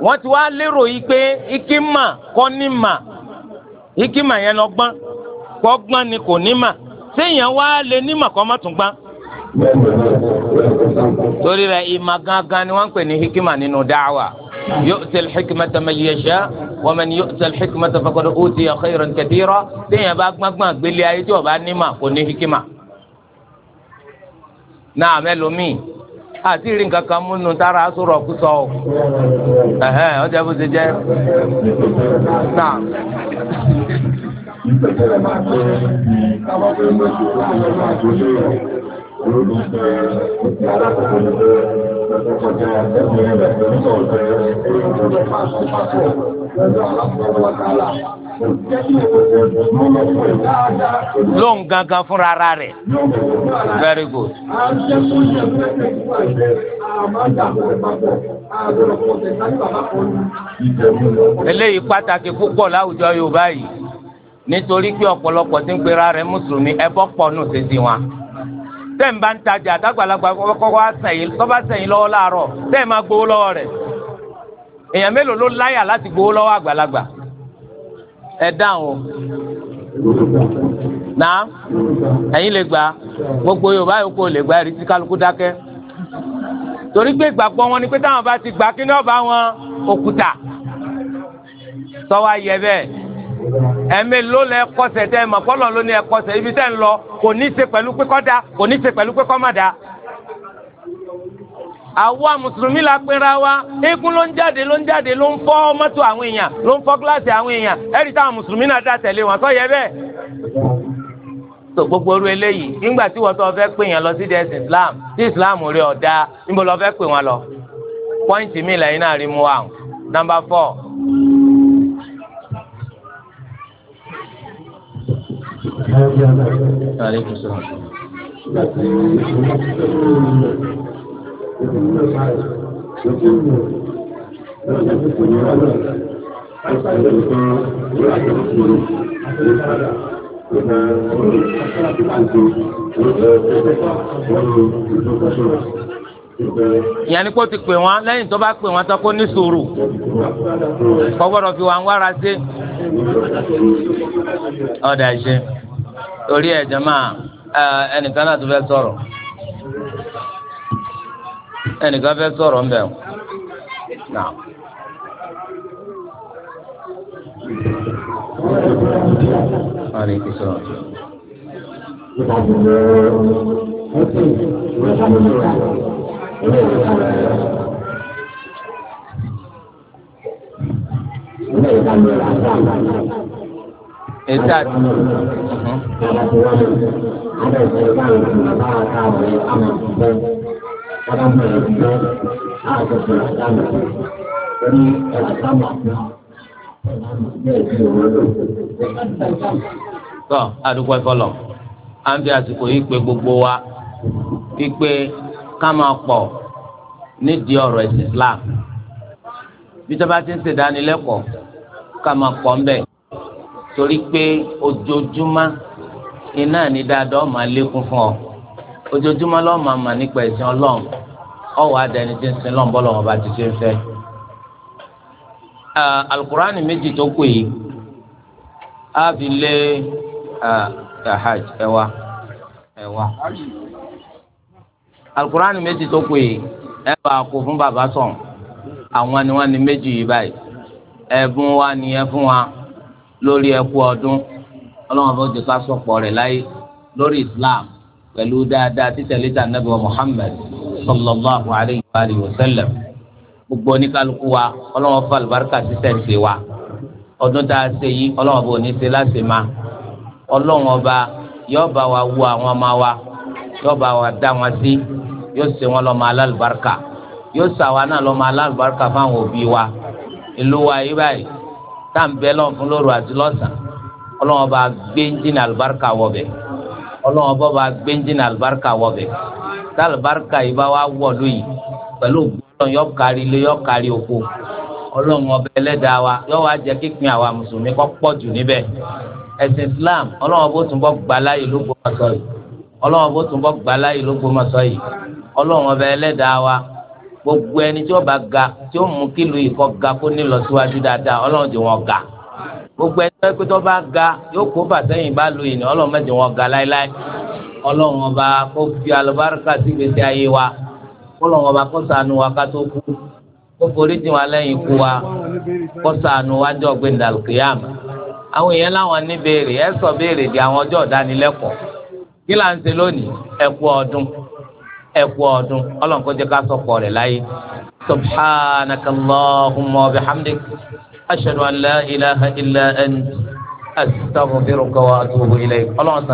wọ́n ti wá lérò yìí pé hikima kọ́ hikima ni kò séèyàn wá lè kọ́ torí rẹ̀ ìmọ̀ gangan ni wọ́n ń pè ní hikima nínú dáwà yu'ti al-hikmata man yasha wa man yu'ta al-hikmata faqad utiya khayran katira téèyàn bá gbọ́ngbọ́n gbélé ayé tí ọba nímọ̀ kò ní hikima. náà mẹ́lòmíì àti ìrìn kankan múnú tára sọ̀rọ̀ kú sọ ọ́ ọjà bó ṣe jẹ́ náà ìpèsè rẹ̀ máa tó káwọn fún ẹgbẹ́ tó lọ́wọ́ máa tó lé wọn èyí ti ṣe gangan fúnra ara rẹ̀. Very good. Eléyìí pàtàkì púpọ̀ láwùjọ Yorùbá yìí nítorí pé ọ̀pọ̀lọpọ̀ ti ń pera rẹ̀ Mùsùlùmí ẹbọ pọ̀ nù sí sí wọn tẹ́ ń bá ń tajà àtàgbàlagbà kọ́kọ́ sẹ̀yìn tọ́ba sẹ̀yìn lọ́wọ́ láàárọ̀ tẹ́ ẹ̀ máa gbowó lọ́wọ́ rẹ̀ èèyàn mélòó ló láyà láti gbowó lọ́wọ́ àgbàlagbà ẹ dáhùn náà ẹ̀yin lè gbà gbogbo Yorùbá yòókù lè gbà ẹ̀rí tí kálukú dákẹ́ torí pé ìgbàgbọ́ wọn ni pé táwọn bá ti gbà kí ni ọba wọn òkúta sọ wá yẹ bẹ́ẹ̀. ẹ̀mí ló lẹ kọsẹ̀ tẹ mọ̀ kọ́lọ̀ ló ní ibi ń lọ kò ní í ṣe pẹ̀lú da la pinra wa eégún ló ń jáde ló ń jáde ló ń fọ́ mọ́tò àwọn èèyàn ló ń fọ́ gíláàsì àwọn èèyàn ẹ̀rí táwọn mùsùlùmí náà dá wọn sọ yẹ tó gbogbo oru eléyìí nígbà tí Islam tí Islam níbo lọ pè wọn lọ. pọ́ìntì mi lẹ́yìn náà rí mu wa Aleykum salaam. Láti yẹni kó ti pè wọn lẹ́yìn tó bá pè wọn tán kó ní fi wára sí ọdà torí ẹ̀ jama ẹnìkan náà tó fẹ́ sọ̀rọ̀ ẹnìkan fẹ́ sọ̀rọ̀ ń bẹ̀ o nà. Thank you ètò àti. tọ́ adúgbò ẹ̀fọ́ lọ à ń fi àsìkò yìí pé gbogbo wa wípé ká máa pọ̀ nídìí ọ̀rọ̀ ẹ̀sìn Islam bí tó bá ti ń ṣèdánilẹ́kọ̀ọ́ ká máa pọ̀ ń bẹ̀ torí pé ojoojúmọ́ iná ní dáadáa ọmọ alékún fún ọ ojoojúmọ́ lọ́mọ àmà nípa ẹ̀sìn ọlọ́run ọwọ́ adẹni tí ń sin lọ́n bọ́ lọ́wọ́ bá ti ṣe ń fẹ́. alukuraani méjì tó kù yìí á fi lé hajj ẹwà ẹwà alukuraani méjì tó kù yìí ẹ bá a kó fún bàbá sọ̀n àwọn ni wọ́n ní méjì yìí báyìí ẹ̀bùn wa nìyẹn fún wa lórí ẹkú ọdún ọlọ́run bó ti ká sọ̀pọ̀ rẹ̀ láyé lórí islam pẹ̀lú dáadáa títẹ̀lé ta nabi wa muhammad sallallahu alayhi wa alihi wa sallam gbogbo oníkálukú wa ọlọ́run fún alibarika títẹ̀sí wa ọdún tá a ṣe yìí ọlọ́run bó ní ṣe láti ma ọlọ́run ọba yóò bá wa wú àwọn ọmọ wa yóò bá wa dá wọn sí yóò ṣe wọn lọ́mọ alálùbáríkà yóò ṣàwa náà lọ́mọ alálùbáríkà fáwọn òbí wa ìlú wa yìí báyìí tá à ń bẹ lọ́n fún lóru àti lọ́sàn ọlọ́wọ́n bá gbé ńjìn àlùbáríkà wọ bẹ̀ ọlọ́wọ́n bá bá gbé ńjìn àlùbáríkà wọ bẹ̀ tá àlùbáríkà yìí bá wá wọ̀ lóyìí pẹ̀lú gbọ́dọ̀ yọ kárí ilé yọ kárí oko ọlọ́run ọba ẹlẹ́dàá wa yọ wá jẹ́ kíkín àwa mùsùlùmí kọ́ pọ̀ jù níbẹ̀ ẹ̀sìn Islam ọlọ́run bó tún bọ́ gbaláyè ló gbọ́ mọ̀ sọ yìí ọlọ́run bó tún bọ́ gbaláyè ló gbọ́ yìí ọlọ́run ọba ẹlẹ́dàá wa gbogbo ẹni tí ó bá ga tí ó mú kílù yìí kọ́ ga kó nílọ síwájú dáadáa ọlọ́run ti wọn ga gbogbo ẹni tó bá ga yóò kó bàtẹ́yìn bá lu yìí ni mẹjọ wọn ga láéláé ọlọ́run ọba kó fi alùbáríkà sí ayé wa ọba kó wa ká tó kú kó forí ikú wa kó di àwọn ọjọ kí là ń lónìí ẹkú ọdún Ọlọ́run kó jẹ́ ká sọpọ rẹ láyé subhanaka allahumma wa bihamdik ashhadu an la ilaha illa ant astaghfiruka wa atubu ilayk Ọlọ́run.